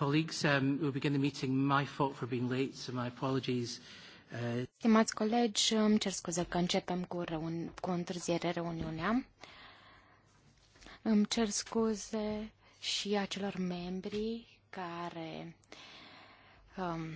colleagues, um, we'll begin the meeting. My fault for being late, so my apologies. Uh... Stimați colegi, îmi cer scuze că începem cu, reun- cu întârziere reuniunea. Îmi cer scuze și acelor membri care um,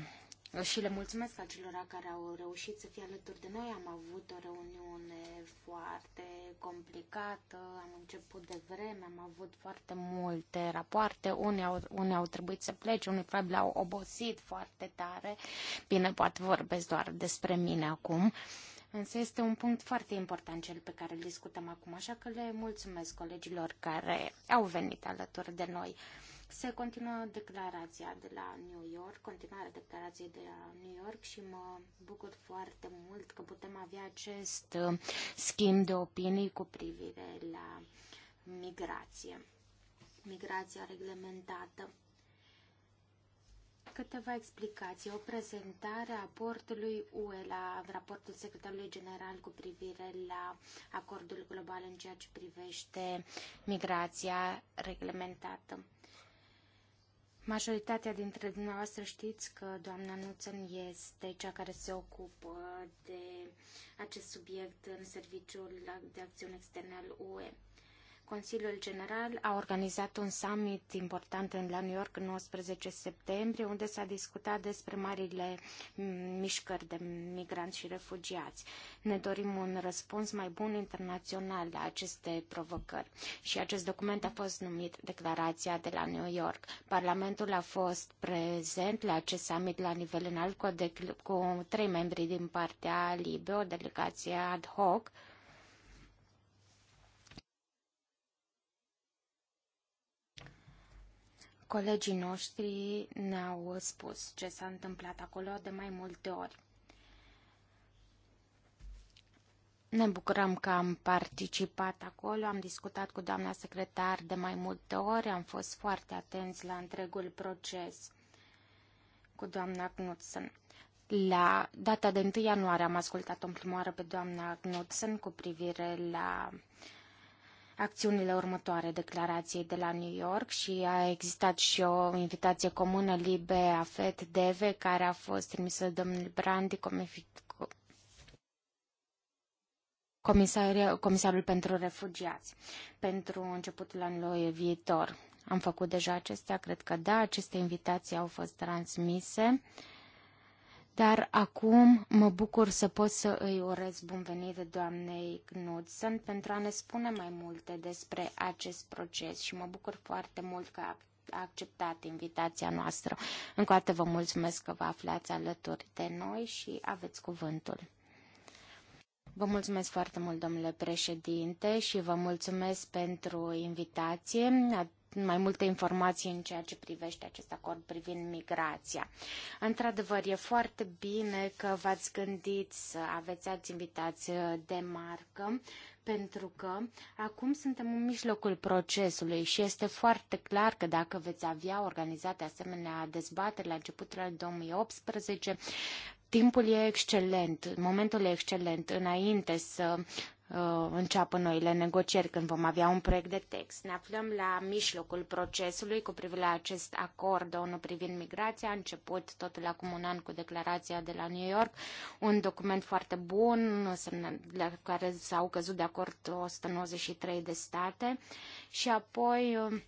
și le mulțumesc acelora care au reușit să fie alături de noi. Am avut o reuniune foarte complicată, am început de vreme, am avut foarte multe rapoarte, unii au, unii au trebuit să plece, unii probabil au obosit foarte tare. Bine, poate vorbesc doar despre mine acum. Însă este un punct foarte important cel pe care îl discutăm acum, așa că le mulțumesc colegilor care au venit alături de noi. Se continuă declarația de la New York, continuarea declarației de la New York și mă bucur foarte mult că putem avea acest uh, schimb de opinii cu privire la migrație, migrația reglementată câteva explicații, o prezentare a raportului UE la raportul secretarului general cu privire la acordul global în ceea ce privește migrația reglementată. Majoritatea dintre dumneavoastră știți că doamna Nuțăn este cea care se ocupă de acest subiect în Serviciul de Acțiune Externă al UE. Consiliul General a organizat un summit important în la New York în 19 septembrie, unde s-a discutat despre marile mm, mișcări de migranți și refugiați. Ne dorim un răspuns mai bun internațional la aceste provocări și acest document a fost numit Declarația de la New York. Parlamentul a fost prezent la acest summit la nivel înalt cu, cu trei membri din partea LIBE, o delegație ad hoc, Colegii noștri ne-au spus ce s-a întâmplat acolo de mai multe ori. Ne bucurăm că am participat acolo, am discutat cu doamna secretar de mai multe ori, am fost foarte atenți la întregul proces cu doamna Knudsen. La data de 1 ianuarie am ascultat-o primă oară pe doamna Knudsen cu privire la acțiunile următoare declarației de la New York și a existat și o invitație comună Libe Afet Deve care a fost trimisă domnului Brandi comisarul pentru refugiați pentru începutul anului viitor. Am făcut deja acestea, cred că da, aceste invitații au fost transmise. Uh, dar acum mă bucur să pot să îi urez bun venit doamnei Knudsen pentru a ne spune mai multe despre acest proces și mă bucur foarte mult că a acceptat invitația noastră. Încă o dată vă mulțumesc că vă aflați alături de noi și aveți cuvântul. Vă mulțumesc foarte mult, domnule președinte, și vă mulțumesc pentru invitație mai multe informații în ceea ce privește acest acord privind migrația. Într-adevăr, e foarte bine că v-ați gândit să aveți ați invitați uh, de marcă, pentru că acum suntem în mijlocul procesului și este foarte clar că dacă veți avea organizate asemenea dezbateri la începutul anului 2018, timpul e excelent, momentul e excelent înainte să Uh, înceapă noile negocieri când vom avea un proiect de text. Ne aflăm la mijlocul procesului cu privire la acest acord, ONU privind migrația. A început totul acum un an cu declarația de la New York, un document foarte bun, la care s-au căzut de acord 193 de state și apoi uh,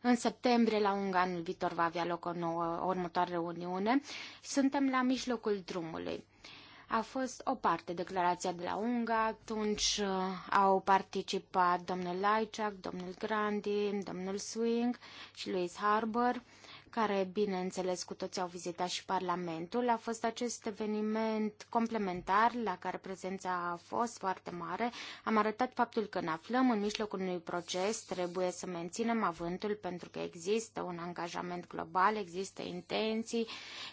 în septembrie, la un anul viitor, va avea loc o nouă, următoare reuniune. Suntem la mijlocul drumului. Uh, a fost o parte declarația de la UNGA, atunci uh, au participat domnul Lajcak, domnul Grandi, domnul Swing și Louis Harbour care, bineînțeles, cu toți au vizitat și Parlamentul. A fost acest eveniment complementar la care prezența a fost foarte mare. Am arătat faptul că ne aflăm în mijlocul unui proces, trebuie să menținem avântul pentru că există un angajament global, există intenții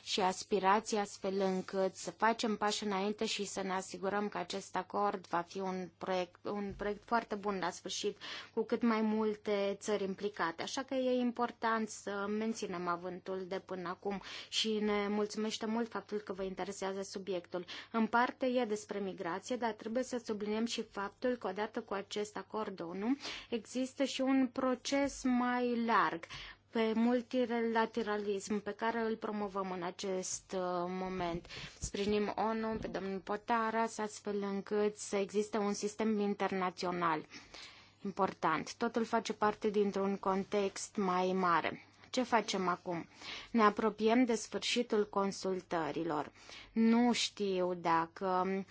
și aspirații astfel încât să facem pași înainte și să ne asigurăm că acest acord va fi un proiect, un proiect foarte bun la sfârșit, cu cât mai multe țări implicate. Așa că e important să menținem am avântul de până acum și ne mulțumește mult faptul că vă interesează subiectul. În parte e despre migrație, dar trebuie să subliniem și faptul că odată cu acest acord ONU există și un proces mai larg pe multilateralism pe care îl promovăm în acest uh, moment. Sprinim ONU pe domnul Potaras astfel încât să existe un sistem internațional important. Totul face parte dintr-un context mai mare ce facem acum? Ne apropiem de sfârșitul consultărilor. Nu știu dacă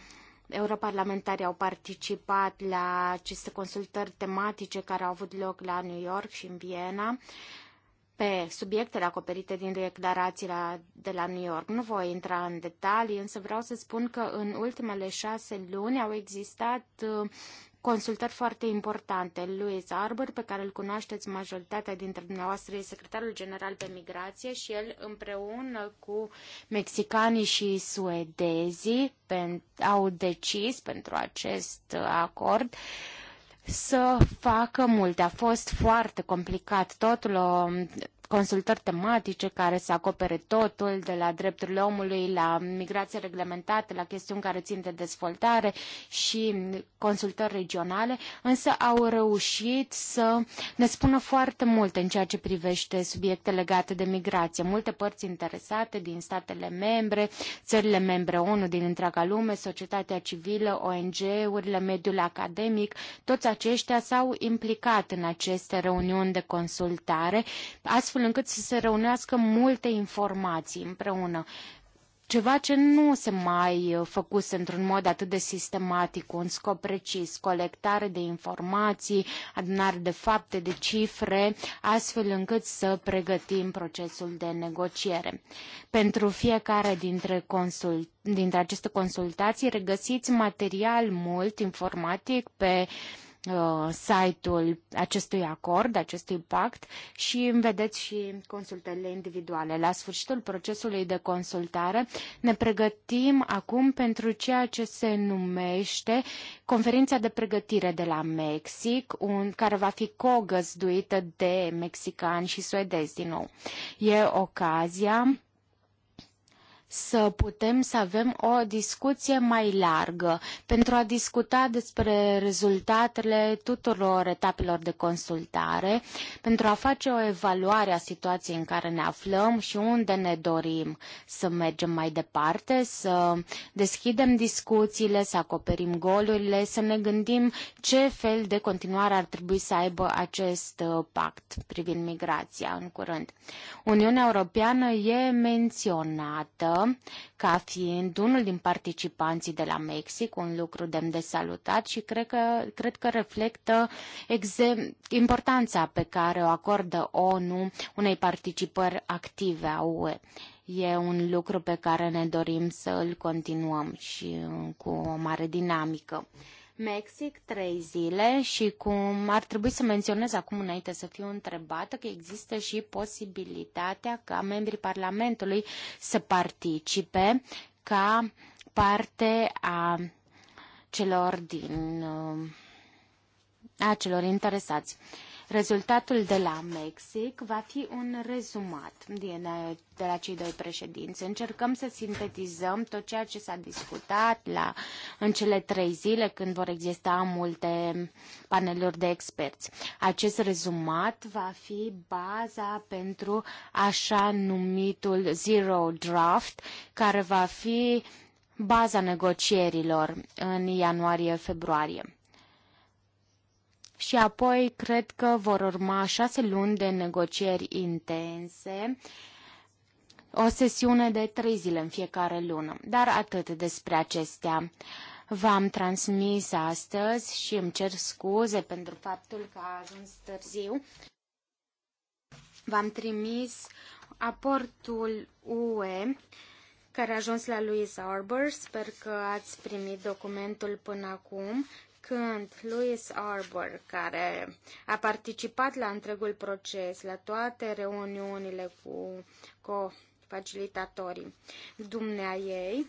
europarlamentarii au participat la aceste consultări tematice care au avut loc la New York și în Viena pe subiectele acoperite din declarațiile de la New York. Nu voi intra în detalii, însă vreau să spun că în ultimele șase luni au existat uh, consultări foarte importante. Louis Arbor, pe care îl cunoașteți majoritatea dintre dumneavoastră, e secretarul general pe migrație și el împreună cu mexicanii și suedezii au decis pentru acest acord să facă multe. A fost foarte complicat totul, o um, consultări tematice care să acopere totul, de la drepturile omului, la migrație reglementată, la chestiuni care țin de dezvoltare și consultări regionale, însă au reușit să ne spună foarte multe în ceea ce privește subiecte legate de migrație. Multe părți interesate din statele membre, țările membre ONU din întreaga lume, societatea civilă, ONG-urile, mediul academic, toți aceștia s-au implicat în aceste reuniuni de consultare, astfel astfel încât să se reunească multe informații împreună. Ceva ce nu se mai făcuse într-un mod atât de sistematic, cu un scop precis, colectare de informații, adunare de fapte, de cifre, astfel încât să pregătim procesul de negociere. Pentru fiecare dintre, consult, dintre aceste consultații regăsiți material mult informatic pe uh, Uh, site-ul acestui acord, acestui pact și vedeți și consultările individuale. La sfârșitul procesului de consultare ne pregătim acum pentru ceea ce se numește conferința de pregătire de la Mexic, un, care va fi cogăzduită de mexicani și suedezi din nou. E ocazia să putem să avem o discuție mai largă pentru a discuta despre rezultatele tuturor etapelor de consultare, pentru a face o evaluare a situației în care ne aflăm și unde ne dorim să mergem mai departe, să deschidem discuțiile, să acoperim golurile, să ne gândim ce fel de continuare ar trebui să aibă acest uh, pact privind migrația în curând. Uniunea Europeană e menționată ca fiind unul din participanții de la Mexic, un lucru demn de salutat și cred că, cred că reflectă importanța pe care o acordă ONU unei participări active a UE. E un lucru pe care ne dorim să îl continuăm și cu o mare dinamică. Mexic trei zile și cum ar trebui să menționez acum înainte să fiu întrebată că există și posibilitatea ca membrii Parlamentului să participe ca parte a celor din a celor interesați. Uh, Rezultatul de la Mexic va fi un rezumat din, de la cei doi președinți. Încercăm să sintetizăm tot ceea ce s-a discutat la, în cele trei zile când vor exista multe paneluri de experți. Acest rezumat va fi baza pentru așa numitul Zero Draft, care va fi baza negocierilor în ianuarie-februarie și apoi cred că vor urma șase luni de negocieri intense, o sesiune de trei zile în fiecare lună. Dar atât despre acestea. V-am transmis astăzi și îmi cer scuze pentru faptul că a ajuns târziu. V-am trimis aportul UE care a ajuns la Louise Arbor. Sper că ați primit documentul până acum când Louis Arbor, care a participat la întregul proces, la toate reuniunile cu, cu facilitatorii dumnea ei,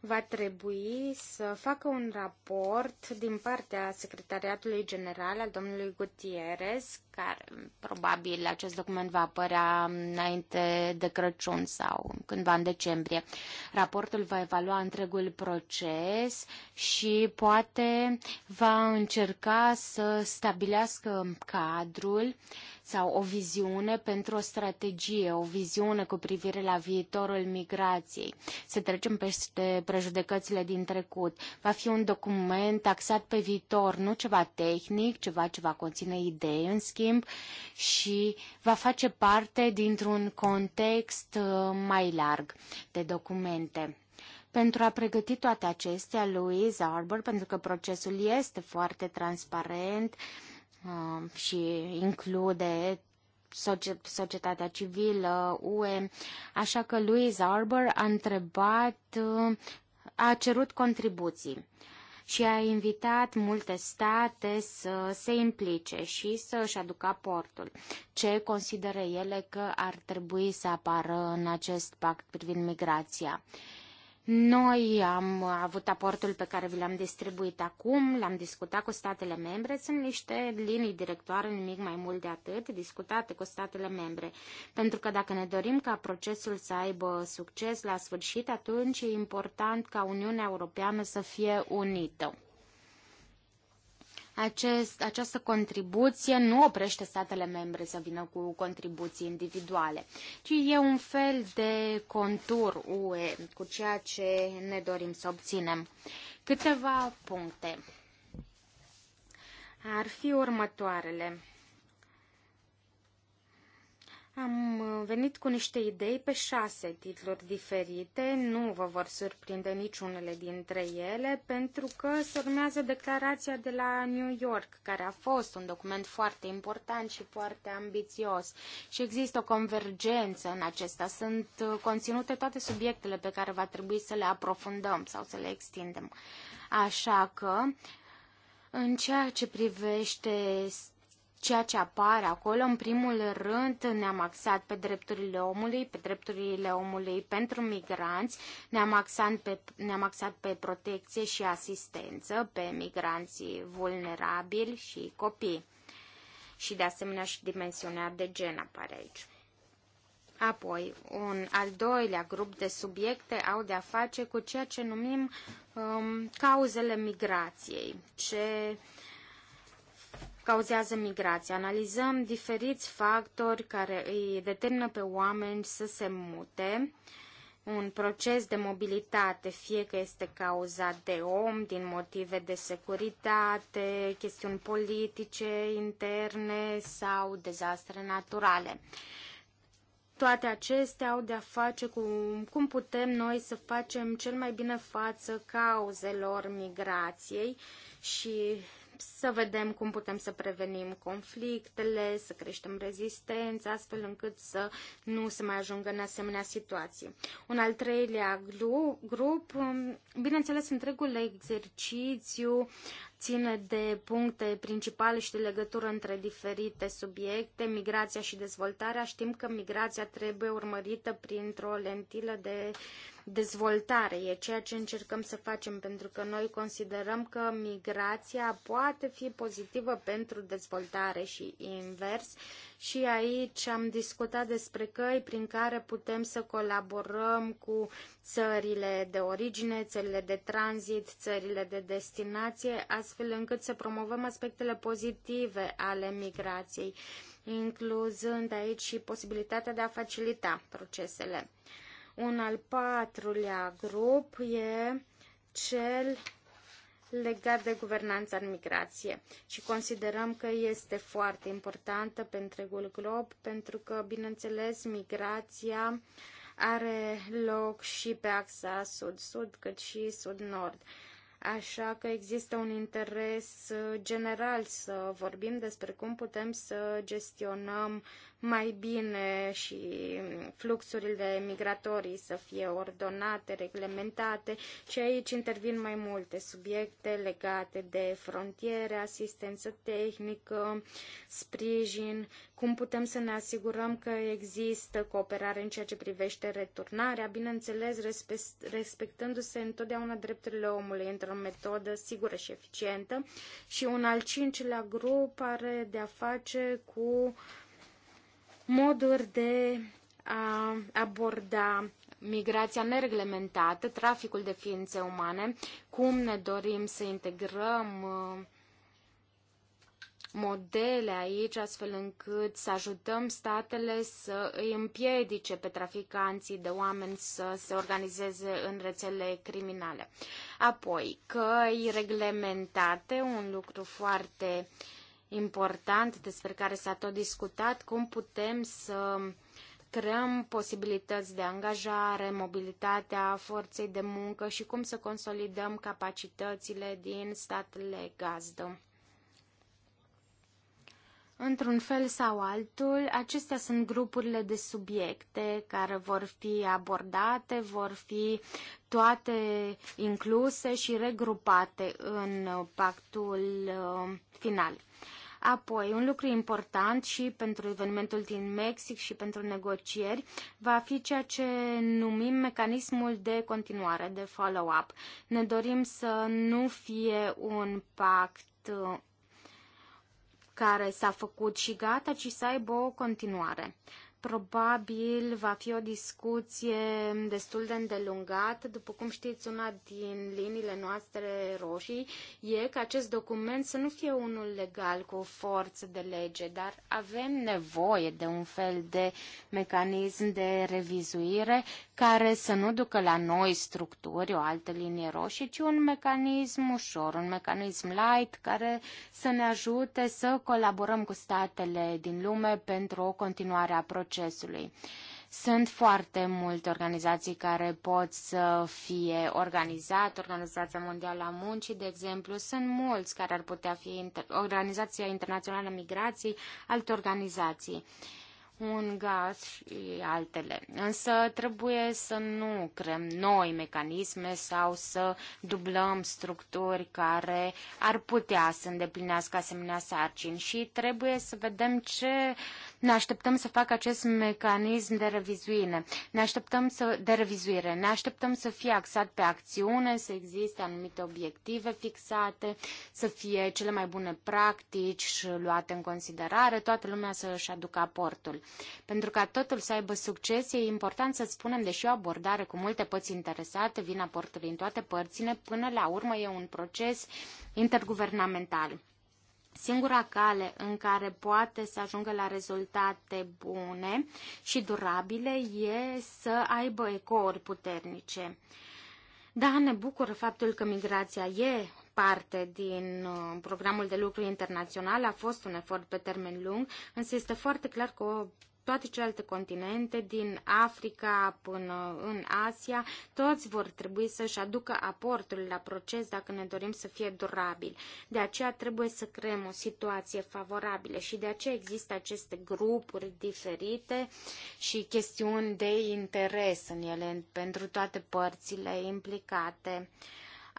va trebui să facă un raport din partea Secretariatului General al domnului Gutierrez, care probabil acest document va apărea înainte de Crăciun sau cândva în decembrie. Raportul va evalua întregul proces și poate va încerca să stabilească cadrul sau o viziune pentru o strategie, o viziune cu privire la viitorul migrației. Să trecem peste prejudecățile din trecut. Va fi un document axat pe viitor, nu ceva tehnic, ceva ce va conține idei, în schimb, și va face parte dintr-un context uh, mai larg de documente. Pentru a pregăti toate acestea, Louise Arbor, pentru că procesul este foarte transparent, uh, Um, și include societatea civilă, UE. Așa că Louise Arbor a întrebat, um, a cerut contribuții și a invitat multe state să se implice și să își aducă aportul. Ce consideră ele că ar trebui să apară în acest pact privind migrația? Uh, noi am avut aportul pe care vi l-am distribuit acum, l-am discutat cu statele membre, sunt niște linii directoare, nimic mai mult de atât, discutate cu statele membre. Pentru că dacă ne dorim ca procesul să aibă succes la sfârșit, atunci e important ca Uniunea Europeană să fie unită. Acest, această contribuție nu oprește statele membre să vină cu contribuții individuale, ci e un fel de contur UE cu ceea ce ne dorim să obținem. Câteva puncte ar fi următoarele. Am uh, venit cu niște idei pe șase titluri diferite, nu vă vor surprinde niciunele dintre ele, pentru că se urmează declarația de la New York, care a fost un document foarte important și foarte ambițios. Și există o convergență în acesta. Sunt uh, conținute toate subiectele pe care va trebui să le aprofundăm sau să le extindem. Așa că, în ceea ce privește ceea ce apare acolo, în primul rând ne-am axat pe drepturile omului, pe drepturile omului pentru migranți, ne-am axat pe, ne-am axat pe protecție și asistență, pe migranții vulnerabili și copii. Și de asemenea și dimensiunea de gen apare aici. Apoi, un al doilea grup de subiecte au de-a face cu ceea ce numim um, cauzele migrației, ce uh, cauzează migrația. Analizăm diferiți factori care îi determină pe oameni să se mute un proces de mobilitate, fie că este cauzat de om, din motive de securitate, chestiuni politice, interne sau dezastre naturale. Toate acestea au de-a face cu cum putem noi să facem cel mai bine față cauzelor migrației și să vedem cum putem să prevenim conflictele, să creștem rezistența, astfel încât să nu se mai ajungă în asemenea situații. Un al treilea grup, mm, bineînțeles, întregul exercițiu ține de puncte principale și de legătură între diferite subiecte, migrația și dezvoltarea. Știm că migrația trebuie urmărită printr-o lentilă de uh, dezvoltare. E ceea ce încercăm să facem, pentru că noi considerăm că migrația poate fi pozitivă pentru dezvoltare și invers. Și aici am discutat despre căi prin care putem să colaborăm cu țările de origine, țările de tranzit, țările de destinație, astfel încât să promovăm aspectele pozitive ale migrației, incluzând aici și posibilitatea de a facilita procesele. Un al patrulea grup e cel legat de guvernanța în migrație și considerăm că este foarte importantă pe întregul glob pentru că, bineînțeles, migrația are loc și pe axa sud-sud cât și sud-nord. Așa că există un interes general să vorbim despre cum putem să gestionăm mai bine și fluxurile migratorii să fie ordonate, reglementate și aici intervin mai multe subiecte legate de frontiere, asistență tehnică, sprijin, cum putem să ne asigurăm că există cooperare în ceea ce privește returnarea, bineînțeles respectându-se întotdeauna drepturile omului într-o metodă sigură și eficientă și un al cincilea grup are de a face cu moduri de a aborda migrația nereglementată, traficul de ființe umane, cum ne dorim să integrăm uh, modele aici, astfel încât să ajutăm statele să îi împiedice pe traficanții de oameni să se organizeze în rețele criminale. Apoi, căi reglementate, un lucru foarte uh, important despre care s-a tot discutat, cum putem să creăm posibilități de angajare, mobilitatea forței de muncă și cum să consolidăm capacitățile din statele gazdă. Într-un fel sau altul, acestea sunt grupurile de subiecte care vor fi abordate, vor fi toate incluse și regrupate în pactul uh, final. Apoi, un lucru important și pentru evenimentul din Mexic și pentru negocieri va fi ceea ce numim mecanismul de continuare, de follow-up. Ne dorim să nu fie un pact uh, care s-a făcut și gata, ci să aibă o continuare. Probabil va fi o discuție destul de îndelungată. După cum știți, una din liniile noastre roșii e că acest document să nu fie unul legal cu o forță de lege, dar avem nevoie de un fel de mecanism de revizuire care să nu ducă la noi structuri, o altă linie roșie, ci un mecanism ușor, un mecanism light care să ne ajute să colaborăm cu statele din lume pentru o continuare a procesului. Sunt foarte multe organizații care pot să fie organizate, Organizația Mondială a Muncii, de exemplu, sunt mulți care ar putea fi Organizația Internațională a Migrației, alte organizații. Uh, un gaz și altele. Însă trebuie să nu creăm noi mecanisme sau să dublăm structuri care ar putea să îndeplinească asemenea sarcini și trebuie să vedem ce uh, ne așteptăm să facă acest mecanism de revizuire. Ne așteptăm să, de revizuire. Ne așteptăm să fie axat pe acțiune, să existe anumite obiective fixate, să fie cele mai bune practici luate în considerare, toată lumea să își aducă aportul. Pentru ca totul să aibă succes, e important să spunem, deși o abordare cu multe părți interesate, vin aportul în toate părțile, până la urmă e un proces interguvernamental. Singura cale în care poate să ajungă la rezultate bune și durabile e să aibă ecouri puternice. Da, ne bucură faptul că migrația e parte din uh, programul de lucru internațional, a fost un efort pe termen lung, însă este foarte clar că o toate celelalte continente, din Africa până în Asia, toți vor trebui să-și aducă aportul la proces dacă ne dorim să fie durabil. De aceea trebuie să creăm o situație favorabilă și de aceea există aceste grupuri diferite și chestiuni de interes în ele pentru toate părțile implicate.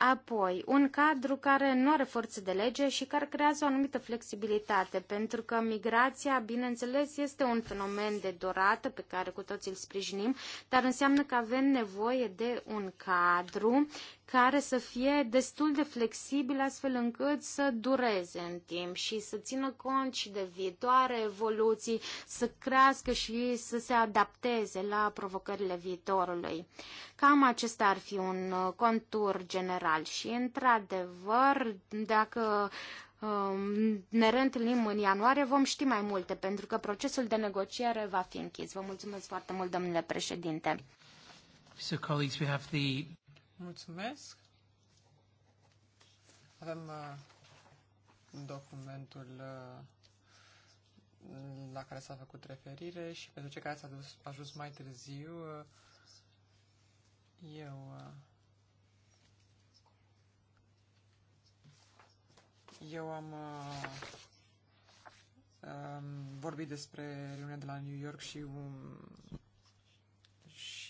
Apoi, un cadru care nu are forță de lege și care creează o anumită flexibilitate, pentru că migrația, bineînțeles, este un fenomen de dorată pe care cu toții îl sprijinim, dar înseamnă că avem nevoie de un cadru care să fie destul de flexibil astfel încât să dureze în timp și să țină cont și de viitoare evoluții, să crească și să se adapteze la provocările viitorului. Cam acesta ar fi un uh, contur general și, într-adevăr, dacă um, ne reîntâlnim în ianuarie, vom ști mai multe, pentru că procesul de negociere va fi închis. Vă mulțumesc foarte mult, domnule președinte. So, colleagues, we have the Mulțumesc. Avem uh, documentul uh, la care s-a făcut referire și pentru cei care s-a ajuns mai târziu, uh, eu uh, eu am um, vorbit despre reuniunea de la New York și um,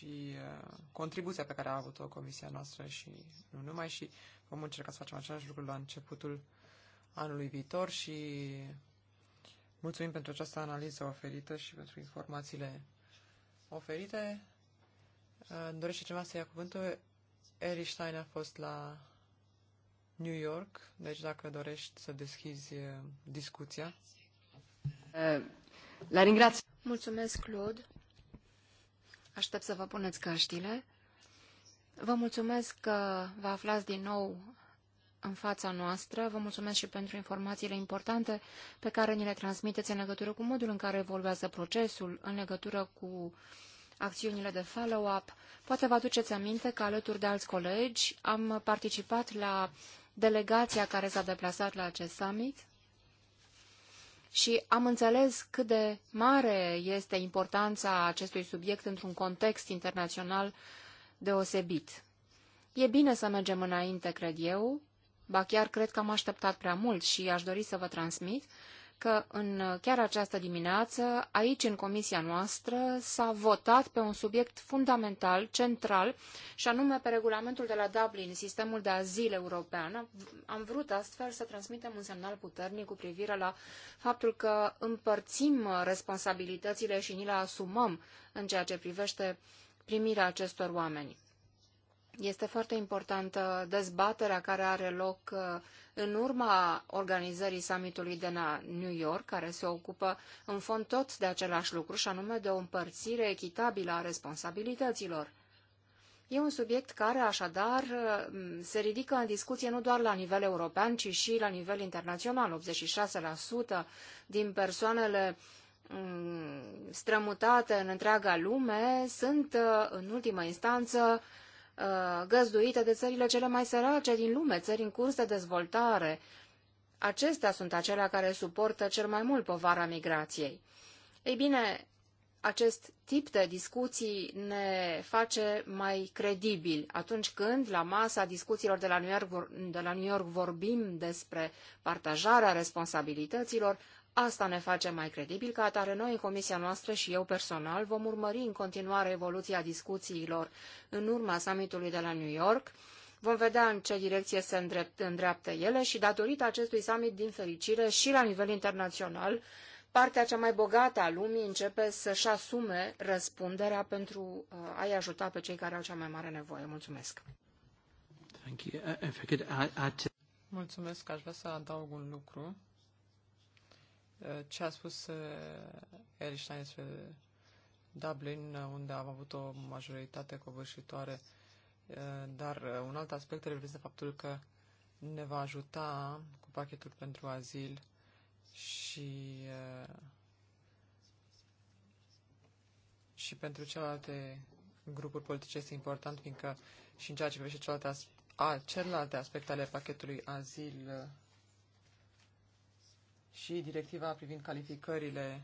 și uh, contribuția pe care a avut-o comisia noastră și nu numai și vom încerca să facem același lucru la începutul anului viitor și mulțumim pentru această analiză oferită și pentru informațiile oferite. Uh, îmi dorește ceva să ia cuvântul. Stein a fost la New York, deci dacă dorești să deschizi uh, discuția. La ringrați. Mulțumesc, Claude. Aștept să vă puneți căștile. Vă mulțumesc că vă aflați din nou în fața noastră. Vă mulțumesc și pentru informațiile importante pe care ni le transmiteți în legătură cu modul în care evoluează procesul, în legătură cu acțiunile de follow-up. Poate vă aduceți aminte că alături de alți colegi am participat la delegația care s-a deplasat la acest summit și am înțeles cât de mare este importanța acestui subiect într-un context internațional deosebit. E bine să mergem înainte, cred eu, ba chiar cred că am așteptat prea mult și aș dori să vă transmit că în chiar această dimineață, aici în comisia noastră, s-a votat pe un subiect fundamental, central, și anume pe regulamentul de la Dublin, sistemul de azil european. Am vrut astfel să transmitem un semnal puternic cu privire la faptul că împărțim responsabilitățile și ni le asumăm în ceea ce privește primirea acestor oameni. Este foarte importantă dezbaterea care are loc uh, în urma organizării summitului de la New York, care se ocupă în fond tot de același lucru, și anume de o împărțire echitabilă a responsabilităților. E un subiect care, așadar, se ridică în discuție nu doar la nivel european, ci și la nivel internațional. 86% din persoanele mm, strămutate în întreaga lume sunt, în ultimă instanță, Uh, găzduite de țările cele mai sărace din lume, țări în curs de dezvoltare. Acestea sunt acelea care suportă cel mai mult povara migrației. Ei bine, acest tip de discuții ne face mai credibili atunci când, la masa discuțiilor de la New York, de la New York vorbim despre partajarea responsabilităților, Asta ne face mai credibil, ca atare noi în comisia noastră și eu personal vom urmări în continuare evoluția discuțiilor în urma summitului de la New York, vom vedea în ce direcție se îndrept, îndreaptă ele și datorită acestui summit, din fericire, și la nivel internațional, partea cea mai bogată a lumii începe să-și asume răspunderea pentru uh, a-i ajuta pe cei care au cea mai mare nevoie. Mulțumesc! Uh, Mulțumesc, aș vrea să adaug un lucru. Eh, ce a spus Einstein eh, despre Dublin, eh, unde am avut o majoritate covârșitoare, dar un alt aspect reprezintă faptul că ne va ajuta cu pachetul pentru azil și și pentru celelalte grupuri politice este important, fiindcă și în ceea ce privește celelalte, as- a, celelalte aspecte ale pachetului azil și directiva privind calificările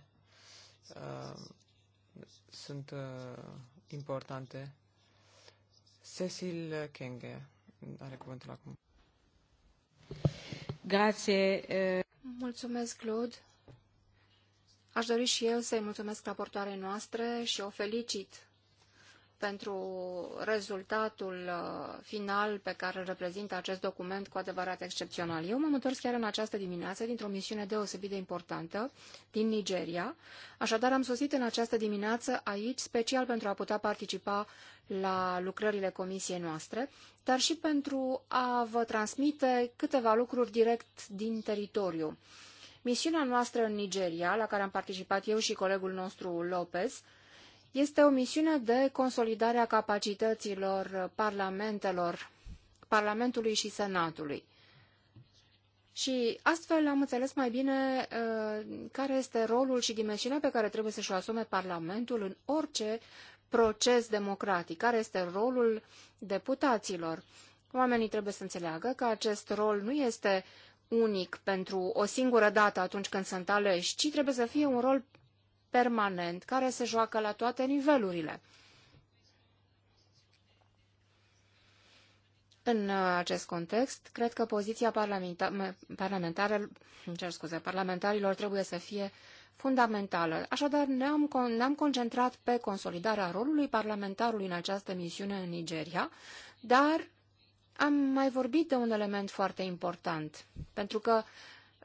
uh, sunt uh, importante. Cecil Kenge are cuvântul acum. Grație. Uh, mulțumesc, Claude. Aș dori și eu să-i mulțumesc raportoarei noastre și o felicit pentru rezultatul uh, final pe care îl reprezintă acest document cu adevărat excepțional. Eu m-am întors chiar în această dimineață dintr-o misiune deosebit de importantă din Nigeria, așadar am sosit în această dimineață aici special pentru a putea participa la lucrările comisiei noastre, dar și pentru a vă transmite câteva lucruri direct din teritoriu. Misiunea noastră în Nigeria, la care am participat eu și colegul nostru Lopez, este o misiune de consolidare a capacităților parlamentelor, Parlamentului și Senatului. Și astfel am înțeles mai bine uh, care este rolul și dimensiunea pe care trebuie să-și o asume Parlamentul în orice proces democratic, care este rolul deputaților. Oamenii trebuie să înțeleagă că acest rol nu este unic pentru o singură dată atunci când sunt aleși, ci trebuie să fie un rol permanent care se joacă la toate nivelurile. În uh, acest context, cred că poziția parlamentară, cer scuze, parlamentarilor trebuie să fie fundamentală. Așadar, ne-am, ne-am concentrat pe consolidarea rolului parlamentarului în această misiune în Nigeria, dar am mai vorbit de un element foarte important, pentru că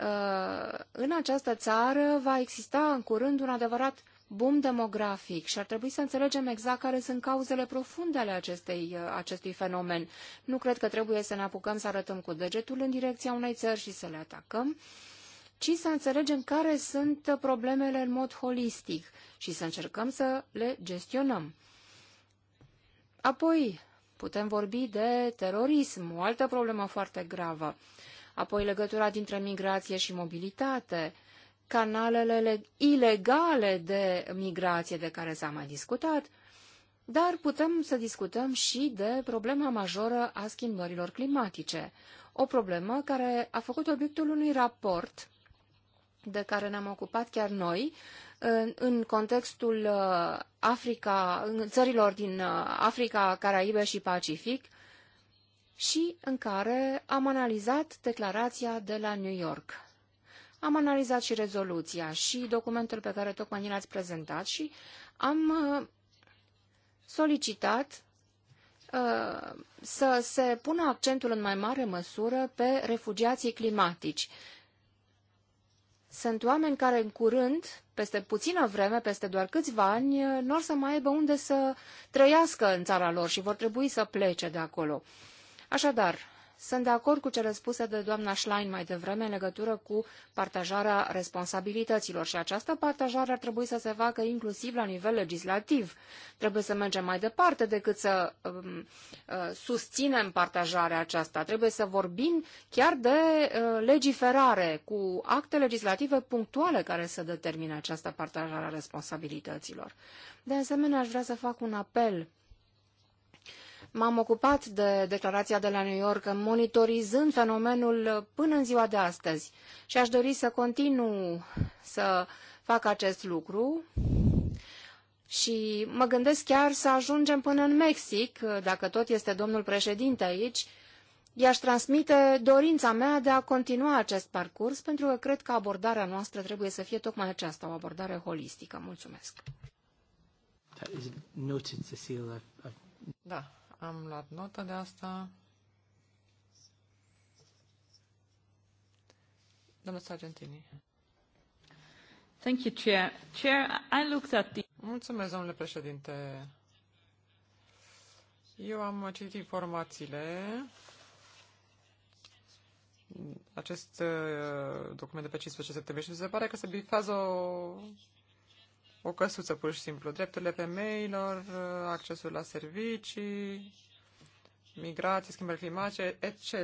Uh, în această țară va exista în curând un adevărat boom demografic și ar trebui să înțelegem exact care sunt cauzele profunde ale acestei, uh, acestui fenomen. Nu cred că trebuie să ne apucăm să arătăm cu degetul în direcția unei țări și să le atacăm, ci să înțelegem care sunt problemele în mod holistic și să încercăm să le gestionăm. Apoi, putem vorbi de terorism, o altă problemă foarte gravă apoi legătura dintre migrație și mobilitate, canalele ilegale de migrație de care s-a mai discutat, dar putem să discutăm și de problema majoră a schimbărilor climatice, o problemă care a făcut obiectul unui raport de care ne-am ocupat chiar noi, în contextul uh, Africa, țărilor din uh, Africa, Caraibe și Pacific, și în care am analizat declarația de la New York. Am analizat și rezoluția și documentul pe care tocmai ni l-ați prezentat și am uh, solicitat uh, să se pună accentul în mai mare măsură pe refugiații climatici. Sunt oameni care în curând, peste puțină vreme, peste doar câțiva ani, uh, nu or să mai aibă unde să trăiască în țara lor și vor trebui să plece de acolo. Uh, Așadar, sunt de acord cu cele spuse de doamna Schlein mai devreme în legătură cu partajarea responsabilităților și această partajare ar trebui să se facă inclusiv la nivel legislativ. Trebuie să mergem mai departe decât să um, uh, susținem partajarea aceasta. Trebuie să vorbim chiar de uh, legiferare cu acte legislative punctuale care să determine această partajare a responsabilităților. De asemenea, aș vrea să fac un apel M-am ocupat de declarația de la New York, monitorizând fenomenul până în ziua de astăzi și aș dori să continu să fac acest lucru. Și mă gândesc chiar să ajungem până în Mexic, dacă tot este domnul președinte aici, i-aș transmite dorința mea de a continua acest parcurs, pentru că cred că abordarea noastră trebuie să fie tocmai aceasta, o abordare holistică. Mulțumesc! Da, am luat notă de asta. Domnul Sargentini. Thank you, Chair. Chair, I looked at the... Mulțumesc, domnule președinte. Eu am citit informațiile. Acest uh, document de pe 15 septembrie și se pare că se bifează o o căsuță, pur și simplu. Drepturile femeilor, accesul la servicii, migrații, schimbări climatice, etc.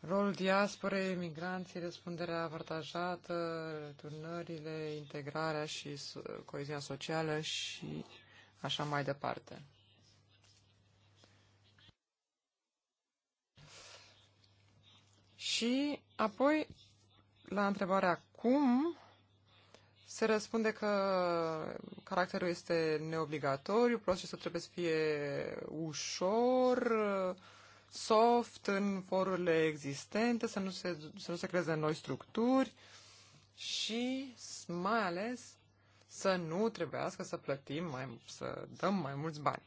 Rolul diasporei, migranții, răspunderea avantajată, returnările, integrarea și coeziunea socială și așa mai departe. Și apoi la întrebarea cum, se răspunde că caracterul este neobligatoriu, procesul trebuie să fie ușor, soft în forurile existente, să nu se, să nu se creeze noi structuri și mai ales să nu trebuiască să plătim, mai, să dăm mai mulți bani.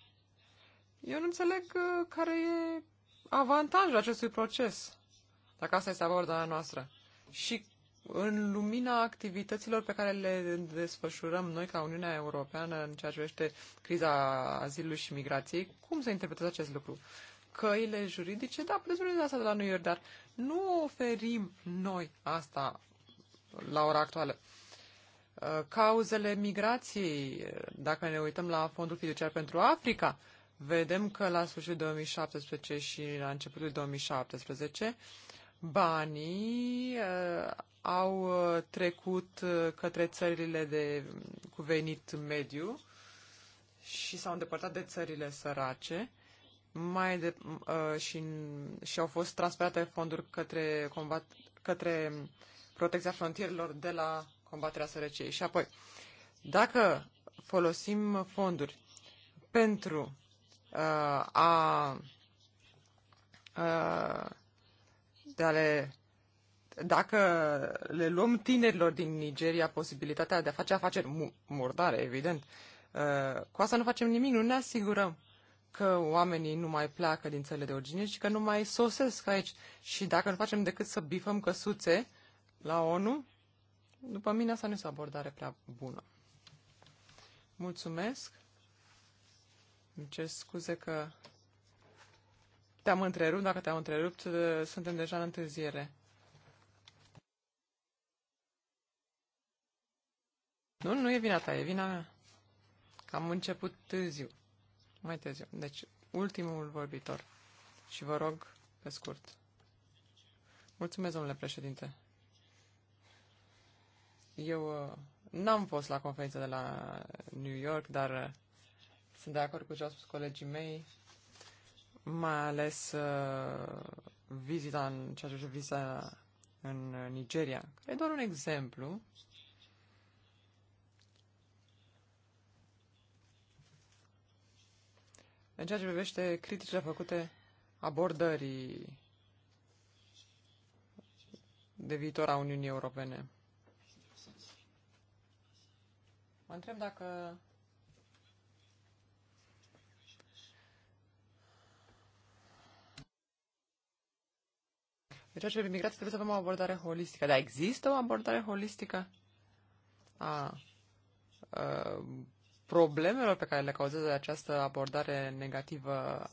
Eu nu înțeleg uh, care e avantajul acestui proces, dacă asta este abordarea noastră. Și în lumina activităților pe care le desfășurăm noi ca Uniunea Europeană în ceea ce privește criza azilului și migrației, cum să interpretați acest lucru? Căile juridice, da, puteți spune asta de la New York, dar nu oferim noi asta la ora actuală. Uh, cauzele migrației, dacă ne uităm la Fondul Fiduciar pentru Africa, vedem că la sfârșitul 2017 și la începutul 2017 banii uh, au uh, trecut uh, către țările de, cuvenit mediu și s-au îndepărtat de țările sărace mai de, uh, și, și au fost transferate fonduri către, combat, către protecția frontierelor de la combaterea sărăciei. Și apoi, dacă folosim fonduri pentru uh, a uh, de a le dacă le luăm tinerilor din Nigeria posibilitatea de a face afaceri murdare, evident, uh, cu asta nu facem nimic, nu ne asigurăm că oamenii nu mai pleacă din țările de origine și că nu mai sosesc aici. Și dacă nu facem decât să bifăm căsuțe la ONU, după mine asta nu este o abordare prea bună. Mulțumesc. Îmi cer scuze că te-am întrerupt. Dacă te-am întrerupt, uh, suntem deja în întârziere. Nu, nu e vina ta, e vina mea. Că am început târziu. Mai târziu. Deci, ultimul vorbitor. Și vă rog, pe scurt. Mulțumesc, domnule președinte. Eu uh, n-am fost la conferința de la New York, dar uh, sunt de acord cu ce au spus colegii mei, mai ales uh, vizita în ceea ce vizita în Nigeria, e doar un exemplu În ceea ce privește criticile făcute abordării de viitor a Uniunii Europene. Mă întreb dacă În ceea ce privește migrația, trebuie să avem o abordare holistică. Dar există o abordare holistică a, a problemelor pe care le cauzează această abordare negativă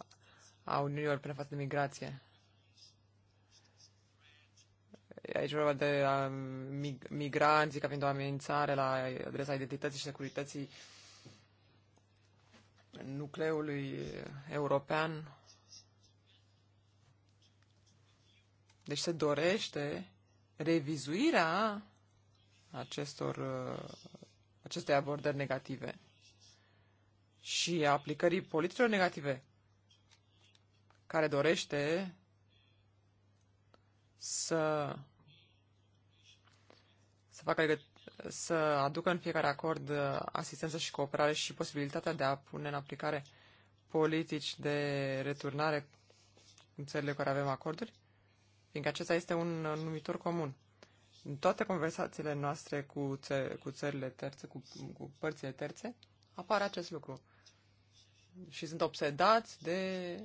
a Uniunii Europene față de migrație. Aici vorba de um, migranții ca fiind o amenințare la adresa identității și securității nucleului european. Deci se dorește revizuirea acestor, uh, acestei abordări negative și aplicării politicilor negative, care dorește să, să facă să aducă în fiecare acord asistență și cooperare și posibilitatea de a pune în aplicare politici de returnare în țările care avem acorduri, fiindcă acesta este un numitor comun. În toate conversațiile noastre cu, ță- cu țările terțe, cu, cu părțile terțe, apare acest lucru și sunt obsedați de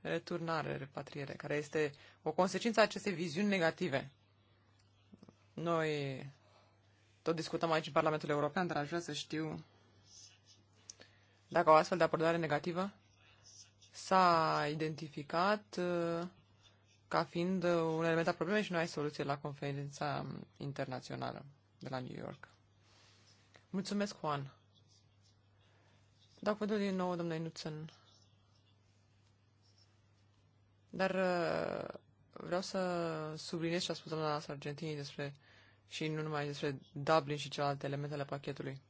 returnare, repatriere, care este o consecință a acestei viziuni negative. Noi tot discutăm aici în Parlamentul European, dar aș vrea să știu dacă o astfel de abordare negativă s-a identificat uh, ca fiind uh, un element al problemei și nu ai soluție la conferința internațională de la New York. Mulțumesc, Juan. Dau cuvântul din nou, domnule Nuțân. Dar uh, vreau să subliniez ce a spus doamna Sargentini despre și nu numai despre Dublin și celelalte elemente ale pachetului.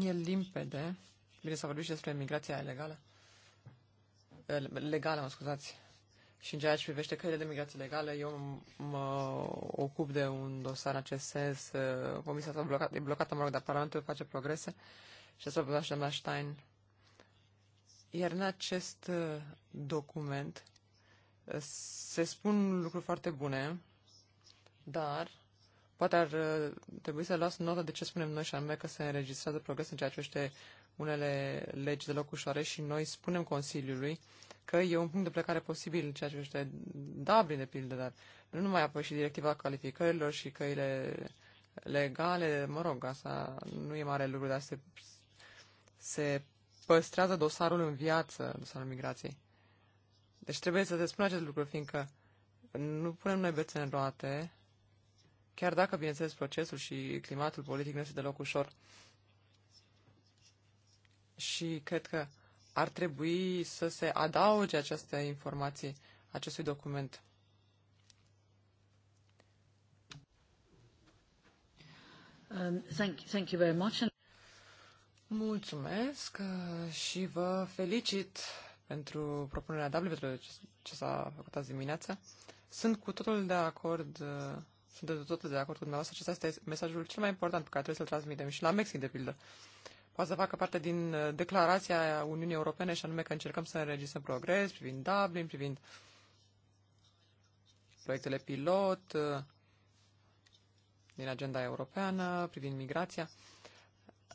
E limpede. Bine, s-a vorbit și despre migrația ilegală. Eh, legală, mă scuzați. Și în ceea ce privește căile de migrație legală, eu mă ocup de un dosar în acest sens. Comisia s-a blocat, e blocată, mă rog, dar Parlamentul face progrese și asta vă și Stein. Iar în acest uh, document uh, se spun lucruri foarte bune, dar poate ar uh, trebui să las notă de ce spunem noi și anume că se înregistrează progres în ceea ce este unele legi deloc ușoare și noi spunem Consiliului uh, că e un punct de plecare posibil ceea ce este Dublin, de pildă, dar nu numai apoi și directiva calificărilor și căile legale, mă rog, asta nu e mare lucru, dar se, se păstrează dosarul în viață, dosarul migrației. Deci trebuie să te spun acest lucru, fiindcă nu punem noi bețe în roate, chiar dacă, bineînțeles, procesul și climatul politic nu este deloc ușor. Și cred că ar trebui să se adauge aceste informații acestui document. Um, thank, thank you very much. Mulțumesc uh, și vă felicit pentru propunerea W pentru ce s-a făcut azi dimineața. Sunt cu totul de acord, uh, sunt de totul de acord cu dumneavoastră. Acesta este mesajul cel mai important pe care trebuie să-l transmitem și la Mexic, de pildă. Uh, poate să facă parte din uh, declarația Uniunii Europene și anume că încercăm să înregistrăm progres privind Dublin, privind proiectele pilot uh, din agenda europeană, privind migrația.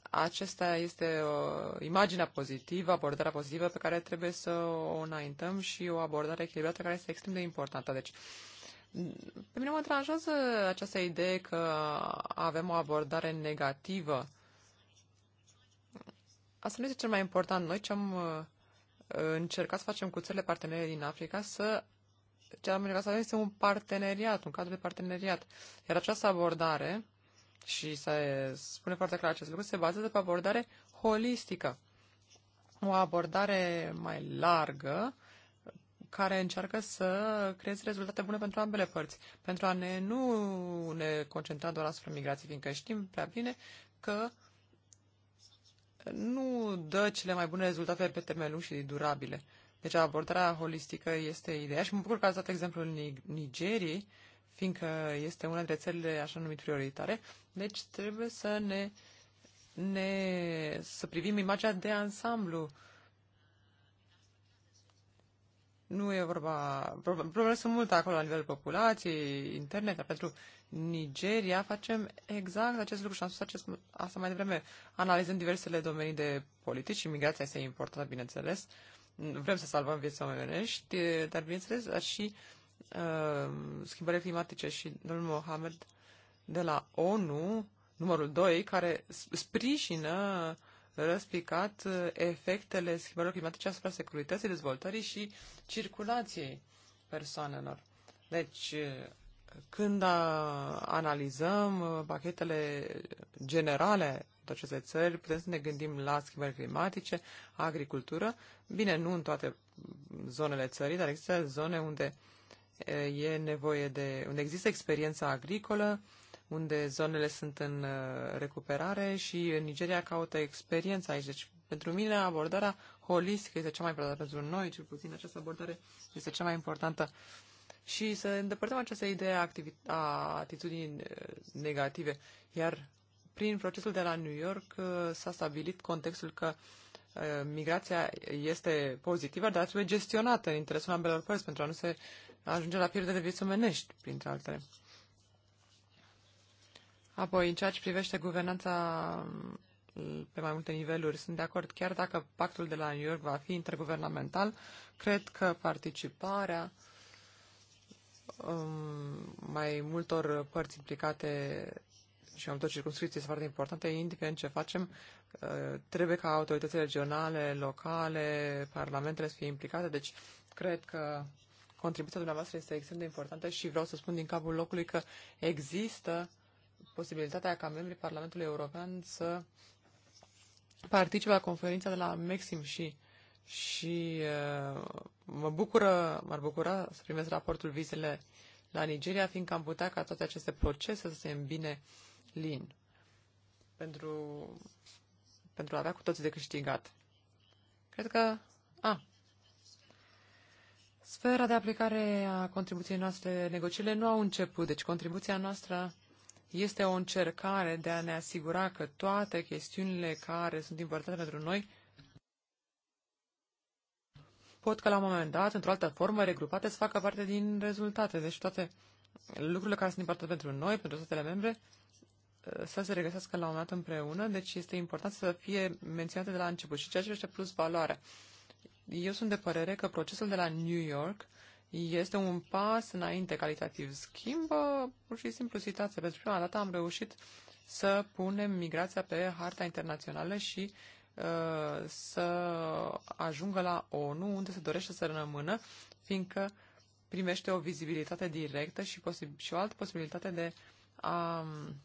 Acesta este o, imaginea pozitivă, abordarea pozitivă pe care trebuie să o înaintăm și o abordare echilibrată care este extrem de importantă. Deci, pe mine mă tranjează această idee că avem o abordare negativă Asta nu este cel mai important. Noi ce am uh, încercat să facem cu țările partenere din Africa să ce am încercat să avem este un parteneriat, un cadru de parteneriat. Iar această abordare, și se spune foarte clar acest lucru, se bazează pe abordare holistică. O abordare mai largă care încearcă să creeze rezultate bune pentru ambele părți. Pentru a ne nu ne concentra doar asupra migrației, fiindcă știm prea bine că uh, nu dă cele mai bune rezultate pe termen lung și durabile. Deci abordarea holistică este ideea și mă bucur că ați dat exemplul Nigeriei, fiindcă este una dintre țările așa numit prioritare. Deci trebuie să ne, ne să privim imaginea de ansamblu nu e vorba... Problemele sunt multe acolo la nivelul populației, internet, dar pentru Nigeria facem exact acest lucru și am spus acest, asta mai devreme, analizând diversele domenii de politici și migrația este importantă, bineînțeles. Vrem să salvăm vieți omenești, dar bineînțeles, dar și uh, schimbările climatice și domnul Mohamed de la ONU, numărul 2, care sprijină răspicat uh, efectele schimbărilor climatice asupra securității, dezvoltării și circulației persoanelor. Deci, uh, când analizăm uh, pachetele generale de aceste țări, putem să ne gândim la schimbări climatice, agricultură. Bine, nu în toate zonele țării, dar există zone unde e nevoie de, unde există experiența agricolă, unde zonele sunt în uh, recuperare și Nigeria caută experiența aici. Deci, pentru mine, abordarea holistică este cea mai importantă pentru noi, cel puțin această abordare este cea mai importantă. Și să îndepărtăm această idee a, a atitudinii uh, negative. Iar prin procesul de la New York uh, s-a stabilit contextul că migrația este pozitivă, dar trebuie gestionată în interesul ambelor părți pentru a nu se ajunge la pierdere vieți omenești, printre altele. Apoi, în ceea ce privește guvernanța mm, pe mai multe niveluri, sunt de acord, chiar dacă pactul de la New York va fi interguvernamental, cred că participarea um, mai multor părți implicate și am tot circunscripții este foarte importante, indiferent ce facem, ă, trebuie ca autoritățile regionale, locale, parlamentele să fie implicate, deci cred că contribuția dumneavoastră este extrem de importantă și vreau să spun din capul locului că există posibilitatea ca membrii Parlamentului European să participe la conferința de la Maxim și și uh, mă bucură, m-ar bucura să primesc raportul vizele la Nigeria, fiindcă am putea ca toate aceste procese să se îmbine lin pentru, pentru a avea cu toții de câștigat. Cred că... A, Sfera de aplicare a contribuției noastre, negocierile nu au început, deci contribuția noastră este o încercare de a ne asigura că toate chestiunile care sunt importante pentru noi pot că la un moment dat, într-o altă formă, regrupate, să facă parte din rezultate. Deci toate lucrurile care sunt importante pentru noi, pentru statele membre, uh, să se regăsească la un dat împreună, deci este important să fie menționate de la început și ceea ce este plus valoare. Eu sunt de părere că procesul de la New York este un pas înainte calitativ. Schimbă pur și simplu situația. Pentru prima dată am reușit să punem migrația pe harta internațională și uh, să ajungă la ONU, unde se dorește să rămână, fiindcă primește o vizibilitate directă și, și o altă posibilitate de a um,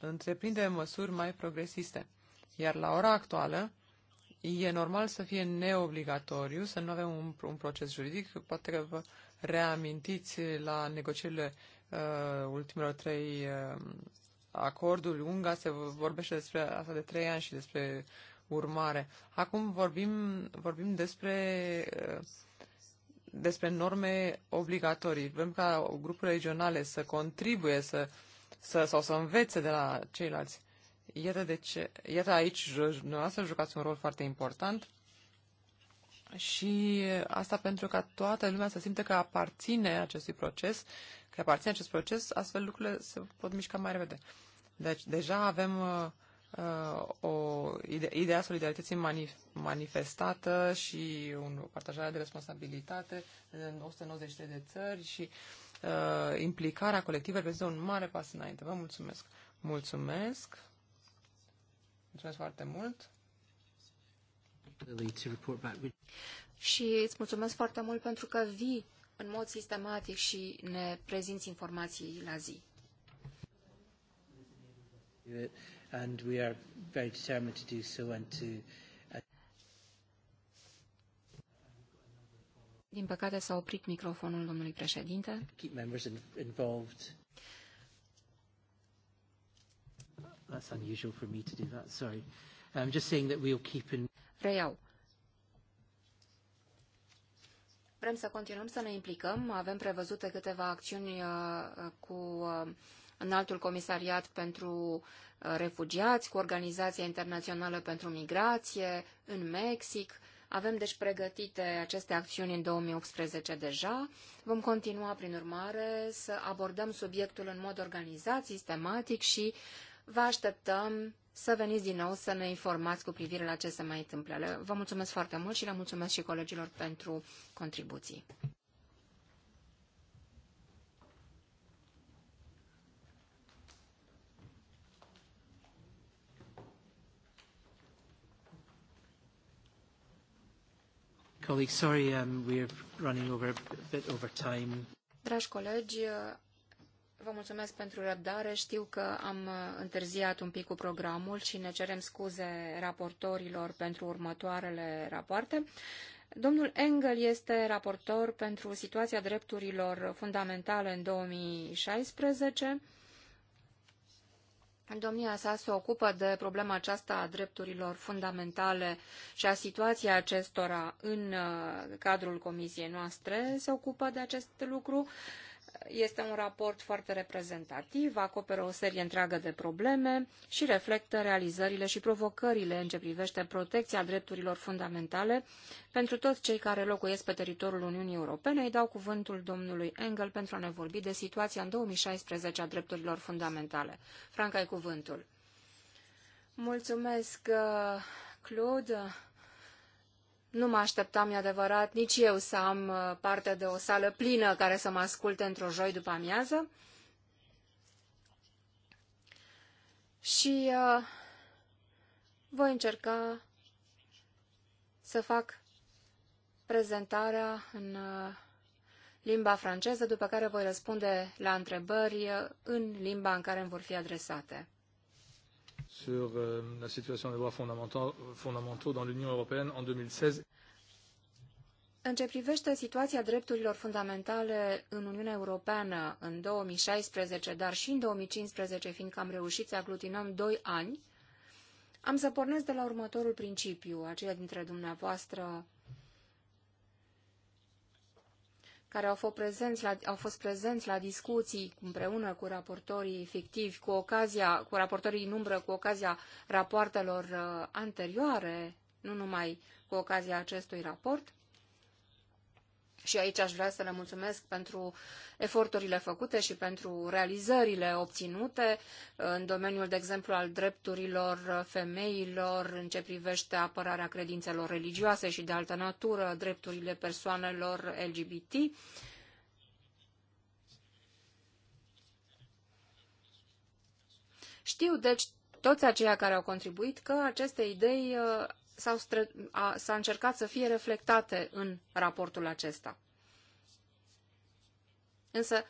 întreprinde măsuri mai progresiste. Iar la ora actuală, e normal să fie neobligatoriu, să nu avem un, un proces juridic. Poate că vă reamintiți la negocierile uh, ultimelor trei uh, acorduri. Unga se vorbește despre asta de trei ani și despre urmare. Acum vorbim, vorbim despre, uh, despre norme obligatorii. Vrem ca grupurile regionale să contribuie să, să, sau să învețe de la ceilalți Iată, de ce, iată aici dumneavoastră jucați un rol foarte important și asta pentru ca toată lumea să simte că aparține acestui proces, că aparține acest proces, astfel lucrurile se pot mișca mai repede. Deci deja avem uh, uh o ide- ideea solidarității manif- manifestată și un partajare de responsabilitate în 193 de țări și uh, implicarea colectivă reprezintă un mare pas înainte. Vă mulțumesc! Mulțumesc! Mulțumesc foarte mult! Și îți mulțumesc foarte mult pentru că vii în mod sistematic și ne prezinți informații la zi. And we are very determined to do so and to Din păcate s-a oprit microfonul domnului președinte. Keep members involved That's unusual for me to do that, sorry. I'm just saying that we'll keep in... Reiau. Vrem să continuăm să ne implicăm. Avem prevăzute câteva acțiuni uh, cu uh, înaltul comisariat pentru uh, refugiați, cu Organizația Internațională pentru Migrație, în Mexic. Avem deci pregătite aceste acțiuni în 2018 deja. Vom continua, prin urmare, să abordăm subiectul în mod organizat, sistematic și Vă așteptăm să veniți din nou să ne informați cu privire la ce se mai întâmplă. Vă mulțumesc foarte mult și le mulțumesc și colegilor pentru contribuții. Colleagues, sorry, um, we're running over a bit over time. Dragi colegi, Vă mulțumesc pentru răbdare. Știu că am întârziat un pic cu programul și ne cerem scuze raportorilor pentru următoarele rapoarte. Domnul Engel este raportor pentru situația drepturilor fundamentale în 2016. Domnia sa se ocupă de problema aceasta a drepturilor fundamentale și a situației acestora în uh, cadrul comisiei noastre. Se ocupă de acest lucru. Uh, este un raport foarte reprezentativ, acoperă o serie întreagă de probleme și reflectă realizările și provocările în ce privește protecția drepturilor fundamentale pentru toți cei care locuiesc pe teritoriul Uniunii Europene. Îi dau cuvântul domnului Engel pentru a ne vorbi de situația în 2016 a drepturilor fundamentale. Franca, ai cuvântul. Mulțumesc, uh, Claude. Nu mă așteptam, e adevărat, nici eu să am uh, parte de o sală plină care să mă asculte într-o joi după amiază. Și uh, voi încerca să fac prezentarea în uh, limba franceză, după care voi răspunde la întrebări uh, în limba în care îmi vor fi adresate sur euh, la situation des droits fondamentaux, fondamentaux dans l'Union européenne en 2016. În ce privește situația drepturilor fundamentale în Uniunea Europeană în 2016, dar și în 2015, fiindcă am reușit să aglutinăm doi ani, am să pornesc de la următorul principiu. acela dintre dumneavoastră care au fost, prezenți la, au fost prezenți la discuții împreună cu raportorii fictivi, cu ocazia, cu raportorii în umbră, cu ocazia rapoartelor uh, anterioare, nu numai cu ocazia acestui raport, și aici aș vrea să le mulțumesc pentru eforturile făcute și pentru realizările obținute uh, în domeniul, de exemplu, al drepturilor femeilor, în ce privește apărarea credințelor religioase și de altă natură, drepturile persoanelor LGBT. Știu, deci, toți aceia care au contribuit că aceste idei uh, s-a încercat să fie reflectate în raportul acesta. Însă,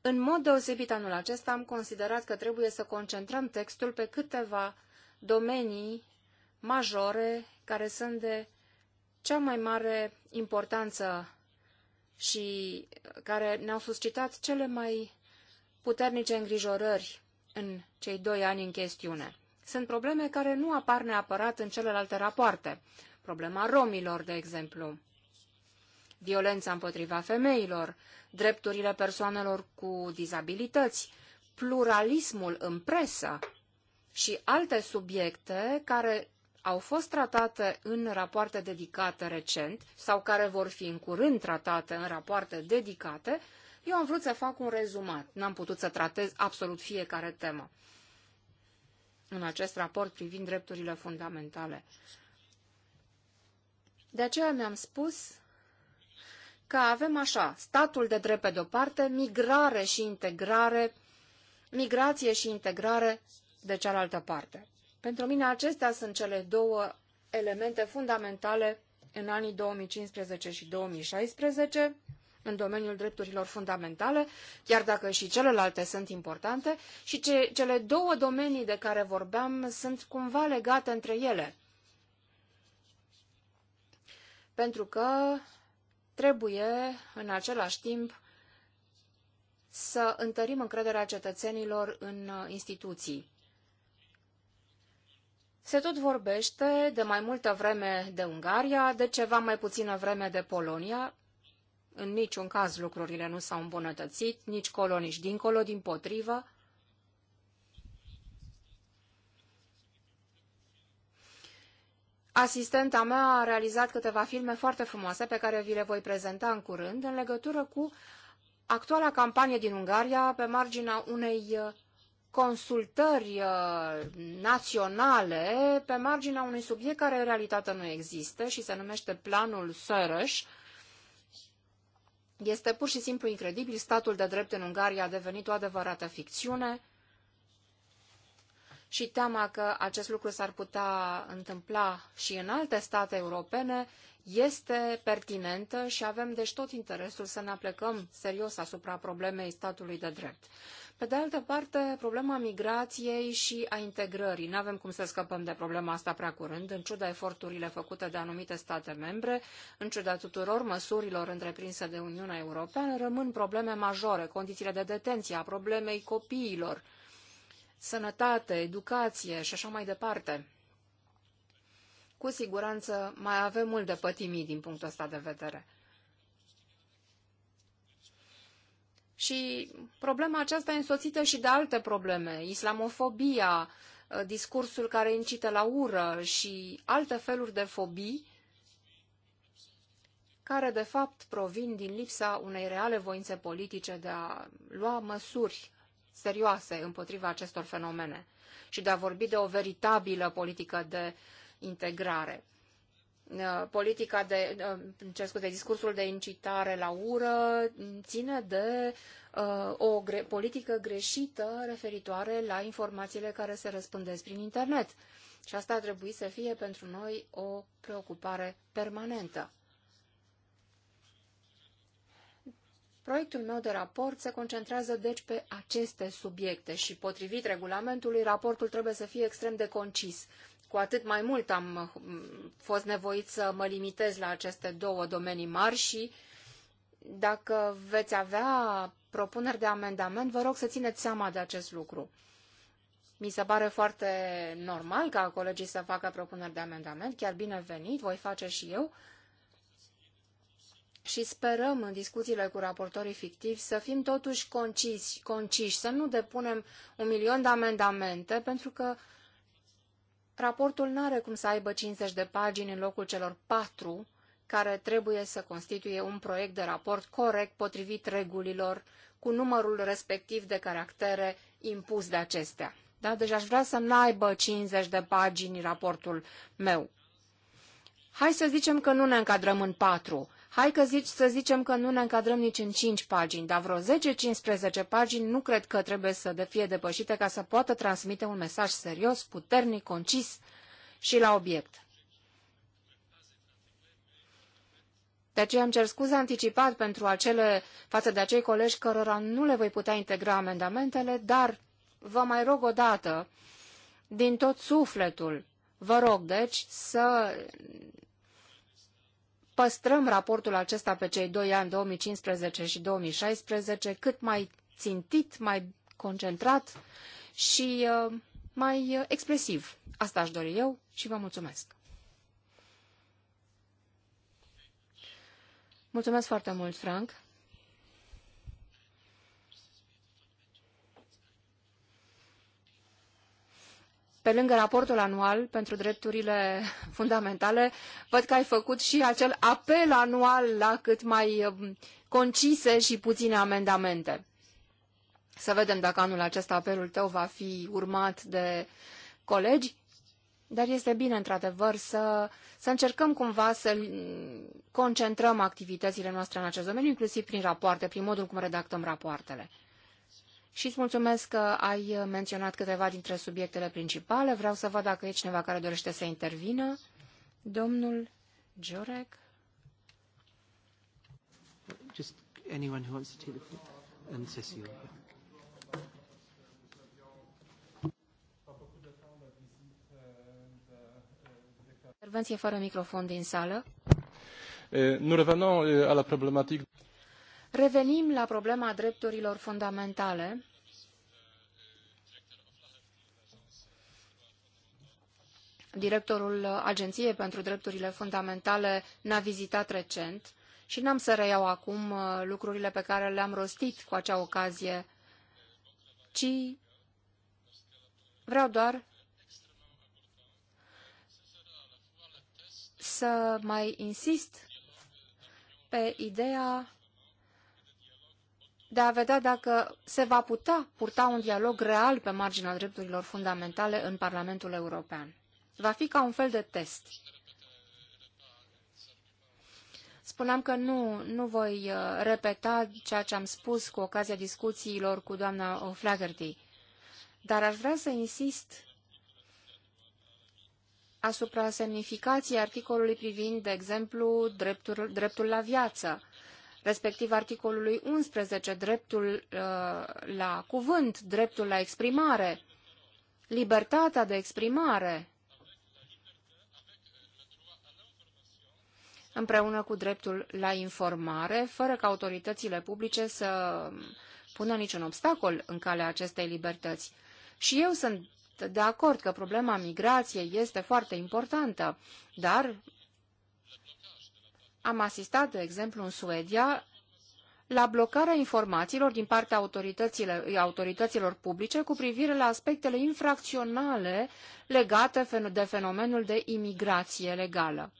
în mod deosebit anul acesta am considerat că trebuie să concentrăm textul pe câteva domenii majore care sunt de cea mai mare importanță și care ne-au suscitat cele mai puternice îngrijorări în cei doi ani în chestiune sunt probleme care nu apar neapărat în celelalte rapoarte. Problema romilor, de exemplu, violența împotriva femeilor, drepturile persoanelor cu dizabilități, pluralismul în presă și alte subiecte care au fost tratate în rapoarte dedicate recent sau care vor fi în curând tratate în rapoarte dedicate, eu am vrut să fac un rezumat. N-am putut să tratez absolut fiecare temă în acest raport privind drepturile fundamentale. De aceea mi-am spus că avem așa, statul de drept pe de-o parte, migrare și integrare, migrație și integrare de cealaltă parte. Pentru mine acestea sunt cele două elemente fundamentale în anii 2015 și 2016, în domeniul drepturilor fundamentale, chiar dacă și celelalte sunt importante, și ce, cele două domenii de care vorbeam sunt cumva legate între ele. Pentru că trebuie, în același timp, să întărim încrederea cetățenilor în uh, instituții. Se tot vorbește de mai multă vreme de Ungaria, de ceva mai puțină vreme de Polonia, în niciun caz lucrurile nu s-au îmbunătățit, nici colo, nici dincolo, din potrivă. Asistenta mea a realizat câteva filme foarte frumoase pe care vi le voi prezenta în curând în legătură cu actuala campanie din Ungaria pe marginea unei uh, consultări uh, naționale pe marginea unui subiect care în realitate nu există și se numește Planul Sărăș, este pur și simplu incredibil, statul de drept în Ungaria a devenit o adevărată ficțiune și teama că acest lucru s-ar putea întâmpla și în alte state europene este pertinentă și avem deci tot interesul să ne aplecăm serios asupra problemei statului de drept. Pe de altă parte, problema migrației și a integrării. Nu avem cum să scăpăm de problema asta prea curând, în ciuda eforturile făcute de anumite state membre, în ciuda tuturor măsurilor întreprinse de Uniunea Europeană, rămân probleme majore, condițiile de detenție a problemei copiilor, sănătate, educație și așa mai departe. Cu siguranță mai avem mult de pătimit din punctul ăsta de vedere. Și problema aceasta e însoțită și de alte probleme, islamofobia, uh, discursul care incită la ură și alte feluri de fobii, care de fapt provin din lipsa unei reale voințe politice de a lua măsuri serioase împotriva acestor fenomene și de a vorbi de o veritabilă politică de integrare. Uh, politica de, uh, ce scuze, discursul de incitare la ură ține de uh, o gre politică greșită referitoare la informațiile care se răspândesc prin internet. Și asta ar trebui să fie pentru noi o preocupare permanentă. Proiectul meu de raport se concentrează deci pe aceste subiecte și, potrivit regulamentului, raportul trebuie să fie extrem de concis cu atât mai mult am mm, fost nevoit să mă limitez la aceste două domenii mari și dacă veți avea propuneri de amendament, vă rog să țineți seama de acest lucru. Mi se pare foarte normal ca colegii să facă propuneri de amendament, chiar binevenit, voi face și eu. Și sperăm în discuțiile cu raportorii fictivi să fim totuși conciși, conciși să nu depunem un milion de amendamente, pentru că Raportul nu are cum să aibă 50 de pagini în locul celor patru care trebuie să constituie un proiect de raport corect, potrivit regulilor, cu numărul respectiv de caractere impus de acestea. Da? Deci aș vrea să n-aibă 50 de pagini raportul meu. Hai să zicem că nu ne încadrăm în patru. Hai că zici, să zicem că nu ne încadrăm nici în 5 pagini, dar vreo 10-15 pagini nu cred că trebuie să de fie depășite ca să poată transmite un mesaj serios, puternic, concis și la obiect. De aceea îmi cer scuze anticipat pentru acele, față de acei colegi cărora nu le voi putea integra amendamentele, dar vă mai rog o dată, din tot sufletul, vă rog deci să păstrăm raportul acesta pe cei doi ani, 2015 și 2016, cât mai țintit, mai concentrat și uh, mai uh, expresiv. Asta aș dori eu și vă mulțumesc. Mulțumesc foarte mult, Frank. pe lângă raportul anual pentru drepturile fundamentale, văd că ai făcut și acel apel anual la cât mai um, concise și puține amendamente. Să vedem dacă anul acesta apelul tău va fi urmat de colegi, dar este bine, într-adevăr, să, să încercăm cumva să mm, concentrăm activitățile noastre în acest domeniu, inclusiv prin rapoarte, prin modul cum redactăm rapoartele și îți mulțumesc că ai menționat câteva dintre subiectele principale. Vreau să văd dacă e cineva care dorește să intervină. Domnul Giorec. Just anyone who wants to take the floor. And Intervenție fără microfon din sală. Eh, nu revenim eh, la problematică. Revenim la problema drepturilor fundamentale. Directorul Agenției pentru Drepturile Fundamentale ne-a vizitat recent și n-am să reiau acum uh, lucrurile pe care le-am rostit cu acea ocazie, ci vreau doar să mai insist pe ideea de a vedea dacă se va putea purta un dialog real pe marginea drepturilor fundamentale în Parlamentul European. Va fi ca un fel de test. Spuneam că nu, nu voi uh, repeta ceea ce am spus cu ocazia discuțiilor cu doamna O'Flaherty, dar aș vrea să insist asupra semnificației articolului privind, de exemplu, dreptul, dreptul la viață, respectiv articolului 11, dreptul uh, la cuvânt, dreptul la exprimare, libertatea de exprimare, împreună cu dreptul la informare, fără ca autoritățile publice să pună niciun obstacol în calea acestei libertăți. Și eu sunt de acord că problema migrației este foarte importantă, dar am asistat, de exemplu, în Suedia, la blocarea informațiilor din partea autorităților, publice cu privire la aspectele infracționale legate de fenomenul de imigrație legală.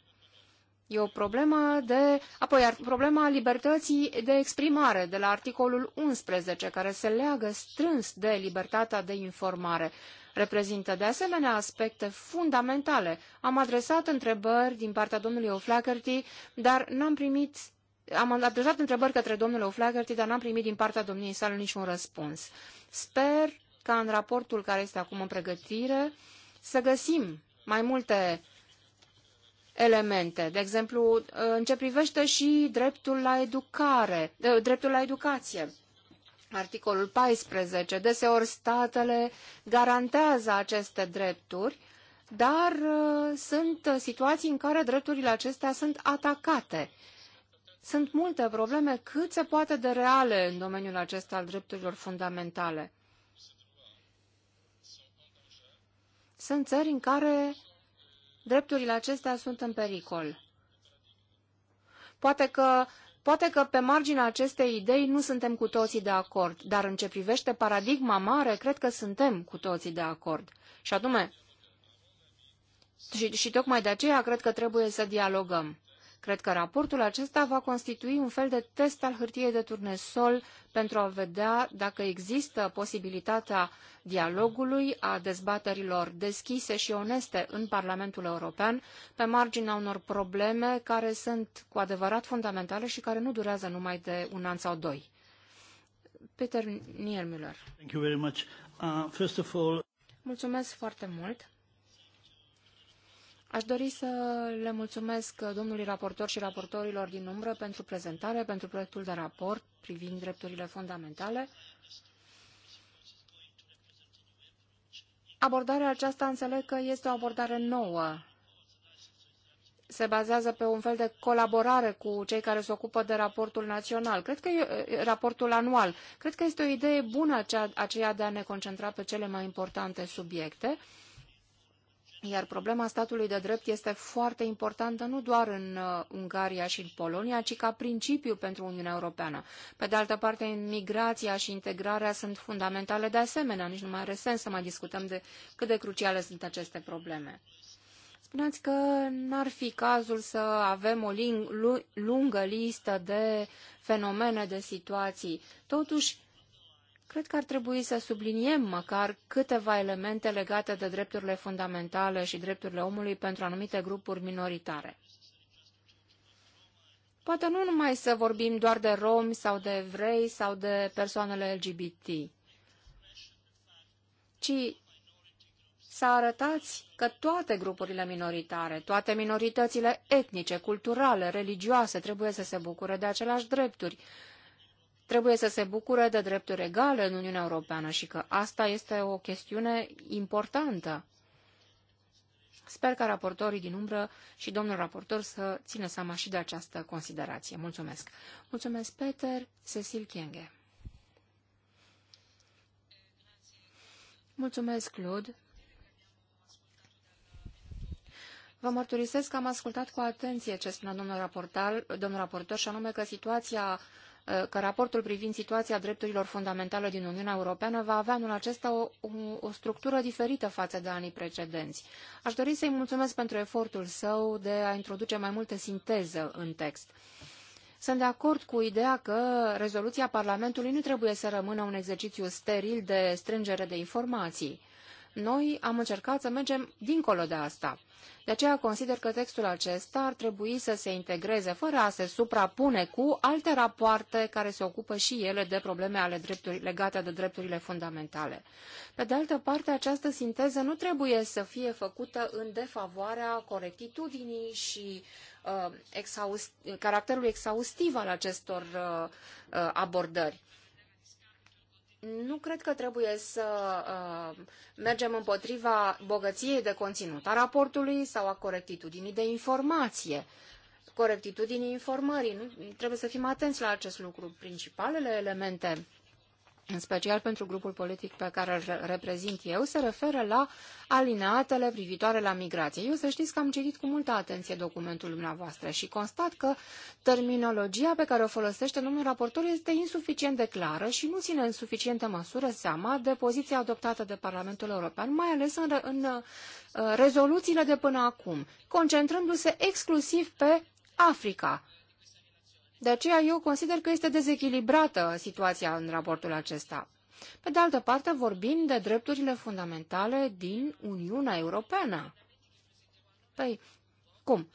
E o problemă de, apoi, problema libertății de exprimare de la articolul 11, care se leagă strâns de libertatea de informare reprezintă de asemenea aspecte fundamentale. Am adresat întrebări din partea domnului O'Flaherty, dar n-am primit am adresat întrebări către domnul O'Flaherty, dar n-am primit din partea domniei sale niciun răspuns. Sper ca în raportul care este acum în pregătire să găsim mai multe elemente. De exemplu, în ce privește și dreptul la educare, dreptul la educație. Articolul 14. Deseori statele garantează aceste drepturi, dar uh, sunt situații în care drepturile acestea sunt atacate. Sunt multe probleme cât se poate de reale în domeniul acesta al drepturilor fundamentale. Sunt țări în care drepturile acestea sunt în pericol. Poate că Poate că pe marginea acestei idei nu suntem cu toții de acord, dar în ce privește paradigma mare, cred că suntem cu toții de acord. Și anume, și, și tocmai de aceea cred că trebuie să dialogăm. Cred că raportul acesta va constitui un fel de test al hârtiei de turnesol pentru a vedea dacă există posibilitatea dialogului, a dezbaterilor deschise și oneste în Parlamentul European, pe marginea unor probleme care sunt cu adevărat fundamentale și care nu durează numai de un an sau doi. Peter Niermüller. Uh, Mulțumesc foarte mult. Aș dori să le mulțumesc domnului raportor și raportorilor din umbră pentru prezentare, pentru proiectul de raport privind drepturile fundamentale. Abordarea aceasta înțeleg că este o abordare nouă. Se bazează pe un fel de colaborare cu cei care se ocupă de raportul național, cred că e, raportul anual. Cred că este o idee bună aceea de a ne concentra pe cele mai importante subiecte iar problema statului de drept este foarte importantă nu doar în uh, Ungaria și în Polonia, ci ca principiu pentru Uniunea Europeană. Pe de altă parte, migrația și integrarea sunt fundamentale de asemenea, nici nu mai are sens să mai discutăm de cât de cruciale sunt aceste probleme. Spuneați că n-ar fi cazul să avem o lungă listă de fenomene, de situații. Totuși, Cred că ar trebui să subliniem măcar câteva elemente legate de drepturile fundamentale și drepturile omului pentru anumite grupuri minoritare. Poate nu numai să vorbim doar de romi sau de evrei sau de persoanele LGBT, ci să arătați că toate grupurile minoritare, toate minoritățile etnice, culturale, religioase trebuie să se bucure de aceleași drepturi, trebuie să se bucure de drepturi egale în Uniunea Europeană și că asta este o chestiune importantă. Sper ca raportorii din umbră și domnul raportor să țină seama și de această considerație. Mulțumesc. Mulțumesc, Peter. Cecil Kienge. Mulțumesc, Claude. Vă mărturisesc că am ascultat cu atenție ce spunea domnul raportor, domnul raportor și anume că situația Uh, că raportul privind situația drepturilor fundamentale din Uniunea Europeană va avea anul acesta o, o, o structură diferită față de anii precedenți. Aș dori să-i mulțumesc pentru efortul său de a introduce mai multă sinteză în text. Sunt de acord cu ideea că rezoluția Parlamentului nu trebuie să rămână un exercițiu steril de strângere de informații. Noi am încercat să mergem dincolo de asta. De aceea consider că textul acesta ar trebui să se integreze fără a se suprapune cu alte rapoarte care se ocupă și ele de probleme ale drepturi, legate de drepturile fundamentale. Pe de altă parte, această sinteză nu trebuie să fie făcută în defavoarea corectitudinii și uh, exhaust, caracterului exhaustiv al acestor uh, uh abordări nu cred că trebuie să uh, mergem împotriva bogăției de conținut a raportului sau a corectitudinii de informație, corectitudinii informării. Nu? Trebuie să fim atenți la acest lucru. Principalele elemente în special pentru grupul politic pe care îl reprezint eu, se referă la alineatele privitoare la migrație. Eu să știți că am citit cu multă atenție documentul dumneavoastră și constat că terminologia pe care o folosește domnul raportor este insuficient de clară și nu ține în suficientă măsură seama de poziția adoptată de Parlamentul European, mai ales în, în uh, rezoluțiile de până acum, concentrându-se exclusiv pe Africa, de aceea eu consider că este dezechilibrată situația în raportul acesta. Pe de altă parte, vorbim de drepturile fundamentale din Uniunea Europeană. Păi, cum?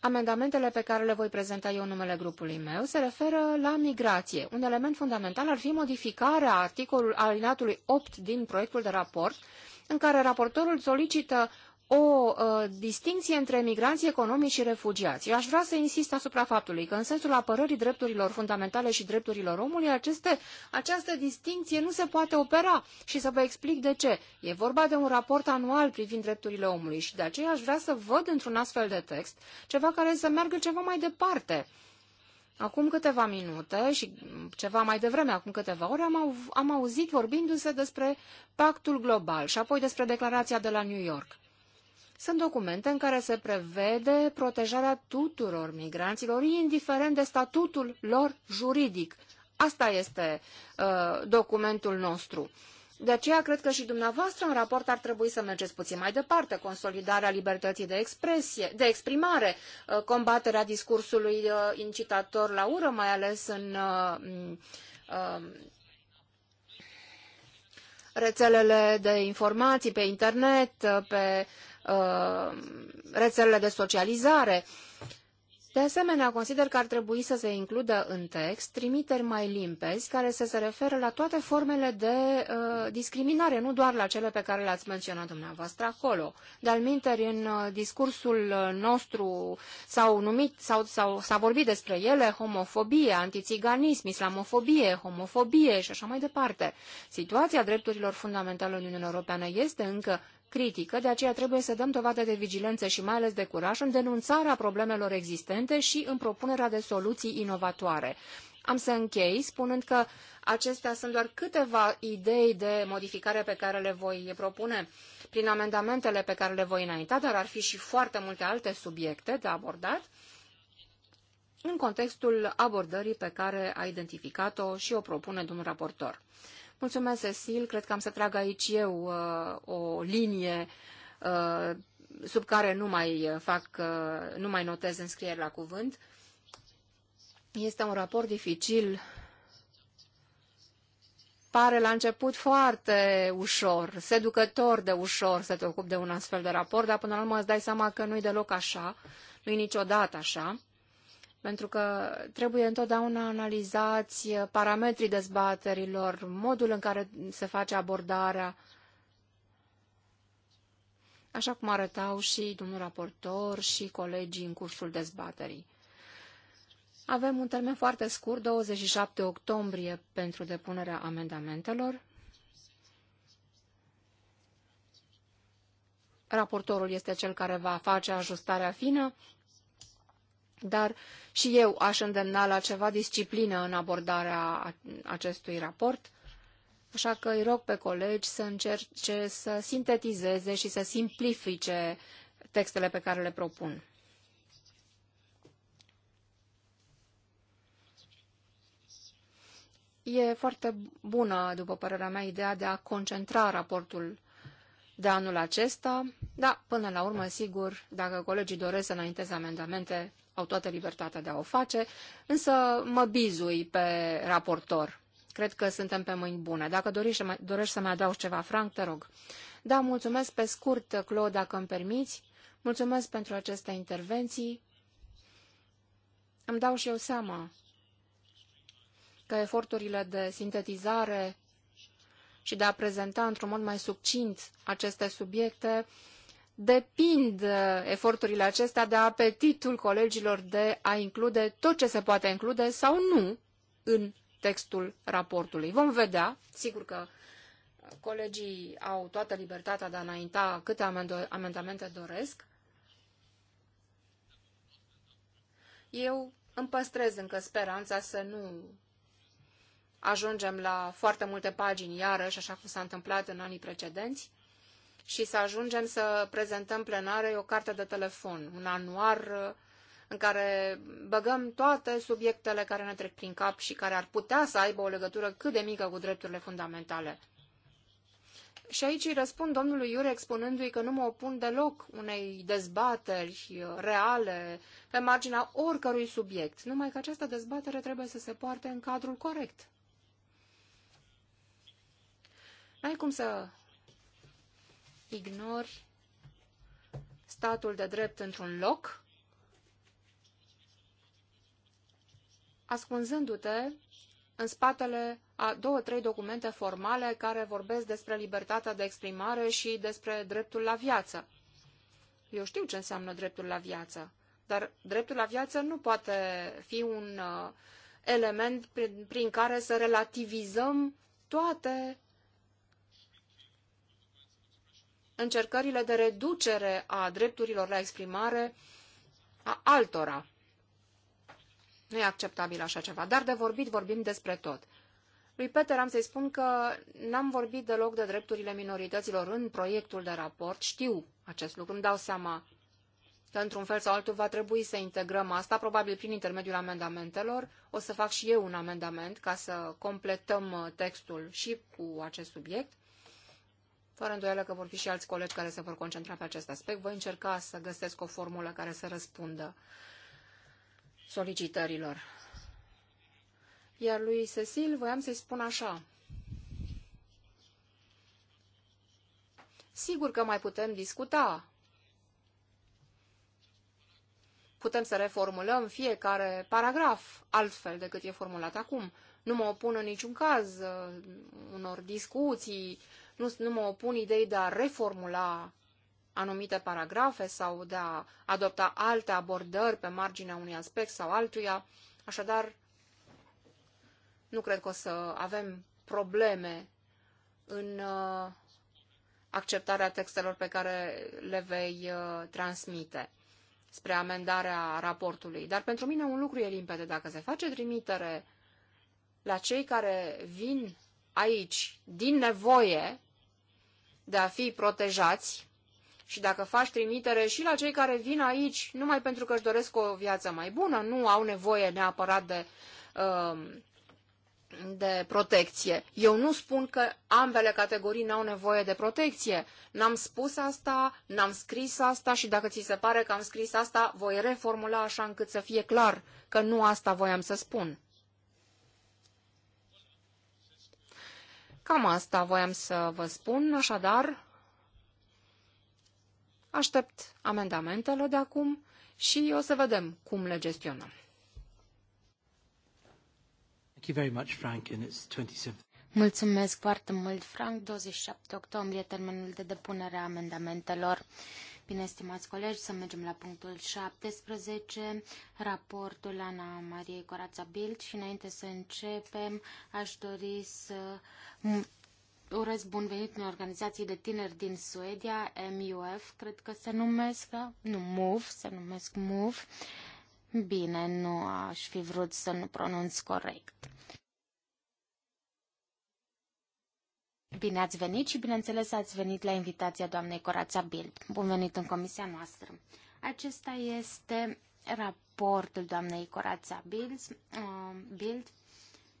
Amendamentele pe care le voi prezenta eu numele grupului meu se referă la migrație. Un element fundamental ar fi modificarea articolului alinatului 8 din proiectul de raport, în care raportorul solicită o uh, distinție între migranții economici și refugiați. Eu aș vrea să insist asupra faptului că în sensul apărării drepturilor fundamentale și drepturilor omului, aceste, această distinție nu se poate opera și să vă explic de ce. E vorba de un raport anual privind drepturile omului și de aceea aș vrea să văd într-un astfel de text ceva care să meargă ceva mai departe. Acum câteva minute și ceva mai devreme, acum câteva ore, am, au, am auzit vorbindu-se despre pactul global și apoi despre declarația de la New York. Sunt documente în care se prevede protejarea tuturor migranților, indiferent de statutul lor juridic. Asta este uh, documentul nostru. De aceea cred că și dumneavoastră în raport ar trebui să mergeți puțin mai departe. Consolidarea libertății de expresie, de exprimare, uh, combaterea discursului uh, incitator la ură, mai ales în uh, rețelele de informații, pe internet, pe Uh, rețelele de socializare. De asemenea, consider că ar trebui să se includă în text trimiteri mai limpezi care să se referă la toate formele de uh, discriminare, nu doar la cele pe care le-ați menționat dumneavoastră acolo. De-al minteri, în uh, discursul uh, nostru s-au numit, sau, sau, s-a vorbit despre ele homofobie, antițiganism, islamofobie, homofobie și așa mai departe. Situația drepturilor fundamentale în Uniunea Europeană este încă critică, de aceea trebuie să dăm dovadă de vigilență și mai ales de curaj în denunțarea problemelor existente și în propunerea de soluții inovatoare. Am să închei spunând că acestea sunt doar câteva idei de modificare pe care le voi propune prin amendamentele pe care le voi înainta, dar ar fi și foarte multe alte subiecte de abordat în contextul abordării pe care a identificat-o și o propune domnul raportor. Mulțumesc, Cecil. Cred că am să trag aici eu uh, o linie uh, sub care nu mai uh, fac, uh, nu mai notez înscrieri la cuvânt. Este un raport dificil. Pare la început foarte ușor, seducător de ușor să te ocupi de un astfel de raport, dar până la urmă îți dai seama că nu-i deloc așa, nu-i niciodată așa pentru că trebuie întotdeauna analizați uh, parametrii dezbaterilor, modul în care se face abordarea, așa cum arătau și domnul raportor și colegii în cursul dezbaterii. Avem un termen foarte scurt, 27 octombrie, pentru depunerea amendamentelor. Raportorul este cel care va face ajustarea fină dar și eu aș îndemna la ceva disciplină în abordarea acestui raport, așa că îi rog pe colegi să încerce să sintetizeze și să simplifice textele pe care le propun. E foarte bună, după părerea mea, ideea de a concentra raportul de anul acesta, dar până la urmă, sigur, dacă colegii doresc să înainteze amendamente, au toată libertatea de a o face, însă mă bizui pe raportor. Cred că suntem pe mâini bune. Dacă dorești, dorești să mai adaugi ceva, Frank, te rog. Da, mulțumesc pe scurt, Claude, dacă îmi permiți. Mulțumesc pentru aceste intervenții. Îmi dau și eu seama că eforturile de sintetizare și de a prezenta într-un mod mai succint aceste subiecte depind uh, eforturile acestea de apetitul colegilor de a include tot ce se poate include sau nu în textul raportului. Vom vedea, sigur că colegii au toată libertatea de a înainta câte amendamente doresc. Eu îmi păstrez încă speranța să nu ajungem la foarte multe pagini iarăși, așa cum s-a întâmplat în anii precedenți, și să ajungem să prezentăm plenarei o carte de telefon, un anuar uh, în care băgăm toate subiectele care ne trec prin cap și care ar putea să aibă o legătură cât de mică cu drepturile fundamentale. Și aici îi răspund domnului Iure spunându-i că nu mă opun deloc unei dezbateri uh, reale pe marginea oricărui subiect, numai că această dezbatere trebuie să se poarte în cadrul corect. N-ai cum să ignori statul de drept într-un loc, ascunzându-te în spatele a două, trei documente formale care vorbesc despre libertatea de exprimare și despre dreptul la viață. Eu știu ce înseamnă dreptul la viață, dar dreptul la viață nu poate fi un uh, element prin, prin care să relativizăm toate încercările de reducere a drepturilor la exprimare a altora. Nu e acceptabil așa ceva, dar de vorbit vorbim despre tot. Lui Peter am să-i spun că n-am vorbit deloc de drepturile minorităților în proiectul de raport. Știu acest lucru, îmi dau seama că într-un fel sau altul va trebui să integrăm asta, probabil prin intermediul amendamentelor. O să fac și eu un amendament ca să completăm uh, textul și cu acest subiect. Fără îndoială că vor fi și alți colegi care se vor concentra pe acest aspect. Voi încerca să găsesc o formulă care să răspundă solicitărilor. Iar lui Cecil voiam să-i spun așa. Sigur că mai putem discuta. Putem să reformulăm fiecare paragraf altfel decât e formulat acum. Nu mă opun în niciun caz uh, unor discuții nu, nu mă opun idei de a reformula anumite paragrafe sau de a adopta alte abordări pe marginea unui aspect sau altuia. Așadar, nu cred că o să avem probleme în uh, acceptarea textelor pe care le vei uh, transmite spre amendarea raportului. Dar pentru mine un lucru e limpede. Dacă se face trimitere la cei care vin aici din nevoie, de a fi protejați și dacă faci trimitere și la cei care vin aici numai pentru că își doresc o viață mai bună, nu au nevoie neapărat de, um, de protecție. Eu nu spun că ambele categorii n-au nevoie de protecție. N-am spus asta, n-am scris asta și dacă ți se pare că am scris asta, voi reformula așa încât să fie clar că nu asta voiam să spun. Cam asta voiam să vă spun, așadar aștept amendamentele de acum și o să vedem cum le gestionăm. Mulțumesc foarte mult, Frank. 27 octombrie, termenul de depunere a amendamentelor. Bine, stimați colegi, să mergem la punctul 17, raportul Ana Mariei Corața Bild și înainte să începem aș dori să urez bun venit în organizații de tineri din Suedia, MUF, cred că se numesc, da? nu MUF, se numesc MUF. Bine, nu aș fi vrut să nu pronunț corect. Bine ați venit și, bineînțeles, ați venit la invitația doamnei Corața Bild. Bun venit în comisia noastră. Acesta este raportul doamnei Corața Bild, uh, Bild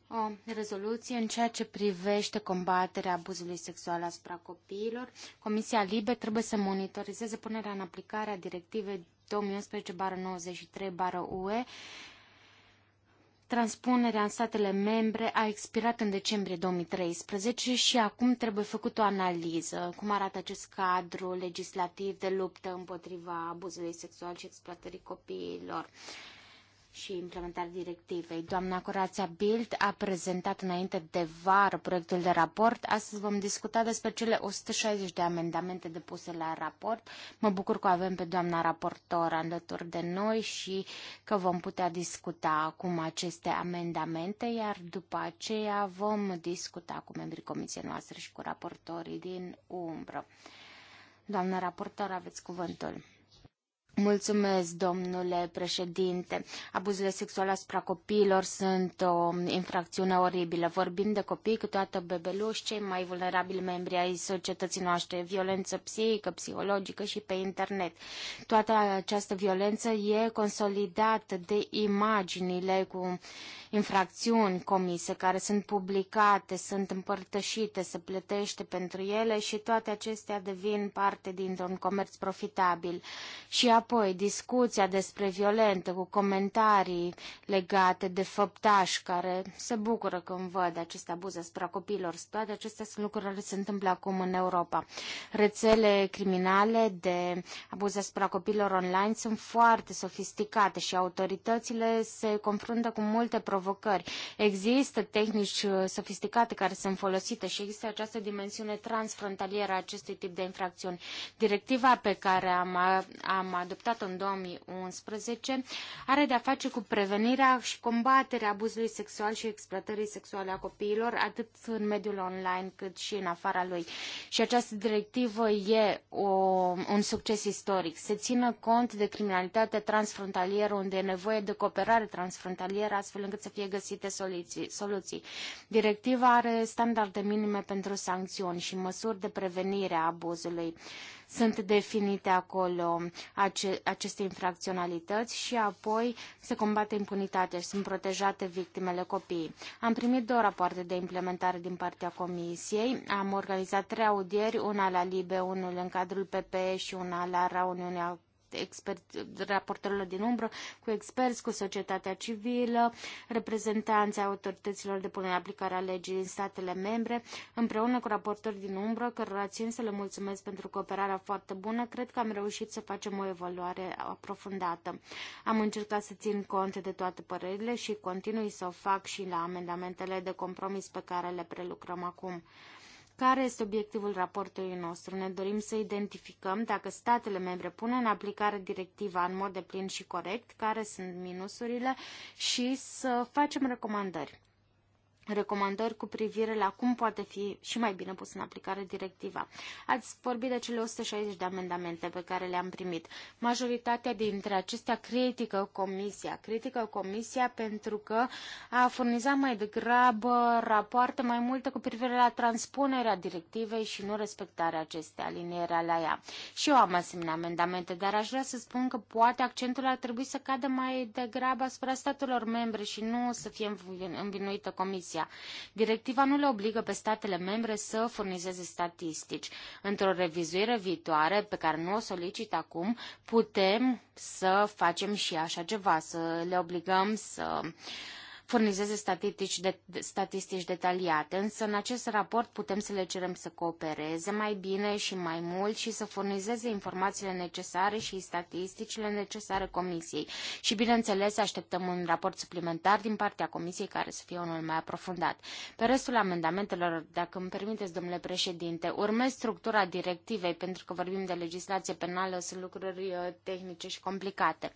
o rezoluție în ceea ce privește combaterea abuzului sexual asupra copiilor. Comisia Libe trebuie să monitorizeze punerea în aplicare a directivei 2011-93-UE Transpunerea în statele membre a expirat în decembrie 2013 și acum trebuie făcut o analiză. Cum arată acest cadru legislativ de luptă împotriva abuzului sexual și exploatării copiilor? și implementarea directivei. Doamna Corața Bild a prezentat înainte de vară proiectul de raport. Astăzi vom discuta despre cele 160 de amendamente depuse la raport. Mă bucur că avem pe doamna raportor alături de noi și că vom putea discuta acum aceste amendamente, iar după aceea vom discuta cu membrii comisiei noastre și cu raportorii din umbră. Doamna raportor, aveți cuvântul. Mulțumesc, domnule președinte. Abuzurile sexuale asupra copiilor sunt o infracțiune oribilă. Vorbim de copii, câteodată bebeluși, cei mai vulnerabili membri ai societății noastre, violență psihică, psihologică și pe internet. Toată această violență e consolidată de imaginile cu infracțiuni comise, care sunt publicate, sunt împărtășite, se plătește pentru ele și toate acestea devin parte dintr-un comerț profitabil. Și apoi Apoi, discuția despre violentă cu comentarii legate de făptași care se bucură când văd aceste abuze asupra copiilor. Toate acestea sunt lucruri care se întâmplă acum în Europa. Rețele criminale de abuz asupra copiilor online sunt foarte sofisticate și autoritățile se confruntă cu multe provocări. Există tehnici uh, sofisticate care sunt folosite și există această dimensiune transfrontalieră a acestui tip de infracțiuni. Directiva pe care am, am adoptat adoptat în 2011 are de-a face cu prevenirea și combaterea abuzului sexual și exploatării sexuale a copiilor, atât în mediul online cât și în afara lui. Și această directivă e o, un succes istoric. Se țină cont de criminalitatea transfrontalieră, unde e nevoie de cooperare transfrontalieră, astfel încât să fie găsite soluții. soluții. Directiva are standarde minime pentru sancțiuni și măsuri de prevenire a abuzului sunt definite acolo ace, aceste infracționalități și apoi se combate impunitatea și sunt protejate victimele copiii. Am primit două rapoarte de implementare din partea Comisiei. Am organizat trei audieri, una la Libe, unul în cadrul PPE și una la reuniunea expert, raportorilor din umbră, cu experți, cu societatea civilă, reprezentanții autorităților de punere în aplicare a legii în statele membre, împreună cu raportori din umbră, cărora țin să le mulțumesc pentru cooperarea foarte bună, cred că am reușit să facem o evaluare aprofundată. Am încercat să țin cont de toate părerile și continui să o fac și la amendamentele de compromis pe care le prelucrăm acum. Care este obiectivul raportului nostru? Ne dorim să identificăm dacă statele membre pun în aplicare directiva în mod deplin și corect, care sunt minusurile și să facem recomandări recomandări cu privire la cum poate fi și mai bine pus în aplicare directiva. Ați vorbit de cele 160 de amendamente pe care le-am primit. Majoritatea dintre acestea critică Comisia. Critică Comisia pentru că a furnizat mai degrabă rapoarte mai multe cu privire la transpunerea directivei și nu respectarea acestei alinierea la ea. Și eu am asemenea amendamente, dar aș vrea să spun că poate accentul ar trebui să cadă mai degrabă asupra statelor membre și nu să fie învinuită Comisia Comisia. Directiva nu le obligă pe statele membre să furnizeze statistici. Într-o revizuire viitoare, pe care nu o solicit acum, putem să facem și așa ceva, să le obligăm să uh, furnizeze statistici, de, statistici detaliate, însă în acest raport putem să le cerem să coopereze mai bine și mai mult și să furnizeze informațiile necesare și statisticile necesare Comisiei. Și bineînțeles așteptăm un raport suplimentar din partea Comisiei care să fie unul mai aprofundat. Pe restul amendamentelor, dacă îmi permiteți, domnule președinte, urmez structura directivei pentru că vorbim de legislație penală, sunt lucruri uh, tehnice și complicate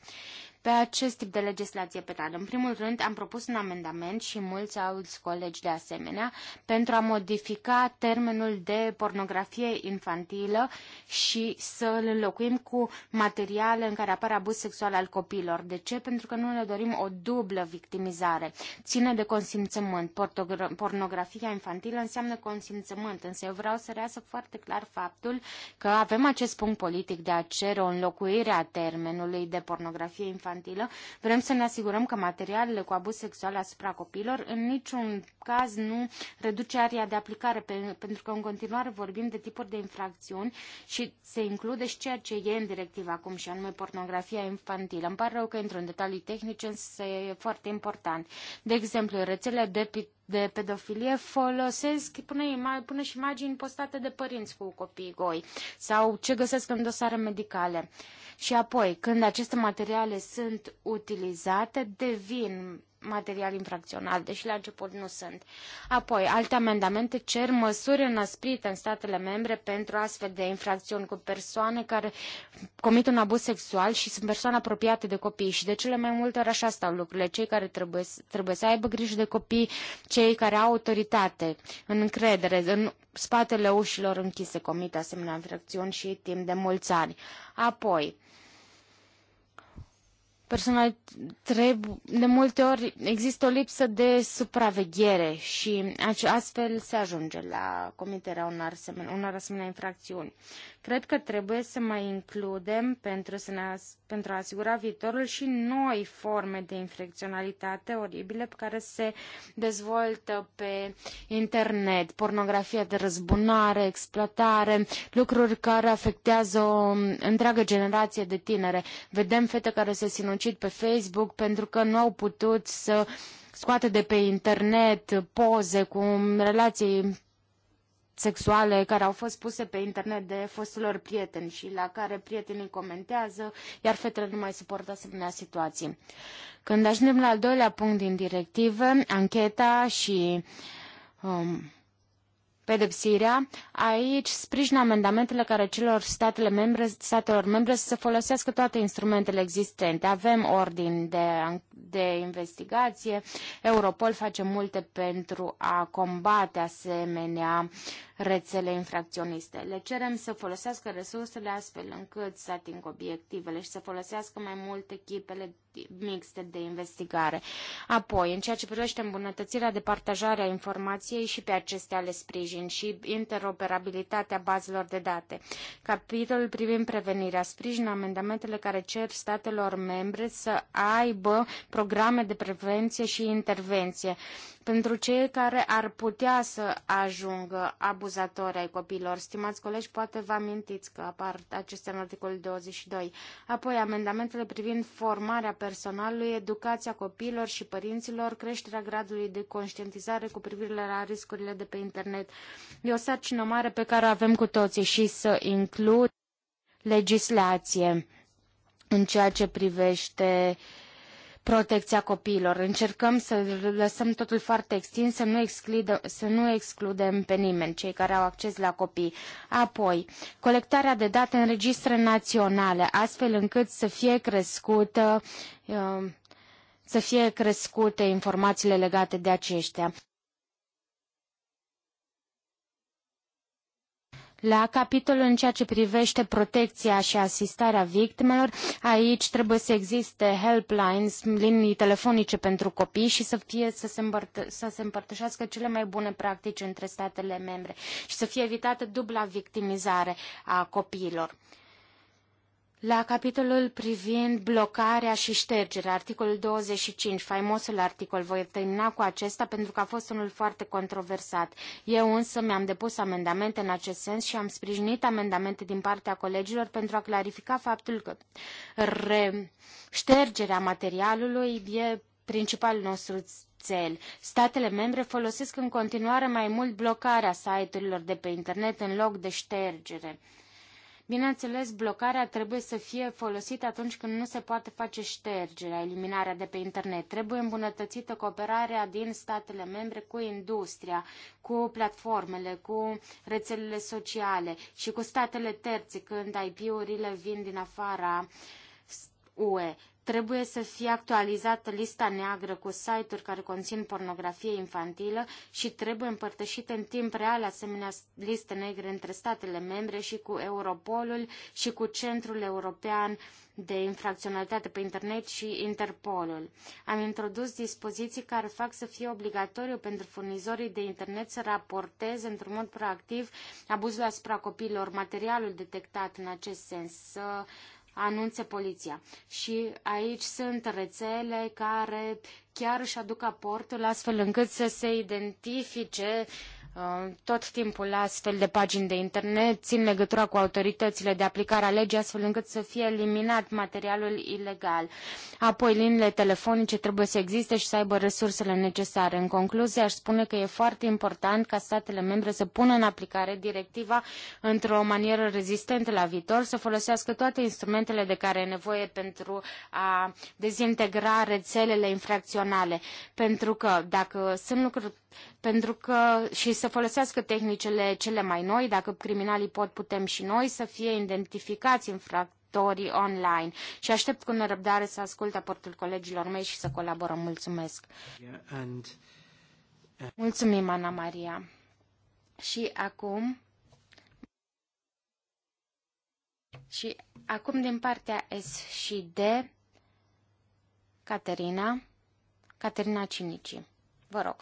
pe acest tip de legislație penală. În primul rând, am propus un amendament și mulți alți colegi de asemenea pentru a modifica termenul de pornografie infantilă și să îl înlocuim cu materiale în care apare abuz sexual al copiilor. De ce? Pentru că nu ne dorim o dublă victimizare. Ține de consimțământ. Pornografia infantilă înseamnă consimțământ, însă eu vreau să reasă foarte clar faptul că avem acest punct politic de a cere o înlocuire a termenului de pornografie infantilă infantilă, vrem să ne asigurăm că materialele cu abuz sexual asupra copiilor în niciun caz nu reduce aria de aplicare, pe, pentru că în continuare vorbim de tipuri de infracțiuni și se include și ceea ce e în directiva acum, și anume pornografia infantilă. Îmi pare rău că intru în detalii tehnice, însă e foarte important. De exemplu, rețele de de pedofilie folosesc, pune, ima- pune și imagini postate de părinți cu copii goi sau ce găsesc în dosare medicale. Și apoi, când aceste materiale sunt utilizate, devin material infracțional, deși la început nu sunt. Apoi, alte amendamente cer măsuri înăsprite în statele membre pentru astfel de infracțiuni cu persoane care comit un abuz sexual și sunt persoane apropiate de copii și de cele mai multe ori așa stau lucrurile. Cei care trebuie, trebuie să aibă grijă de copii, cei care au autoritate, în încredere, în spatele ușilor închise comit asemenea infracțiuni și timp de mulți ani. Apoi, personal trebuie, de multe ori există o lipsă de supraveghere și astfel se ajunge la comiterea unor asemenea, unor asemenea infracțiuni. Cred că trebuie să mai includem pentru, să ne, pentru a asigura viitorul și noi forme de infracționalitate oribile pe care se dezvoltă pe internet, pornografia de răzbunare, exploatare, lucruri care afectează o întreagă generație de tinere. Vedem fete care se sinu sinucid pe Facebook pentru că nu au putut să scoată de pe internet poze cu relații sexuale care au fost puse pe internet de lor prieteni și la care prietenii comentează, iar fetele nu mai suportă asemenea situații. Când ajungem la al doilea punct din directivă, ancheta și um, pedepsirea, aici sprijin amendamentele care celor statele membre, statelor membre să folosească toate instrumentele existente. Avem ordin de, de investigație, Europol face multe pentru a combate asemenea rețele infracționiste. Le cerem să folosească resursele astfel încât să ating obiectivele și să folosească mai mult echipele mixte de investigare. Apoi, în ceea ce privește îmbunătățirea de partajare a informației și pe acestea le sprijin și interoperabilitatea bazelor de date. Capitolul privind prevenirea sprijin amendamentele care cer statelor membre să aibă programe de prevenție și intervenție. Uh, pentru cei care ar putea să ajungă abuzatori ai copiilor. Stimați colegi, poate vă amintiți că apar acestea în articolul 22. Apoi, amendamentele privind formarea personalului, educația copiilor și părinților, creșterea gradului de conștientizare cu privire la riscurile de pe internet. E o sarcină mare pe care o avem cu toții și să includ legislație în ceea ce privește uh, protecția copiilor. Încercăm să lăsăm totul foarte extins, să nu, excludem, să nu excludem pe nimeni, cei care au acces la copii. Apoi, colectarea de date în registre naționale, astfel încât să fie crescută uh, să fie crescute informațiile legate de aceștia. La capitolul în ceea ce privește protecția și asistarea victimelor, aici trebuie să existe helplines, linii telefonice pentru copii și să, fie, să, se împărtă, să se împărtășească cele mai bune practici între statele membre și să fie evitată dubla victimizare a copiilor. La capitolul privind blocarea și ștergerea, articolul 25, faimosul articol, voi termina cu acesta pentru că a fost unul foarte controversat. Eu însă mi-am depus amendamente în acest sens și am sprijinit amendamente din partea colegilor pentru a clarifica faptul că re- ștergerea materialului e principalul nostru țel. Statele membre folosesc în continuare mai mult blocarea site-urilor de pe internet în loc de ștergere. Bineînțeles, blocarea trebuie să fie folosită atunci când nu se poate face ștergerea, eliminarea de pe internet. Trebuie îmbunătățită cooperarea din statele membre cu industria, cu platformele, cu rețelele sociale și cu statele terțe când IP-urile vin din afara UE. Trebuie să fie actualizată lista neagră cu site-uri care conțin pornografie infantilă și trebuie împărtășite în timp real asemenea liste negre între statele membre și cu Europolul și cu Centrul European de infracționalitate pe internet și Interpolul. Am introdus dispoziții care fac să fie obligatoriu pentru furnizorii de internet să raporteze într-un mod proactiv abuzul asupra copiilor, materialul detectat în acest sens, să uh, anunțe poliția. Și aici sunt rețele care chiar își aduc aportul astfel încât să se identifice Uh, tot timpul la astfel de pagini de internet țin legătura cu autoritățile de aplicare a legii astfel încât să fie eliminat materialul ilegal. Apoi liniile telefonice trebuie să existe și să aibă resursele necesare. În concluzie aș spune că e foarte important ca statele membre să pună în aplicare directiva într-o manieră rezistentă la viitor, să folosească toate instrumentele de care e nevoie pentru a dezintegra rețelele infracționale. Pentru că dacă sunt lucruri pentru că și să folosească tehnicile cele mai noi, dacă criminalii pot, putem și noi să fie identificați infractorii online. Și aștept cu nerăbdare să ascult aportul colegilor mei și să colaborăm. Mulțumesc! Uh, Mulțumim, Ana Maria! Și acum... Și acum din partea S și D, Caterina, Caterina Cinici. Vă rog.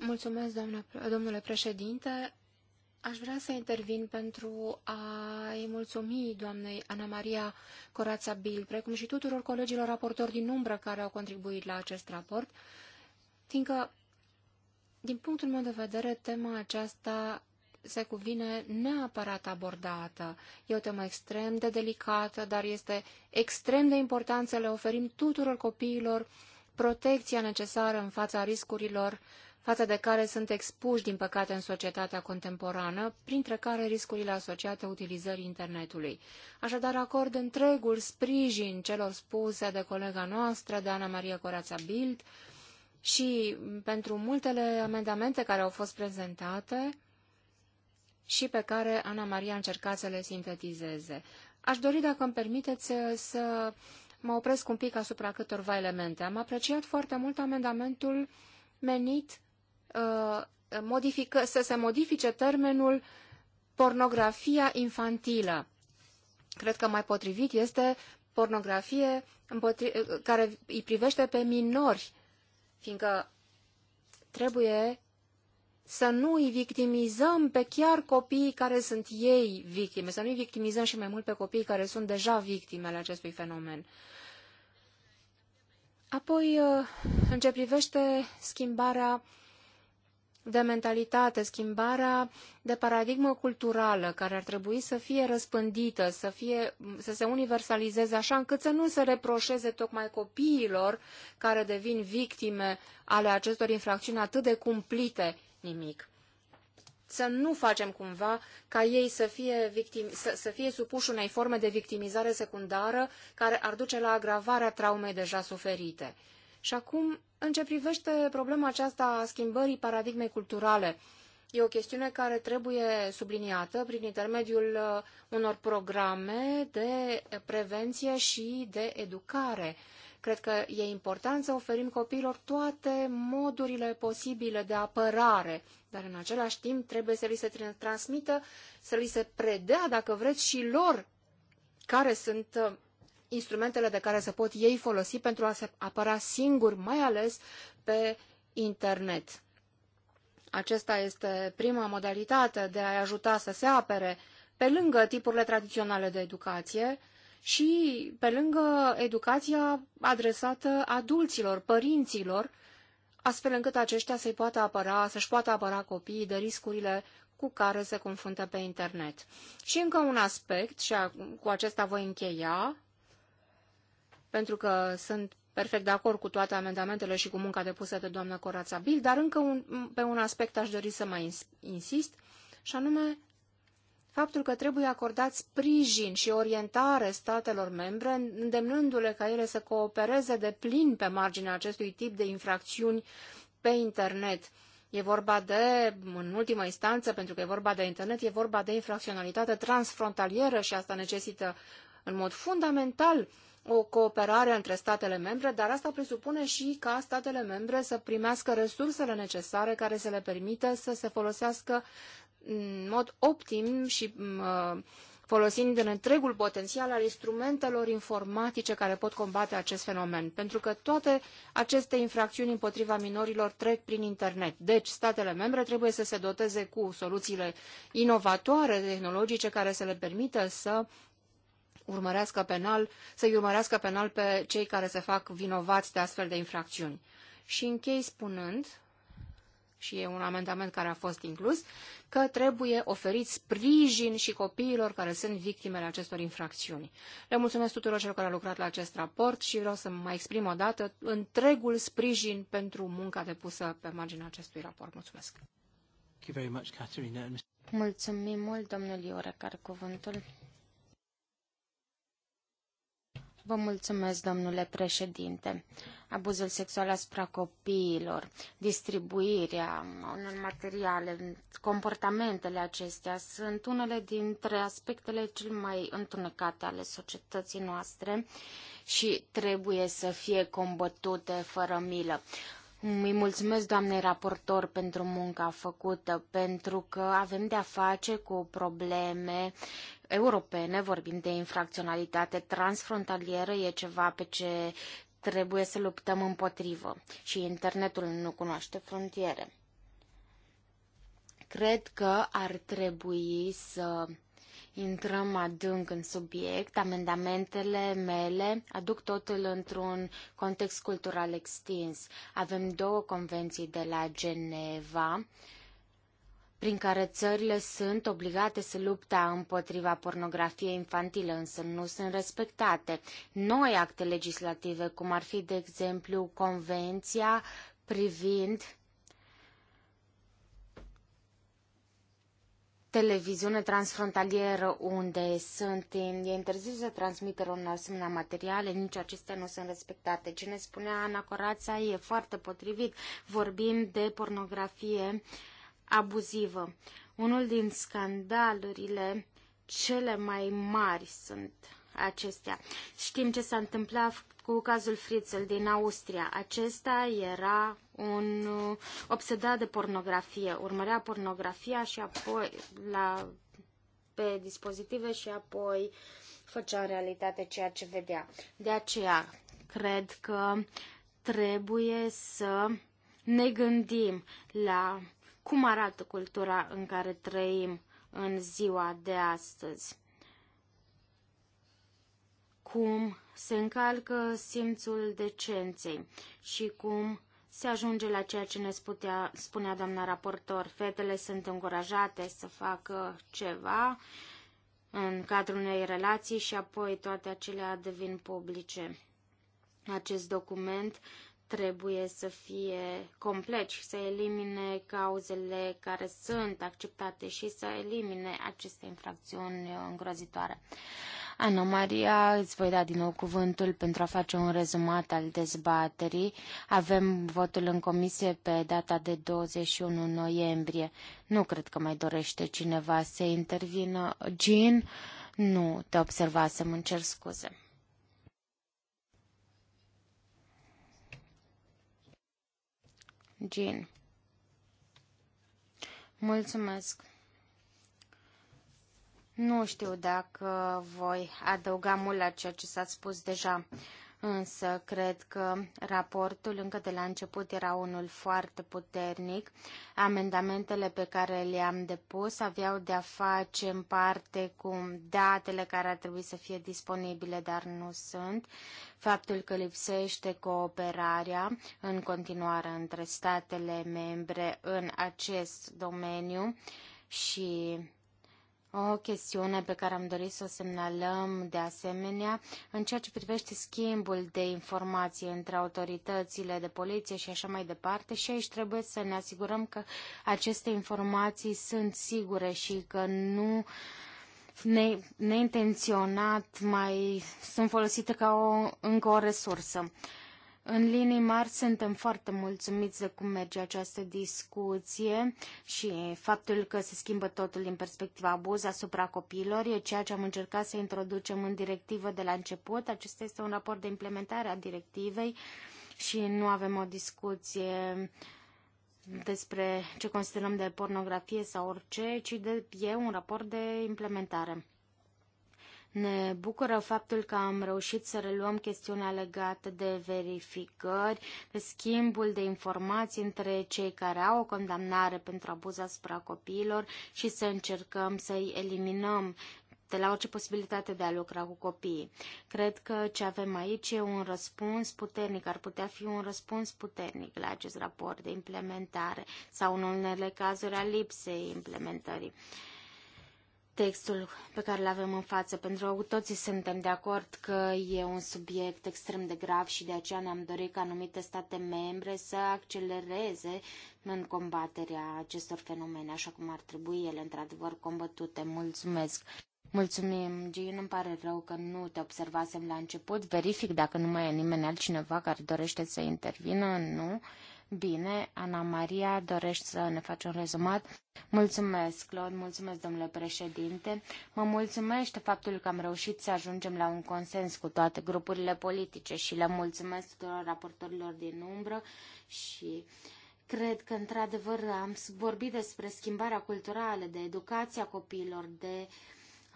Mulțumesc, doamna, domnule președinte. Aș vrea să intervin pentru a-i mulțumi doamnei Ana Maria Corața Bil, precum și tuturor colegilor raportori din umbră care au contribuit la acest raport, fiindcă, din punctul meu de vedere, tema aceasta se cuvine neapărat abordată. E o temă extrem de delicată, dar este extrem de important să le oferim tuturor copiilor protecția necesară în fața riscurilor față de care sunt expuși, din păcate, în societatea contemporană, printre care riscurile asociate utilizării internetului. Așadar, acord întregul sprijin celor spuse de colega noastră, de Ana Maria Corața Bild, și pentru multele amendamente care au fost prezentate și pe care Ana Maria a încercat să le sintetizeze. Aș dori, dacă îmi permiteți, să mă opresc un pic asupra câtorva elemente. Am apreciat foarte mult amendamentul menit uh, modifică, să se modifice termenul pornografia infantilă. Cred că mai potrivit este pornografie uh, care îi privește pe minori, fiindcă trebuie să nu îi victimizăm pe chiar copiii care sunt ei victime, să nu îi victimizăm și mai mult pe copiii care sunt deja victimele acestui fenomen. Apoi, uh, în ce privește schimbarea de mentalitate, schimbarea de paradigmă culturală care ar trebui să fie răspândită, să, fie, să se universalizeze așa încât să nu se reproșeze tocmai copiilor care devin victime ale acestor infracțiuni atât de cumplite nimic. Să nu facem cumva ca ei să fie, victim, să, să fie supuși unei forme de victimizare secundară care ar duce la agravarea traumei deja suferite. Și acum, în ce privește problema aceasta a schimbării paradigmei culturale, E o chestiune care trebuie subliniată prin intermediul uh, unor programe de prevenție și de educare Cred că e important să oferim copiilor toate modurile posibile de apărare, dar în același timp trebuie să li se transmită, să li se predea, dacă vreți, și lor care sunt uh, instrumentele de care se pot ei folosi pentru a se apăra singuri, mai ales pe internet. Acesta este prima modalitate de a-i ajuta să se apere, pe lângă tipurile tradiționale de educație, și pe lângă educația adresată adulților, părinților, astfel încât aceștia să-i poată apăra, să-și poată apăra copiii de riscurile cu care se confruntă pe internet. Și încă un aspect, și cu acesta voi încheia, pentru că sunt perfect de acord cu toate amendamentele și cu munca depusă de doamna Corața Bil, dar încă un, pe un aspect aș dori să mai insist, și anume faptul că trebuie acordat sprijin și orientare statelor membre, îndemnându-le ca ele să coopereze de plin pe marginea acestui tip de infracțiuni pe internet. E vorba de, în ultima instanță, pentru că e vorba de internet, e vorba de infracționalitate transfrontalieră și asta necesită în mod fundamental o cooperare între statele membre, dar asta presupune și ca statele membre să primească resursele necesare care să le permită să se folosească în mod optim și mm, uh, folosind în întregul potențial al instrumentelor informatice care pot combate acest fenomen, pentru că toate aceste infracțiuni împotriva minorilor trec prin internet. Deci, statele membre trebuie să se doteze cu soluțiile inovatoare tehnologice care să le permită să urmărească penal, să-i urmărească penal pe cei care se fac vinovați de astfel de infracțiuni. Și închei spunând și e un amendament care a fost inclus, că trebuie oferit sprijin și copiilor care sunt victimele acestor infracțiuni. Le mulțumesc tuturor celor care au lucrat la acest raport și vreau să mai exprim o dată întregul sprijin pentru munca depusă pe marginea acestui raport. Mulțumesc! Uh, Mulțumim mult, domnul Iorec, cuvântul. Vă mulțumesc, domnule președinte abuzul sexual asupra copiilor, distribuirea unor materiale, comportamentele acestea sunt unele dintre aspectele cel mai întunecate ale societății noastre și trebuie să fie combătute fără milă. Îi mulțumesc doamnei raportor pentru munca făcută, pentru că avem de-a face cu probleme europene, vorbim de infracționalitate transfrontalieră, e ceva pe ce trebuie să luptăm împotrivă și internetul nu cunoaște frontiere. Cred că ar trebui să intrăm adânc în subiect. Amendamentele mele aduc totul într-un context cultural extins. Avem două convenții de la Geneva, uh, prin care țările sunt obligate să lupta împotriva pornografiei infantile, însă nu sunt respectate. Noi acte legislative, cum ar fi, de exemplu, Convenția privind televiziune transfrontalieră unde sunt e interzis să un asemenea materiale, nici acestea nu sunt respectate. Ce ne spunea Ana Corața e foarte potrivit. Vorbim de pornografie uh, abuzivă. Unul din scandalurile cele mai mari sunt acestea. Știm ce s-a întâmplat cu cazul Fritzl din Austria. Acesta era un uh, obsedat de pornografie. Urmărea pornografia și apoi la, pe dispozitive și apoi făcea în realitate ceea ce vedea. De aceea, cred că trebuie să ne gândim la cum arată cultura în care trăim în ziua de astăzi? Cum se încalcă simțul decenței și cum se ajunge la ceea ce ne spunea, spunea doamna raportor. Fetele sunt încurajate să facă ceva în cadrul unei relații și apoi toate acelea devin publice. Acest document trebuie să fie complet și să elimine cauzele care sunt acceptate și să elimine aceste infracțiuni îngrozitoare. Ana Maria, îți voi da din nou cuvântul pentru a face un rezumat al dezbaterii. Avem votul în comisie pe data de 21 noiembrie. Nu cred că mai dorește cineva să intervină. Jean, nu te observasem, îmi cer scuze. Jean. Mulțumesc. Nu știu dacă voi adăuga mult la ceea ce s-a spus deja. Însă, cred că raportul încă de la început era unul foarte puternic. Amendamentele pe care le-am depus aveau de-a face în parte cu datele care ar trebui să fie disponibile, dar nu sunt. Faptul că lipsește cooperarea în continuare între statele membre în acest domeniu și o chestiune pe care am dorit să o semnalăm de asemenea în ceea ce privește schimbul de informații între autoritățile de poliție și așa mai departe și aici trebuie să ne asigurăm că aceste informații sunt sigure și că nu ne, neintenționat mai sunt folosite ca o, încă o resursă. În linii mari suntem foarte mulțumiți de cum merge această discuție și faptul că se schimbă totul din perspectiva abuz asupra copiilor e ceea ce am încercat să introducem în directivă de la început. Acesta este un raport de implementare a directivei și nu avem o discuție despre ce considerăm de pornografie sau orice, ci de, e un raport de implementare. Ne bucură faptul că am reușit să reluăm chestiunea legată de verificări, de schimbul de informații între cei care au o condamnare pentru abuz asupra copiilor și să încercăm să-i eliminăm de la orice posibilitate de a lucra cu copiii. Cred că ce avem aici e un răspuns puternic, ar putea fi un răspuns puternic la acest raport de implementare sau în unele cazuri a lipsei implementării. Uh, textul pe care îl avem în față, pentru că cu toții suntem de acord că e un subiect extrem de grav și de aceea ne-am dorit ca anumite state membre să accelereze în combaterea acestor fenomene, așa cum ar trebui ele într-adevăr combătute. Mulțumesc! Mulțumim, Gin, îmi pare rău că nu te observasem la început. Verific dacă nu mai e nimeni altcineva care dorește să intervină, nu. Bine, Ana Maria, dorești să ne faci un rezumat? Mulțumesc, Claude, mulțumesc, domnule președinte. Mă mulțumește faptul că am reușit să ajungem la un consens cu toate grupurile politice și le mulțumesc tuturor raportorilor din umbră și cred că, într-adevăr, am vorbit despre schimbarea culturală, de educația copiilor, de uh,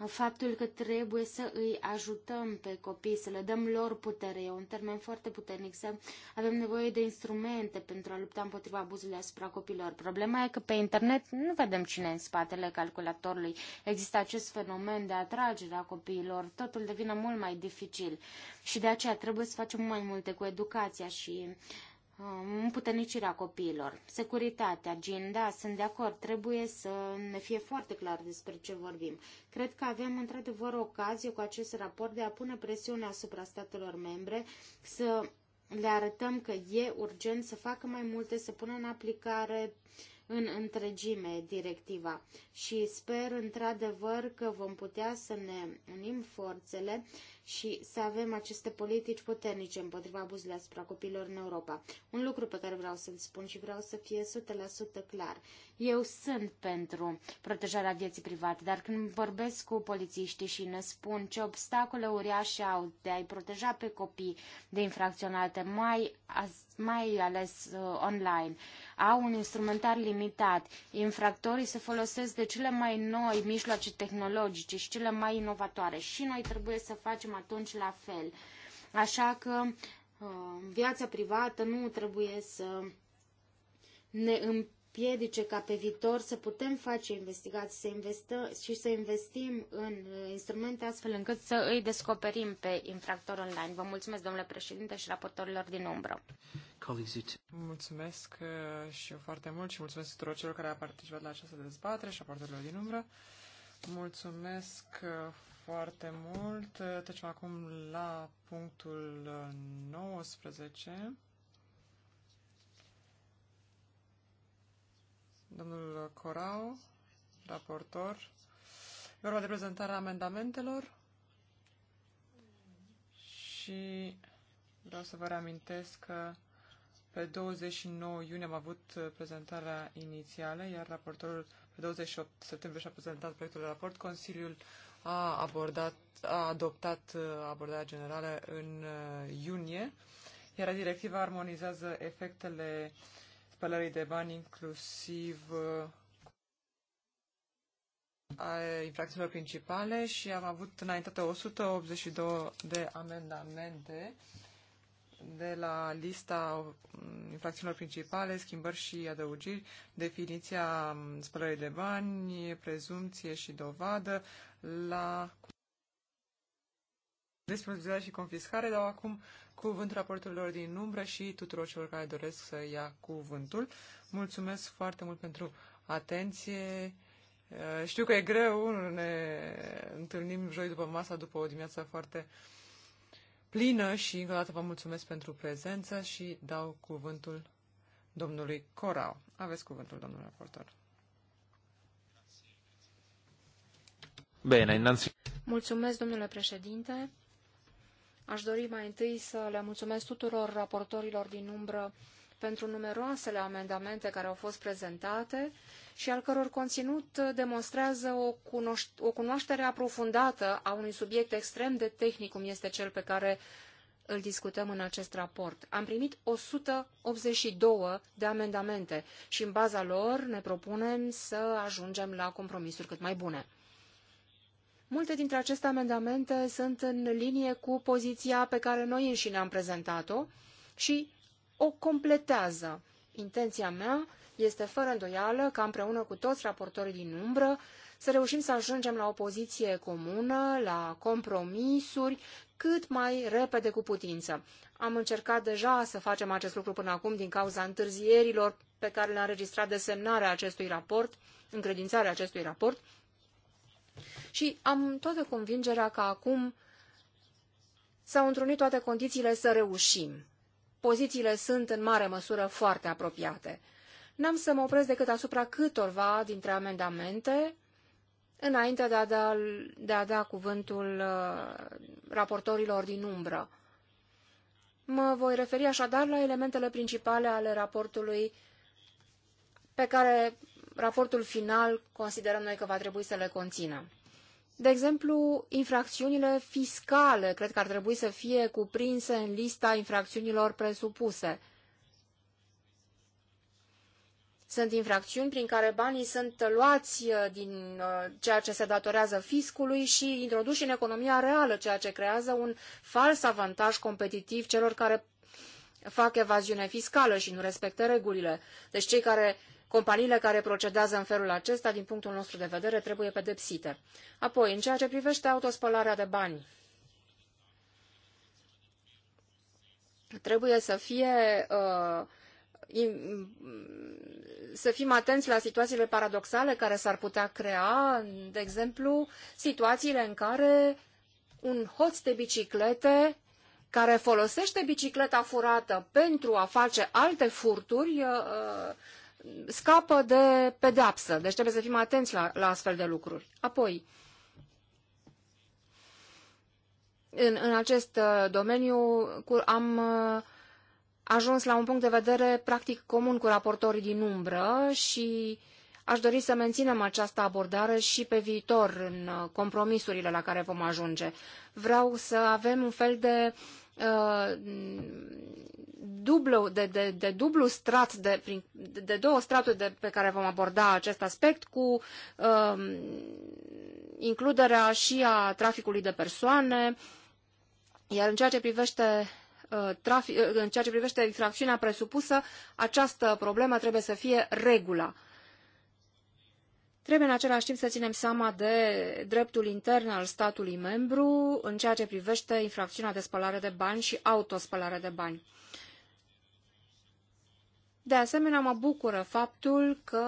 faptul că trebuie să îi ajutăm pe copii, să le dăm lor putere. E un termen foarte puternic, să avem nevoie de instrumente pentru a lupta împotriva abuzului asupra copilor. Problema e că pe internet nu vedem cine în spatele calculatorului. Există acest fenomen de atragere a copiilor. Totul devine mult mai dificil și de aceea trebuie să facem mai multe cu educația și Um, împuternicirea copiilor, securitatea, agenda, sunt de acord, trebuie să ne fie foarte clar despre ce vorbim. Cred că avem într-adevăr ocazie cu acest raport de a pune presiune asupra statelor membre să le arătăm că e urgent să facă mai multe, să pună în aplicare în întregime directiva și sper într-adevăr că vom putea să ne unim forțele și să avem aceste politici puternice împotriva abuzului asupra copiilor în Europa. Un lucru pe care vreau să-l spun și vreau să fie 100% clar. Eu sunt pentru protejarea vieții private, dar când vorbesc cu polițiștii și ne spun ce obstacole uriașe au de a-i proteja pe copii de infracționate, mai, mai ales uh, online, au un instrumentar limitat, infractorii se folosesc de cele mai noi mijloace tehnologice și cele mai inovatoare și noi trebuie să facem atunci la fel. Așa că uh, viața privată nu trebuie să ne împiedice ca pe viitor să putem face investigații să investă, și să investim în uh, instrumente astfel încât să îi descoperim pe infractor online. Vă mulțumesc, domnule președinte și raportorilor din umbră. Mulțumesc uh, și eu foarte mult și mulțumesc tuturor celor care au participat la această dezbatere și raportorilor din umbră. Mulțumesc foarte mult. Trecem acum la punctul 19. Domnul Corau, raportor. E vorba de prezentarea amendamentelor și vreau să vă reamintesc că pe 29 iunie am avut prezentarea inițială, iar raportorul pe 28 septembrie și-a prezentat proiectul de raport. Consiliul a, abordat, a adoptat uh, abordarea generală în uh, iunie, iar directiva armonizează efectele spălării de bani, inclusiv uh, a infracțiunilor principale și am avut înaintate 182 de amendamente de la lista mm, infracțiunilor principale, schimbări și adăugiri, definiția mm, spălării de bani, prezumție și dovadă, la despre și confiscare, dau acum cuvântul raporturilor din umbră și tuturor celor care doresc să ia cuvântul. Mulțumesc foarte mult pentru atenție. Eh, știu că e greu, ne întâlnim joi după masa, după o dimineață foarte uh, plină și încă o dată vă mulțumesc pentru prezență și dau cuvântul domnului Corau. Aveți cuvântul, domnul raportor. Bine, înanți... Mulțumesc, domnule președinte. Aș dori mai întâi să le mulțumesc tuturor raportorilor din umbră pentru numeroasele amendamente care au fost prezentate și al căror conținut demonstrează o, o cunoaștere aprofundată a unui subiect extrem de tehnic, cum este cel pe care îl discutăm în acest raport. Am primit 182 de amendamente și în baza lor ne propunem să ajungem la compromisuri cât mai bune. Multe dintre aceste amendamente sunt în linie cu poziția pe care noi înșine am prezentat-o și o completează. Intenția mea este fără îndoială ca împreună cu toți raportorii din umbră să reușim să ajungem la o poziție comună, la compromisuri, cât mai repede cu putință. Am încercat deja să facem acest lucru până acum din cauza întârzierilor pe care le-a înregistrat desemnarea acestui raport, încredințarea acestui raport, și am toată convingerea că acum s-au întrunit toate condițiile să reușim pozițiile sunt în mare măsură foarte apropiate. N-am să mă opresc decât asupra câtorva dintre amendamente, înainte de a da, de a da cuvântul uh, raportorilor din umbră. Mă voi referi așadar la elementele principale ale raportului pe care raportul final considerăm noi că va trebui să le conțină. De exemplu, infracțiunile fiscale cred că ar trebui să fie cuprinse în lista infracțiunilor presupuse. Sunt infracțiuni prin care banii sunt luați uh, din uh, ceea ce se datorează fiscului și introduși în economia reală, ceea ce creează un fals avantaj competitiv celor care fac evaziune fiscală și nu respectă regulile. Deci cei care Companiile care procedează în felul acesta, din punctul nostru de vedere, trebuie pedepsite. Apoi, în ceea ce privește autospălarea de bani, trebuie să fie uh, să fim atenți la situațiile paradoxale care s-ar putea crea, de exemplu, situațiile în care un hoț de biciclete care folosește bicicleta furată pentru a face alte furturi uh, scapă de pedapsă, deci trebuie să fim atenți la, la astfel de lucruri. Apoi, în, în acest uh, domeniu am uh, ajuns la un punct de vedere practic comun cu raportorii din umbră și aș dori să menținem această abordare și pe viitor în uh, compromisurile la care vom ajunge. Vreau să avem un fel de uh, Uh, dublu, de, de, de dublu strat, de, de două straturi de, pe care vom aborda acest aspect, cu uh, includerea și a traficului de persoane, iar în ceea ce privește uh, trafic, uh, în ceea ce privește infracțiunea presupusă, această problemă trebuie să fie regula Trebuie în același timp să ținem seama de dreptul intern al statului membru în ceea ce privește infracțiunea de spălare de bani și autospălare de bani. De asemenea, mă bucură faptul că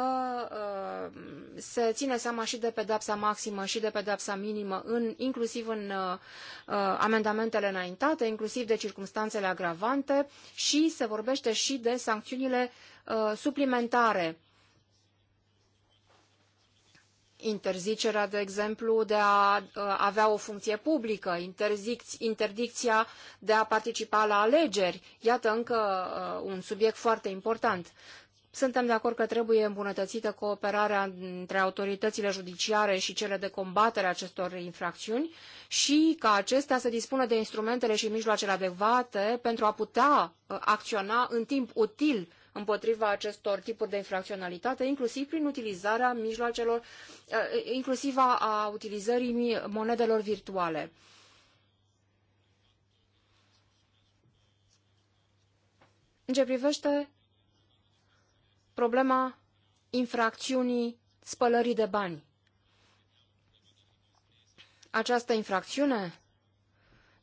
uh, se ține seama și de pedepsa maximă și de pedepsa minimă, în, inclusiv în uh, uh amendamentele înaintate, inclusiv de circumstanțele agravante și se vorbește și de sancțiunile uh, suplimentare interzicerea, de exemplu, de a ă, avea o funcție publică, interdicția de a participa la alegeri. Iată încă ă, un subiect foarte important. Suntem de acord că trebuie îmbunătățită cooperarea între autoritățile judiciare și cele de combatere a acestor infracțiuni și ca acestea să dispună de instrumentele și mijloacele adecvate pentru a putea ă, acționa în timp util împotriva acestor tipuri de infracționalitate, inclusiv prin utilizarea mijloacelor, eh, inclusiv a utilizării monedelor virtuale. În ce privește problema infracțiunii spălării de bani. Această infracțiune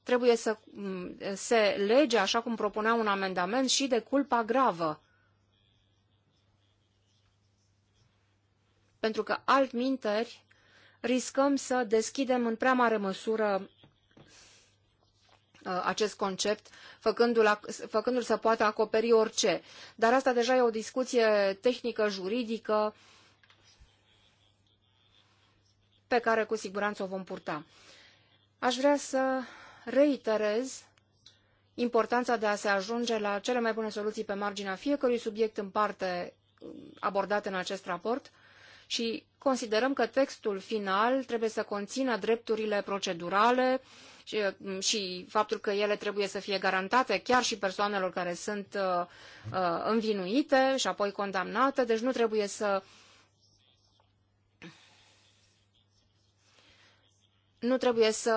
trebuie să mm, se lege, așa cum propunea un amendament, și de culpa gravă. pentru că altminteri riscăm să deschidem în prea mare măsură uh, acest concept, făcându-l, făcându să poată acoperi orice. Dar asta deja e o discuție tehnică, juridică, pe care cu siguranță o vom purta. Aș vrea să reiterez importanța de a se ajunge la cele mai bune soluții pe marginea fiecărui subiect în parte abordat în acest raport, și considerăm că textul final trebuie să conțină drepturile procedurale și, și faptul că ele trebuie să fie garantate chiar și persoanelor care sunt uh, uh învinuite și apoi condamnate, deci nu trebuie să nu trebuie să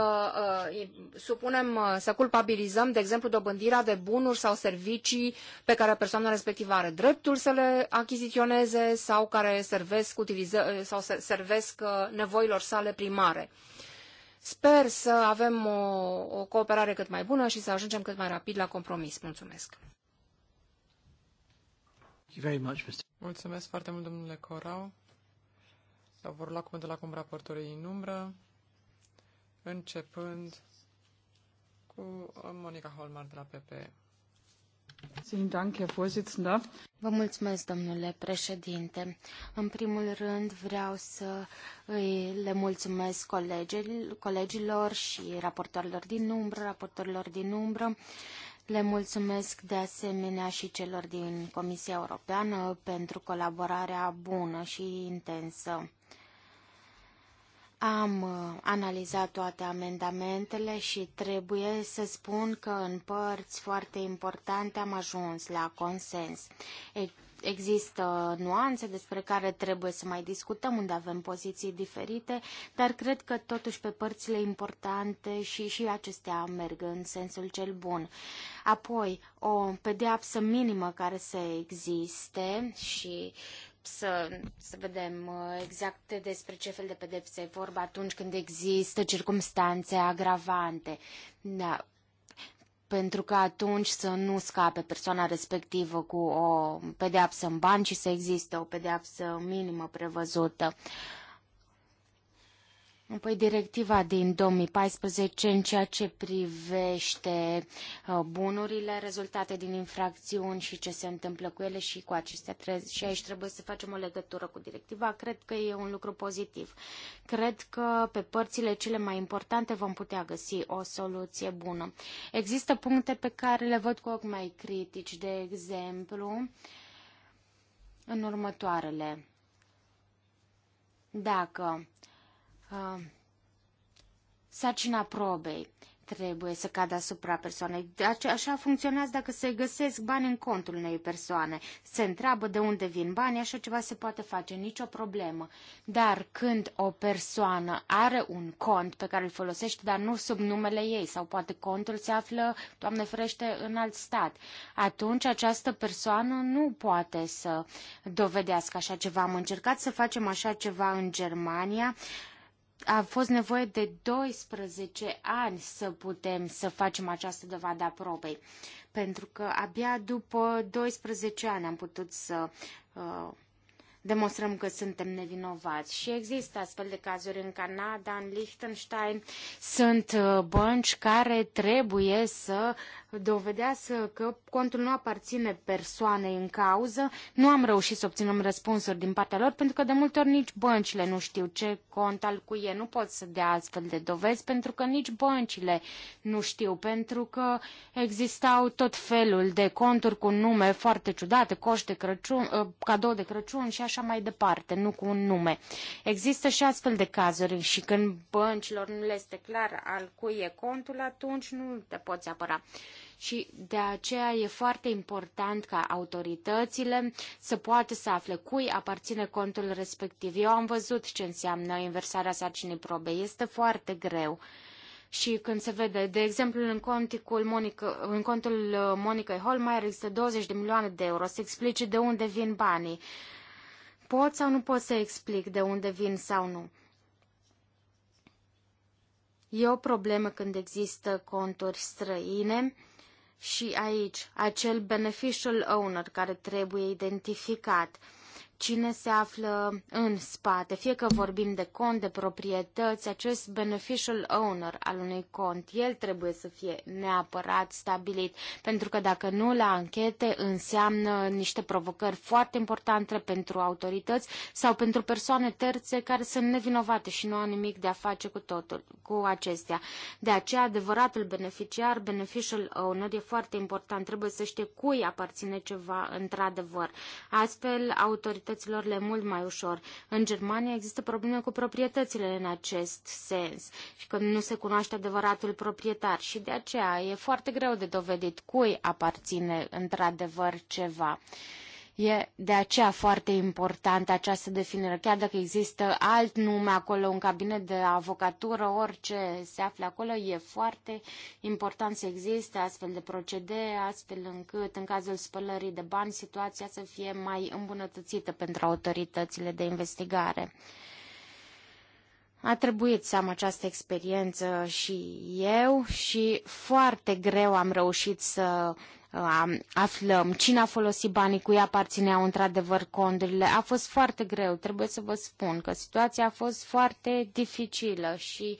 uh, supunem, uh, să culpabilizăm, de exemplu, dobândirea de bunuri sau servicii pe care persoana respectivă are dreptul să le achiziționeze sau care servesc, utiliză, uh, sau servesc uh, nevoilor sale primare. Sper să avem o, o cooperare cât mai bună și să ajungem cât mai rapid la compromis. Mulțumesc! Mulțumesc foarte mult, domnule Corau. Vor lua cuvântul acum raportorii în umbră începând cu Monica Holman de la PP. Vă mulțumesc, domnule președinte. În primul rând vreau să îi le mulțumesc colegilor, colegilor și raportorilor din umbră, raportorilor din umbră. Le mulțumesc de asemenea și celor din Comisia Europeană pentru colaborarea bună și intensă. Am uh, analizat toate amendamentele și trebuie să spun că în părți foarte importante am ajuns la consens. Există nuanțe despre care trebuie să mai discutăm, unde avem poziții diferite, dar cred că totuși pe părțile importante și, și acestea merg în sensul cel bun. Apoi, o pedeapsă minimă care să existe și uh, să, să vedem uh, exact despre ce fel de pedepse e vorba atunci când există circumstanțe agravante. Da. Pentru că atunci să nu scape persoana respectivă cu o pedeapsă în bani, ci să existe o pedeapsă minimă prevăzută. Uh, Păi directiva din 2014 în ceea ce privește uh, bunurile rezultate din infracțiuni și ce se întâmplă cu ele și cu acestea. Și aici trebuie să facem o legătură cu directiva. Cred că e un lucru pozitiv. Cred că pe părțile cele mai importante vom putea găsi o soluție bună. Există puncte pe care le văd cu ochi mai critici, de exemplu, în următoarele. Dacă Ah, sarcina probei trebuie să cadă asupra persoanei. Așa funcționează dacă se găsesc bani în contul unei persoane. Se întreabă de unde vin banii, așa ceva se poate face, nicio problemă. Dar când o persoană are un cont pe care îl folosește, dar nu sub numele ei, sau poate contul se află, Doamne ferește, în alt stat, atunci această persoană nu poate să dovedească așa ceva. Am încercat să facem așa ceva în Germania a fost nevoie de 12 ani să putem să facem această dovadă a probei, pentru că abia după 12 ani am putut să uh, demonstrăm că suntem nevinovați. Și există astfel de cazuri în Canada, în Liechtenstein. Sunt uh, bănci care trebuie să dovedească că contul nu aparține persoanei în cauză. Nu am reușit să obținem răspunsuri din partea lor, pentru că de multe ori nici băncile nu știu ce cont al cui e. Nu pot să dea astfel de dovezi, pentru că nici băncile nu știu, pentru că existau tot felul de conturi cu nume foarte ciudate, coș de Crăciun, uh, cadou de Crăciun și așa așa mai departe, nu cu un nume. Există și astfel de cazuri și când băncilor nu le este clar al cui e contul, atunci nu te poți apăra. Și de aceea e foarte important ca autoritățile să poată să afle cui aparține contul respectiv. Eu am văzut ce înseamnă inversarea sarcinii probe. Este foarte greu și când se vede, de exemplu, în, conticul Monica, în contul uh, Monica Holmeier există 20 de milioane de euro, se explice de unde vin banii. Uh, Pot sau nu pot să explic de unde vin sau nu? E o problemă când există conturi străine și aici acel beneficial owner care trebuie identificat – cine se află în spate, fie că vorbim de cont, de proprietăți, acest beneficial owner al unui cont, el trebuie să fie neapărat stabilit, pentru că dacă nu, la anchete înseamnă niște provocări foarte importante pentru autorități sau pentru persoane terțe care sunt nevinovate și nu au nimic de a face cu totul, cu acestea. De aceea, adevăratul beneficiar, beneficial owner, e foarte important, trebuie să știe cui aparține ceva într-adevăr. Astfel, autoritățile proprietăților le mult mai ușor. În Germania există probleme cu proprietățile în acest sens și că nu se cunoaște adevăratul proprietar și de aceea e foarte greu de dovedit cui aparține într-adevăr ceva. E de aceea foarte importantă această definire, chiar dacă există alt nume acolo, un cabinet de avocatură, orice se află acolo, e foarte important să existe astfel de procedee, astfel încât în cazul spălării de bani situația să fie mai îmbunătățită pentru autoritățile de investigare. A trebuit să am această experiență și eu și foarte greu am reușit să aflăm cine a folosit banii, cui aparțineau într-adevăr conturile. A fost foarte greu, trebuie să vă spun că situația a fost foarte dificilă și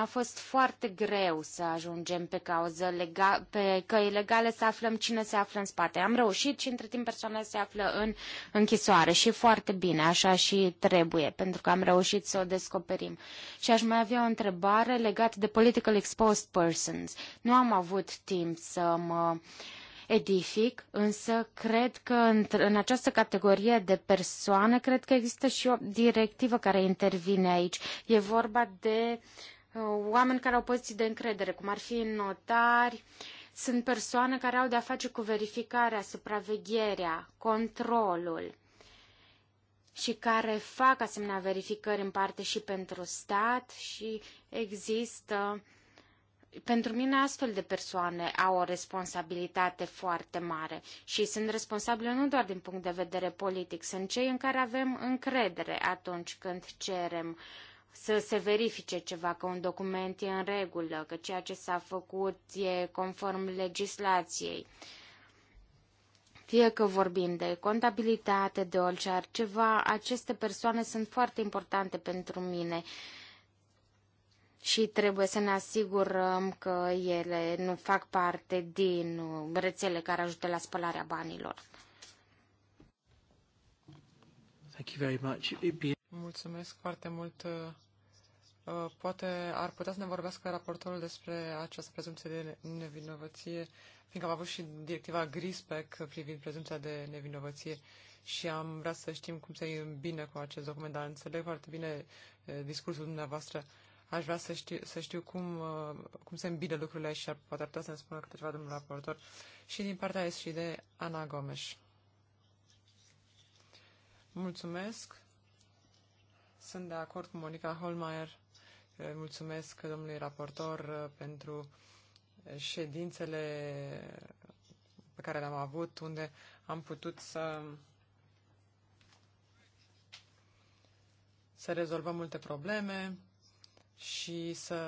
a fost foarte greu să ajungem pe cauză lega- pe căi legale să aflăm cine se află în spate. Am reușit și între timp persoana se află în închisoare și foarte bine, așa și trebuie, pentru că am reușit să o descoperim. Și aș mai avea o întrebare legată de political exposed persons. Nu am avut timp să mă edific, însă cred că în această categorie de persoane cred că există și o directivă care intervine aici. E vorba de uh, oameni care au poziții de încredere, cum ar fi notari, sunt persoane care au de-a face cu verificarea, supravegherea, controlul și care fac asemenea verificări în parte și pentru stat și există pentru mine astfel de persoane au o responsabilitate foarte mare și sunt responsabile nu doar din punct de vedere politic, sunt cei în care avem încredere atunci când cerem să se verifice ceva, că un document e în regulă, că ceea ce s-a făcut e conform legislației. Fie că vorbim de contabilitate, de orice altceva, aceste persoane sunt foarte importante pentru mine. Uh, și trebuie să ne asigurăm că ele nu fac parte din uh, rețele care ajută la spălarea banilor. Thank you very much. Mulțumesc foarte mult. Uh, poate ar putea să ne vorbească raportorul despre această prezumție de nevinovăție, fiindcă am avut și directiva GRISPEC privind prezumția de nevinovăție și am vrea să știm cum se îmbină cu acest document, dar înțeleg foarte bine uh, discursul dumneavoastră. Aș vrea să știu, să știu cum, uh, cum se îmbină lucrurile și ar, poate ar putea să-mi spună câte ceva domnul raportor. Și din partea aia și de Ana Gomes. Mulțumesc. Sunt de acord cu Monica Holmeier. Uh, mulțumesc domnului raportor uh, pentru ședințele pe care le-am avut, unde am putut să să rezolvăm multe probleme, și să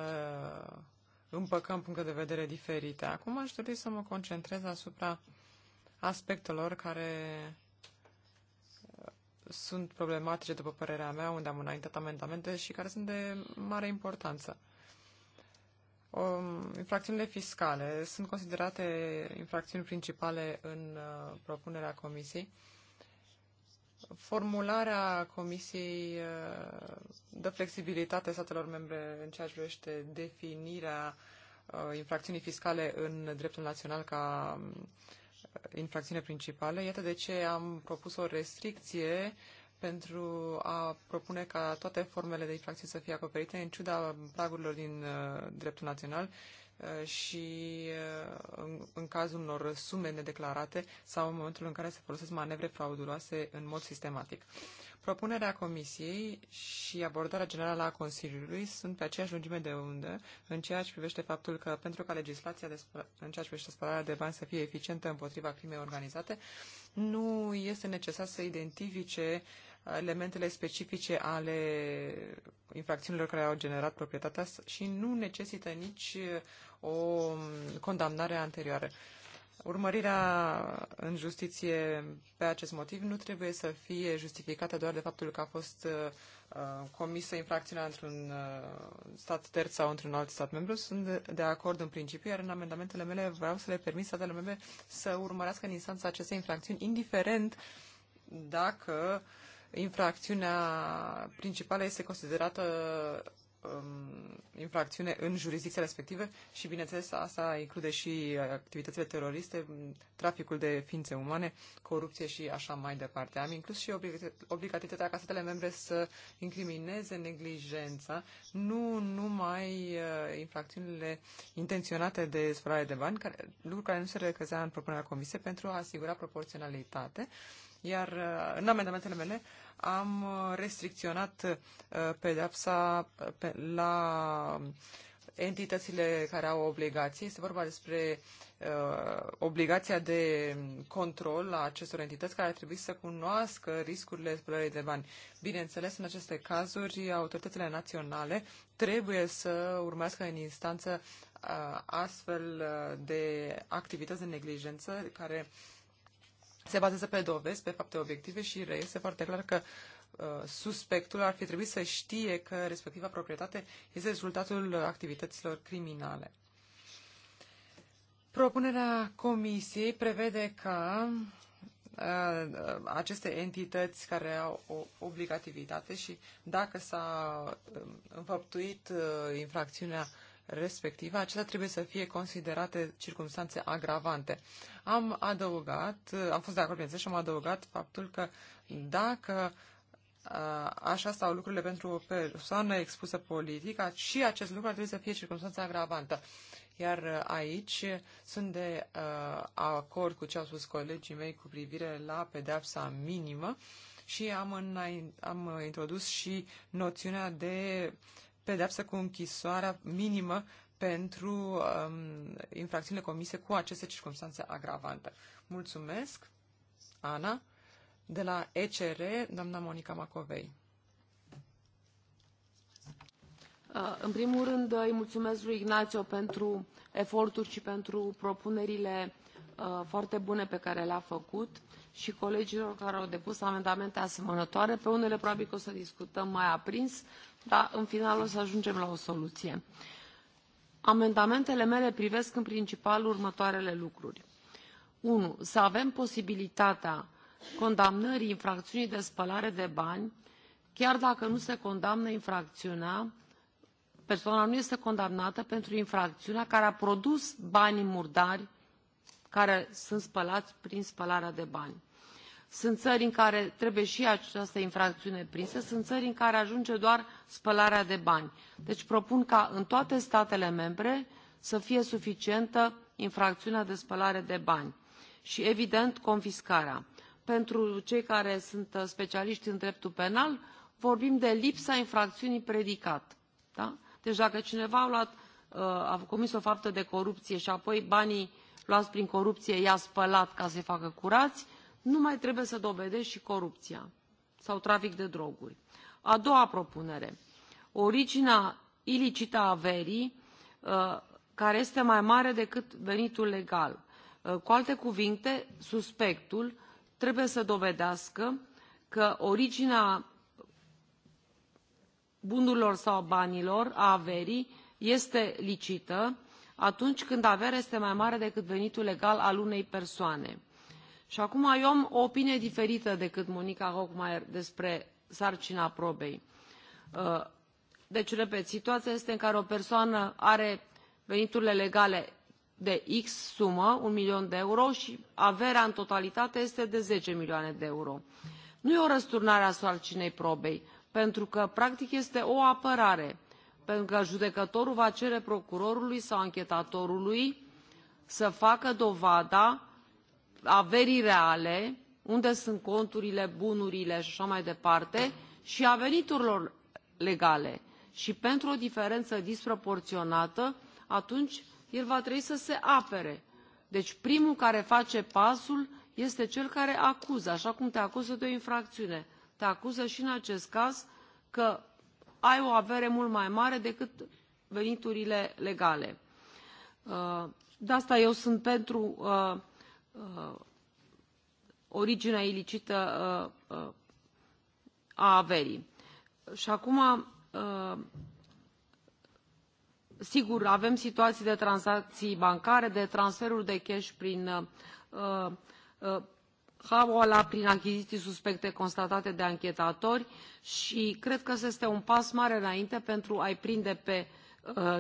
împăcăm puncte de vedere diferite. Acum aș dori să mă concentrez asupra aspectelor care uh, sunt problematice, după părerea mea, unde am înaintat amendamente și care sunt de mare importanță. O, um, infracțiunile fiscale sunt considerate infracțiuni principale în uh, propunerea Comisiei formularea Comisiei uh, dă flexibilitate statelor membre în ceea ce privește definirea uh, infracțiunii fiscale în dreptul național ca uh, infracțiune principală. Iată de ce am propus o restricție pentru a propune ca toate formele de infracțiuni să fie acoperite în ciuda pragurilor din dreptul național Uh, și uh, în, în cazul unor sume nedeclarate sau în momentul în care se folosesc manevre frauduloase în mod sistematic. Propunerea Comisiei și abordarea generală a Consiliului sunt pe aceeași lungime de undă în ceea ce privește faptul că pentru ca legislația de în ceea ce privește spălarea de bani să fie eficientă împotriva crimei organizate, nu este necesar să identifice elementele specifice ale infracțiunilor care au generat proprietatea și nu necesită nici uh, o condamnare anterioară. Urmărirea în justiție pe acest motiv nu trebuie să fie justificată doar de faptul că a fost uh, comisă infracțiunea într-un uh, stat terț sau într-un alt stat membru. Sunt de acord în principiu, iar în amendamentele mele vreau să le permit statele membre să urmărească în instanță aceste infracțiuni, indiferent dacă uh, infracțiunea principală este considerată um, infracțiune în jurisdicția respectivă și, bineînțeles, asta include și activitățile teroriste, traficul de ființe umane, corupție și așa mai departe. Am inclus și obligativitatea ca statele membre să incrimineze neglijența, nu numai uh, infracțiunile intenționate de spălare de bani, care, lucru care nu se recăzea în propunerea Comisiei pentru a asigura proporționalitate. Uh, iar uh, în amendamentele mele am uh, restricționat uh, pedepsa la entitățile care au obligații. Este vorba despre uh, obligația de control a acestor entități care ar trebui să cunoască riscurile spălării de bani. Bineînțeles, în aceste cazuri, autoritățile naționale trebuie să urmească în instanță uh, astfel de activități de neglijență care uh, se bazează pe dovezi, pe fapte obiective și reiese foarte clar că uh, suspectul ar fi trebuit să știe că respectiva proprietate este rezultatul activităților criminale. Propunerea comisiei prevede ca uh, uh aceste entități care au o obligativitate și dacă s-a uh, înfăptuit uh, infracțiunea respectivă. acestea trebuie să fie considerate circunstanțe agravante. Am adăugat, am fost de acord, bineînțeles, și am adăugat faptul că dacă uh, așa stau lucrurile pentru o persoană expusă politică, și acest lucru ar trebui să fie circunstanță agravantă. Iar aici sunt de uh, acord cu ce au spus colegii mei cu privire la pedeapsa minimă și am, înainte, am introdus și noțiunea de pedeapsă cu închisoarea minimă pentru um, infracțiunile comise cu aceste circunstanțe agravante. Mulțumesc, Ana, de la ECR, doamna Monica Macovei. Uh, în primul rând, îi mulțumesc lui Ignațio pentru eforturi și pentru propunerile uh, foarte bune pe care le-a făcut și colegilor care au depus amendamente asemănătoare. Pe unele probabil că o să discutăm mai aprins, dar în final o să ajungem la o soluție. Amendamentele mele privesc în principal următoarele lucruri. 1. Să avem posibilitatea condamnării infracțiunii de spălare de bani, chiar dacă nu se condamnă infracțiunea, persoana nu este condamnată pentru infracțiunea care a produs banii murdari care sunt spălați prin spălarea de bani sunt țări în care trebuie și această infracțiune prinsă sunt țări în care ajunge doar spălarea de bani deci propun ca în toate statele membre să fie suficientă infracțiunea de spălare de bani și evident confiscarea. pentru cei care sunt uh, specialiști în dreptul penal vorbim de lipsa infracțiunii predicat da? deci dacă cineva a, luat, uh, a comis o faptă de corupție și apoi banii luați prin corupție i a spălat ca să i facă curați nu mai trebuie să dovedești și corupția sau trafic de droguri. a doua propunere originea ilicită a averii uh, care este mai mare decât venitul legal. Uh, cu alte cuvinte suspectul trebuie să dovedească că originea bunurilor sau banilor a averii este licită atunci când averea este mai mare decât venitul legal al unei persoane și acum eu am o opinie diferită decât monica hochmeier despre sarcina probei. Uh, deci repet situația este în care o persoană are veniturile legale de x sumă un milion de euro și averea în totalitate este de zece milioane de euro. nu e o răsturnare a sarcinei probei pentru că practic este o apărare pentru că judecătorul va cere procurorului sau anchetatorului să facă dovada averii reale unde sunt conturile bunurile și așa mai departe și a veniturilor legale și pentru o diferență disproporționată atunci el va trebui să se apere. deci primul care face pasul este cel care acuză așa cum te acuză de o infracțiune te acuză și în acest caz că ai o avere mult mai mare decât veniturile legale. Uh, de asta eu sunt pentru uh, Uh, originea ilicită uh, uh, a averii. Și acum, sigur, avem situații de tranzacții bancare, de transferuri de cash prin hawala prin achiziții suspecte constatate de anchetatori și cred că ăsta este un pas mare înainte pentru a i prinde pe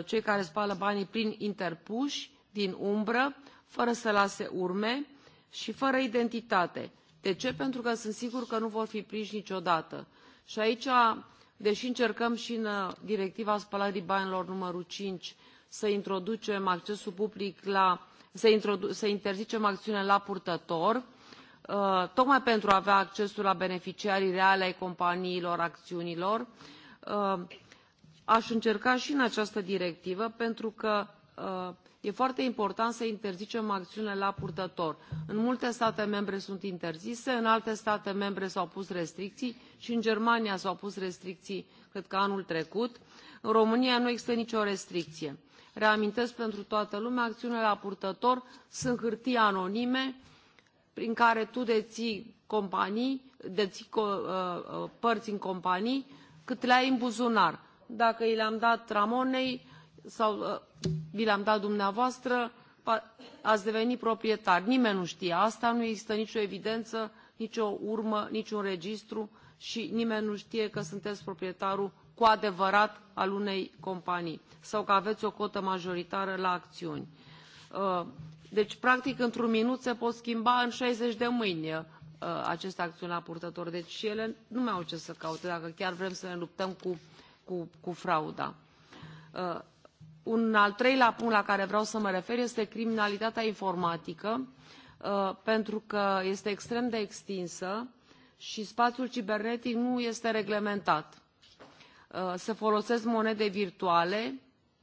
cei care spală banii prin interpuși din umbră fără să lase urme și fără identitate. de ce? pentru că sunt sigur că nu vor fi prinși niciodată. și aici deși încercăm și în uh, directiva spălării banilor numărul cinci să introducem accesul public la să, introdu, să interzicem acțiunea la purtător uh, tocmai pentru a avea accesul la beneficiarii reale ai companiilor acțiunilor uh, aș încerca și în această directivă pentru că e foarte important să interzicem acțiunile la purtător. în multe state membre sunt interzise în alte state membre s au pus restricții și în germania s au pus restricții cred că anul trecut în românia nu există nicio restricție. reamintesc pentru toată lumea acțiunile la purtător sunt hârtii anonime prin care tu deții companii deții uh, uh, părți în companii cât le ai în buzunar. dacă i le am dat ramonei sau uh, vi le am dat dumneavoastră ați deveni proprietar. nimeni nu știe asta nu există nicio evidență nicio urmă niciun registru și nimeni nu știe că sunteți proprietarul cu adevărat al unei companii sau că aveți o cotă majoritară la acțiuni. Uh, deci practic într un minut se pot schimba în șaizeci de mâini uh, aceste acțiuni la purtător deci și ele nu mai au ce să caute dacă chiar vrem să ne luptăm cu, cu, cu frauda un al treilea punct la care vreau să mă refer este criminalitatea informatică uh, pentru că este extrem de extinsă și spațiul cibernetic nu este reglementat. Uh, se folosesc monede virtuale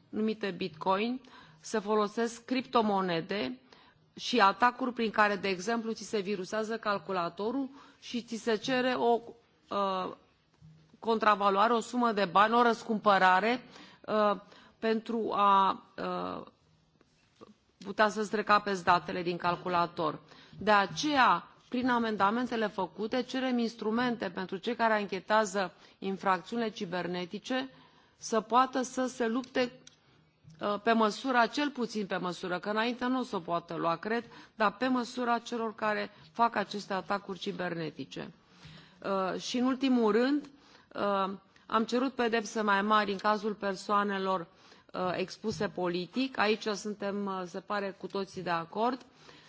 numite bitcoin se folosesc criptomonede și atacuri prin care de exemplu ți se virusează calculatorul și ți se cere o uh, contravaloare o sumă de bani o răscumpărare pentru a ă, putea să îți recapezi datele din calculator. De aceea, prin amendamentele făcute, cerem instrumente pentru cei care anchetează infracțiunile cibernetice să poată să se lupte ă, pe măsura, cel puțin pe măsură, că înainte nu o să o poată lua, cred, dar pe măsura celor care fac aceste atacuri cibernetice. Ă, și în ultimul rând, am cerut pedepse mai mari în cazul persoanelor Uh, expuse politic aici suntem uh, se pare cu toții de acord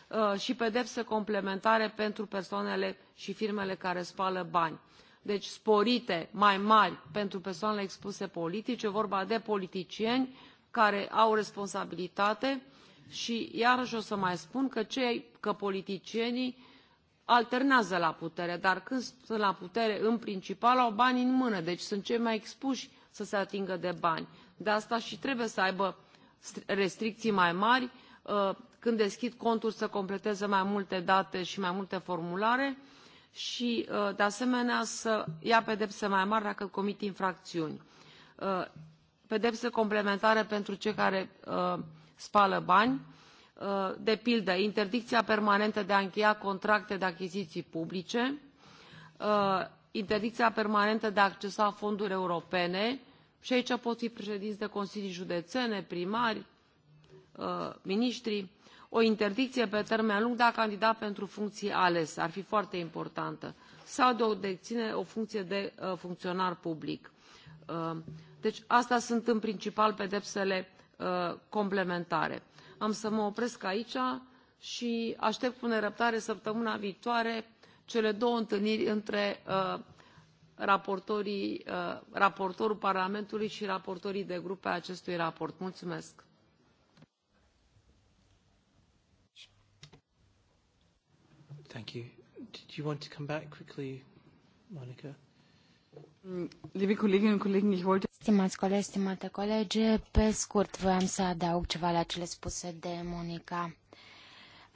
uh, și pedepse complementare pentru persoanele și firmele care spală bani deci sporite mai mari pentru persoanele expuse politic e vorba de politicieni care au responsabilitate și iarăși o să mai spun că, cei, politicienii alternează la putere dar când sunt la putere în principal au banii în mână deci sunt cei mai expuși să se atingă de bani de asta și trebuie să aibă restricții mai mari uh, când deschid conturi să completeze mai multe date și mai multe formulare și uh, de asemenea să ia pedepse mai mari dacă comit infracțiuni uh, pedepse complementare pentru cei care spală bani de pildă interdicția permanentă de a încheia contracte de achiziții publice interdicția permanentă de a accesa fonduri europene și aici pot fi președinți de consilii județene primari uh, miniștri o interdicție pe termen lung de a candida pentru funcții alese ar fi foarte importantă sau de a deține o funcție de uh, funcționar public. Uh, deci astea sunt în principal pedepsele complementare. am să mă opresc aici și aștept cu nerăbdare săptămâna viitoare cele două întâlniri între Uh, raportorul parlamentului și raportorii de grup ai acestui raport. mulțumesc. Thank you. you want to come back quickly, Monica? Mm, Stimați colegi, stimate colege, pe scurt voiam să adaug ceva la cele spuse de Monica.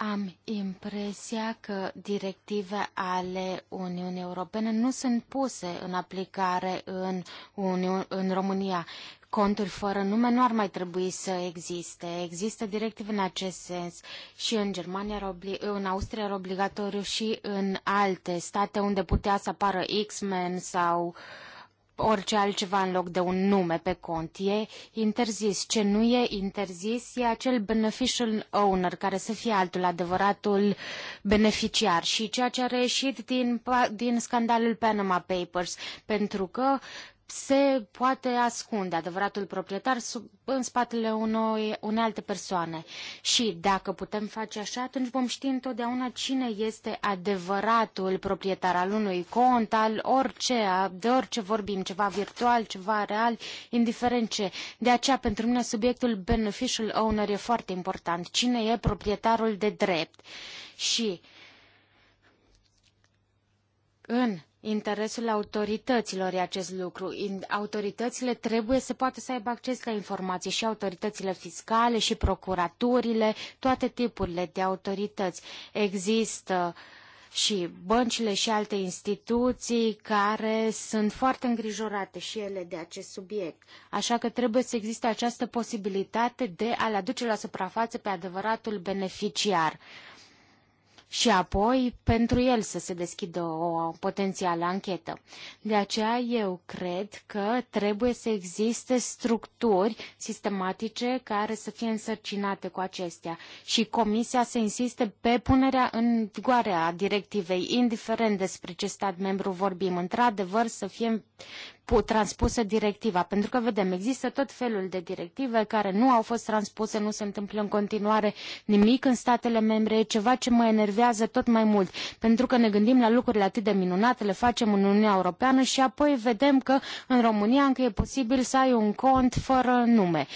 Am impresia că directive ale Uniunii Europene nu sunt puse în aplicare în, Uniu- în România. Conturi fără nume nu ar mai trebui să existe. Există directive în acest sens și în Germania, în Austria era obligatoriu și în alte state unde putea să apară X-Men sau uh, orice altceva în loc de un nume pe cont. E interzis. Ce nu e interzis e acel beneficial owner, care să fie altul, adevăratul beneficiar. Și ceea ce a reieșit din, din scandalul Panama Papers, pentru că se poate ascunde adevăratul proprietar sub, în spatele unui, unei alte persoane. Și dacă putem face așa, atunci vom ști întotdeauna cine este adevăratul proprietar al unui cont, al orice, de orice vorbim, ceva virtual, ceva real, indiferent ce. De aceea, pentru mine, subiectul beneficial owner e foarte important. Cine e proprietarul de drept? Și în interesul autorităților e acest lucru. Autoritățile trebuie să poată să aibă acces la informații și autoritățile fiscale și procuraturile, toate tipurile de autorități. Există și băncile și alte instituții care sunt foarte îngrijorate și ele de acest subiect. Așa că trebuie să existe această posibilitate de a le aduce la suprafață pe adevăratul beneficiar și apoi pentru el să se deschidă o potențială anchetă. De aceea eu cred că trebuie să existe structuri sistematice care să fie însărcinate cu acestea și comisia să insiste pe punerea în vigoare a directivei, indiferent despre ce stat membru vorbim, într-adevăr să fie transpusă directiva, pentru că vedem, există tot felul de directive care nu au fost transpuse, nu se întâmplă în continuare nimic în statele membre, e ceva ce mă enervează tot mai mult, pentru că ne gândim la lucrurile atât de minunate, le facem în Uniunea Europeană și apoi vedem că în România încă e posibil să ai un cont fără nume.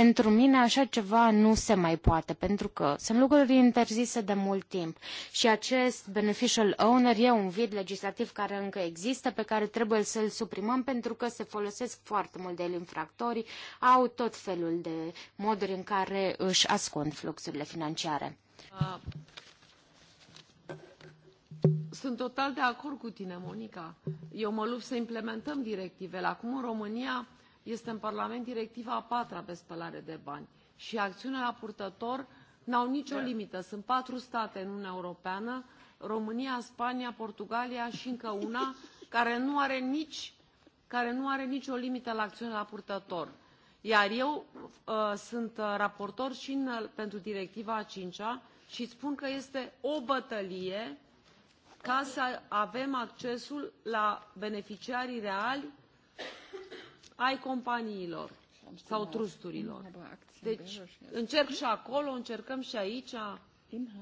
Pentru mine așa ceva nu se mai poate, pentru că sunt lucruri interzise de mult timp și acest beneficial owner e un vid legislativ care încă există, pe care trebuie să-l suprimăm pentru că se folosesc foarte mult de el infractorii, au tot felul de moduri în care își ascund fluxurile financiare. Uh, sunt total de acord cu tine, Monica. Eu mă lupt să implementăm directivele. Acum, în România, este în Parlament directiva a patra pe spălare de bani și acțiunea la purtător n-au nicio da. limită. Sunt patru state în Uniunea Europeană, România, Spania, Portugalia și încă una, care nu are, nici, care nu are nicio limită la acțiunea la purtător. Iar eu uh, sunt uh, raportor și în, uh, pentru directiva a cincea și spun că este o bătălie ca să avem accesul la beneficiarii reali ai companiilor sau trusturilor. Deci încerc și acolo, încercăm și aici.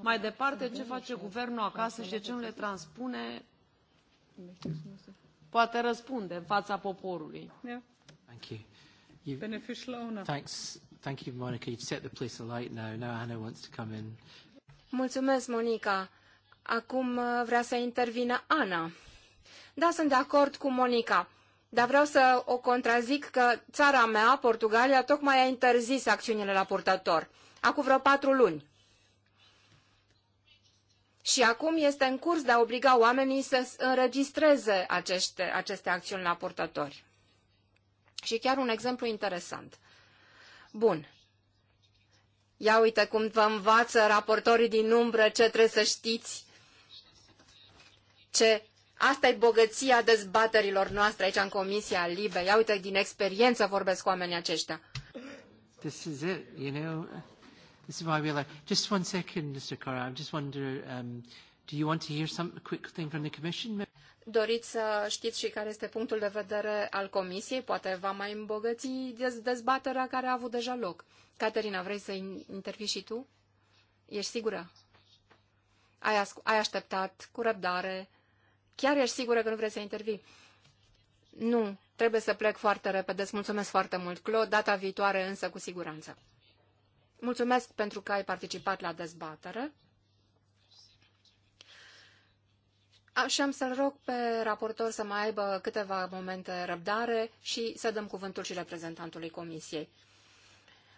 Mai departe, ce face guvernul acasă și de ce nu le transpune, poate răspunde în fața poporului. Da. Thank you. You've, Beneficial owner. Thanks. Thank you, Monica. You've set the place alight now. Now Anna wants to come in. Mulțumesc, Monica. Acum uh, vrea să intervină Ana. Da, sunt de acord cu Monica. Dar vreau să o contrazic că țara mea, Portugalia, tocmai a interzis acțiunile la purtător. Acum vreo patru luni. Și acum este în curs de a obliga oamenii să înregistreze aceste, aceste acțiuni la purtători. Și chiar un exemplu interesant. Bun. Ia uite cum vă învață raportorii din umbră ce trebuie să știți, ce Asta e bogăția dezbaterilor noastre aici în Comisia Libe. Ia uite, din experiență vorbesc cu oamenii aceștia. This is it, you know. This is why we're like, just one second, Mr. Cora, I just wonder, um, do you want to hear some quick thing from the Commission? Doriți să știți și care este punctul de vedere al Comisiei? Poate va mai îmbogăți dez dezbaterea care a avut deja loc. Caterina, vrei să intervii și tu? Ești sigură? Ai, ai așteptat cu răbdare Chiar ești sigură că nu vrei să intervii? Nu, trebuie să plec foarte repede. Îți mulțumesc foarte mult, Clo. Data viitoare însă cu siguranță. Mulțumesc pentru că ai participat la dezbatere. Așa am să-l rog pe raportor să mai aibă câteva momente răbdare și să dăm cuvântul și reprezentantului Comisiei.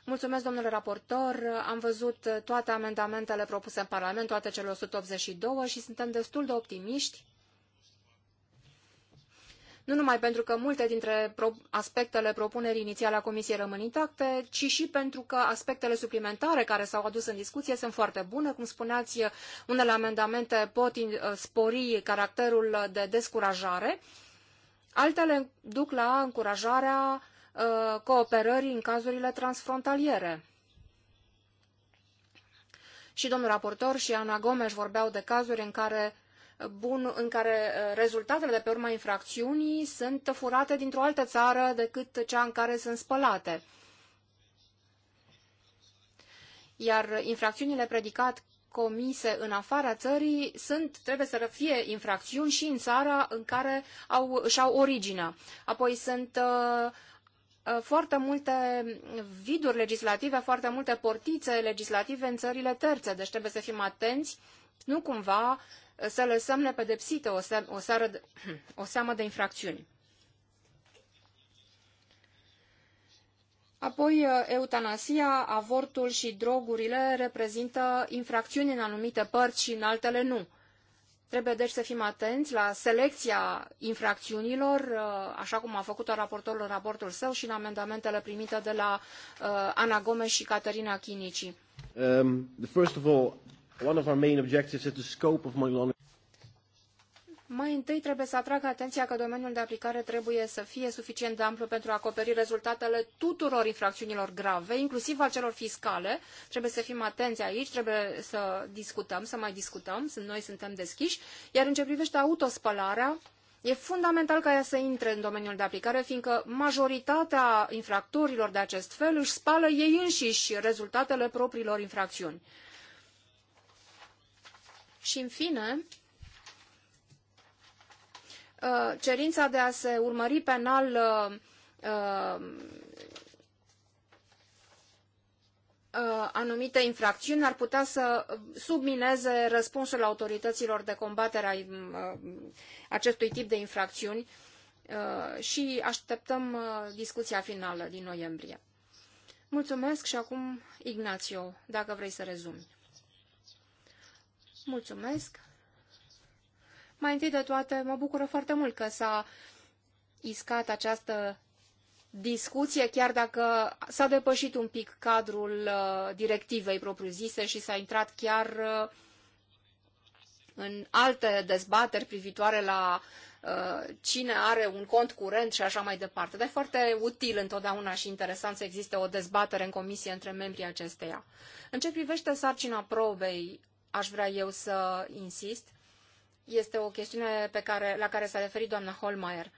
Mulțumesc, domnule raportor. Am văzut toate amendamentele propuse în Parlament, toate cele 182 și suntem destul de optimiști nu numai pentru că multe dintre aspectele propunerii inițiale a Comisiei rămân intacte, ci și pentru că aspectele suplimentare care s-au adus în discuție sunt foarte bune. Cum spuneați, unele amendamente pot uh, spori caracterul de descurajare, altele duc la încurajarea uh, cooperării în cazurile transfrontaliere. Și domnul raportor și Ana Gomes vorbeau de cazuri în care bun, în care uh, rezultatele de pe urma infracțiunii sunt furate dintr-o altă țară decât cea în care sunt spălate. Iar infracțiunile predicat comise în afara țării sunt, trebuie să fie infracțiuni și în țara în care au, și-au originea. Apoi sunt uh, uh, foarte multe viduri legislative, foarte multe portițe legislative în țările terțe, deci trebuie să fim atenți nu cumva să lăsăm nepedepsită o, o, seară o seamă de infracțiuni. Apoi, uh, eutanasia, avortul și drogurile reprezintă infracțiuni în anumite părți și în altele nu. Trebuie deci să fim atenți la selecția infracțiunilor, uh, așa cum a făcut-o raportorul în raportul său și în amendamentele primite de la uh, Ana Gomes și Caterina Chinici. Um, first of all, one of our main objectives is the scope of money laundering. Mai întâi trebuie să atrag atenția că domeniul de aplicare trebuie să fie suficient de amplu pentru a acoperi rezultatele tuturor infracțiunilor grave, inclusiv al celor fiscale. Trebuie să fim atenți aici, trebuie să discutăm, să mai discutăm, noi suntem deschiși. Iar în ce privește autospălarea, e fundamental ca ea să intre în domeniul de aplicare, fiindcă majoritatea infractorilor de acest fel își spală ei înșiși rezultatele propriilor infracțiuni. Și, în fine, uh, cerința de a se urmări penal uh, uh, anumite infracțiuni ar putea să submineze răspunsul autorităților de combatere a acestui tip de infracțiuni și așteptăm discuția finală din noiembrie. Mulțumesc și acum, Ignațio, dacă vrei să rezumi. Mulțumesc! Mai întâi de toate, mă bucură foarte mult că s-a iscat această discuție, chiar dacă s-a depășit un pic cadrul uh, directivei propriu-zise și s-a intrat chiar uh, în alte dezbateri privitoare la uh, cine are un cont curent și așa mai departe. Dar e foarte util întotdeauna și interesant să existe o dezbatere în comisie între membrii acesteia. În ce privește sarcina probei, aș vrea eu să insist este o chestiune pe care, la care s-a referit doamna Holmeier.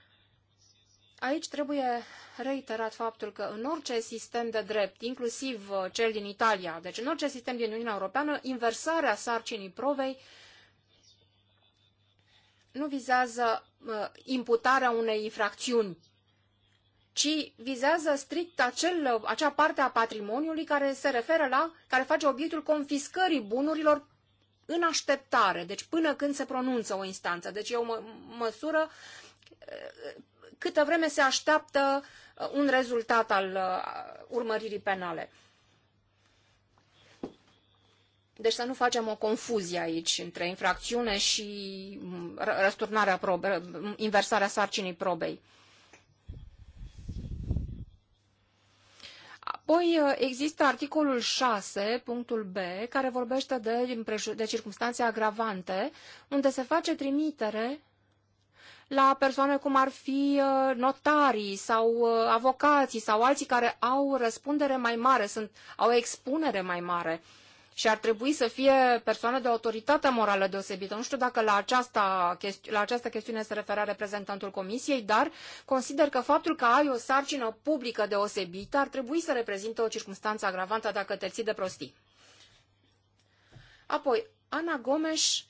Aici trebuie reiterat faptul că în orice sistem de drept, inclusiv uh, cel din Italia, deci în orice sistem din Uniunea Europeană, inversarea sarcinii provei nu vizează uh, imputarea unei infracțiuni, ci vizează strict acel, uh, acea parte a patrimoniului care se referă la, care face obiectul confiscării bunurilor în așteptare, deci până când se pronunță o instanță. Deci e o mă, măsură eh, câtă vreme se așteaptă eh, un rezultat al eh, urmăririi penale. Deci să nu facem o confuzie aici între infracțiune și mm, răsturnarea probe, inversarea sarcinii probei. Apoi uh, există articolul 6, punctul B, care vorbește de, de circunstanțe agravante, unde se face trimitere la persoane cum ar fi uh, notarii sau uh, avocații sau alții care au răspundere mai mare, sunt, au expunere mai mare și ar trebui să fie persoană de autoritate morală deosebită. Nu știu dacă la această, la această chestiune se referea reprezentantul Comisiei, dar consider că faptul că ai o sarcină publică deosebită ar trebui să reprezinte o circunstanță agravantă dacă te ții de prostii. Apoi, Ana Gomes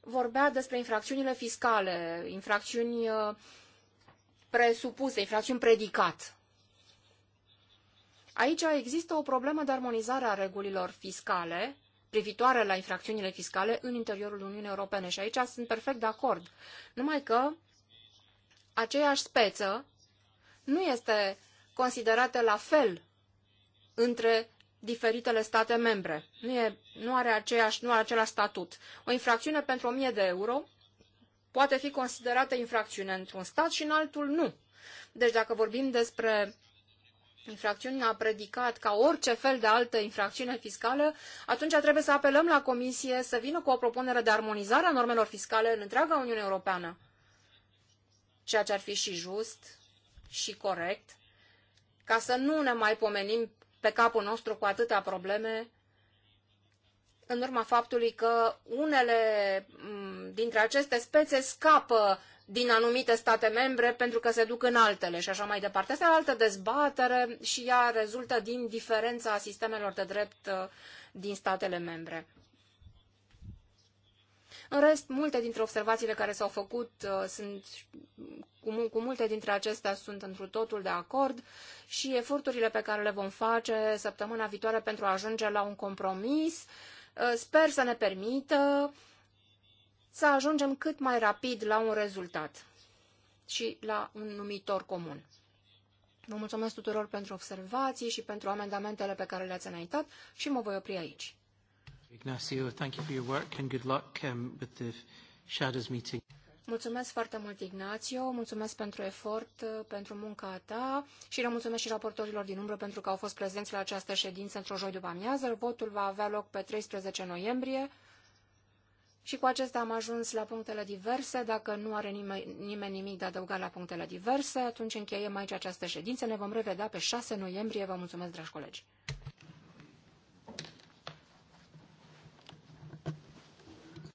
vorbea despre infracțiunile fiscale, infracțiuni uh, presupuse, infracțiuni predicat. Aici există o problemă de armonizare a regulilor fiscale privitoare la infracțiunile fiscale în interiorul Uniunii Europene și aici sunt perfect de acord. Numai că aceeași speță nu este considerată la fel între diferitele state membre. Nu, e, nu, are aceeași, nu are același statut. O infracțiune pentru 1000 de euro poate fi considerată infracțiune într-un stat și în altul nu. Deci dacă vorbim despre infracțiunea predicat ca orice fel de altă infracțiune fiscală, atunci trebuie să apelăm la Comisie să vină cu o propunere de armonizare a normelor fiscale în întreaga Uniune Europeană, ceea ce ar fi și just și corect, ca să nu ne mai pomenim pe capul nostru cu atâtea probleme în urma faptului că unele dintre aceste spețe scapă din anumite state membre pentru că se duc în altele și așa mai departe. Asta e altă dezbatere și ea rezultă din diferența sistemelor de drept uh, din statele membre. În rest, multe dintre observațiile care s-au făcut uh, sunt, cu, cu multe dintre acestea sunt întru totul de acord și eforturile pe care le vom face săptămâna viitoare pentru a ajunge la un compromis uh, sper să ne permită să ajungem cât mai rapid la un rezultat și la un numitor comun. Vă mulțumesc tuturor pentru observații și pentru amendamentele pe care le-ați înaintat și mă voi opri aici. Ignacio, thank you for your work and good luck um, with the shadows meeting. Mulțumesc foarte mult, Ignacio, mulțumesc pentru efort, uh, pentru munca ta și le mulțumesc și raportorilor din umbră pentru că au fost prezenți la această ședință într-o joi după amiază. Votul va avea loc pe 13 noiembrie. Și cu acestea am ajuns la punctele diverse. Dacă nu are nimeni, nimeni nimic de adăugat la punctele diverse, atunci încheiem aici această ședință. Ne vom revedea pe 6 noiembrie. Vă mulțumesc, dragi colegi!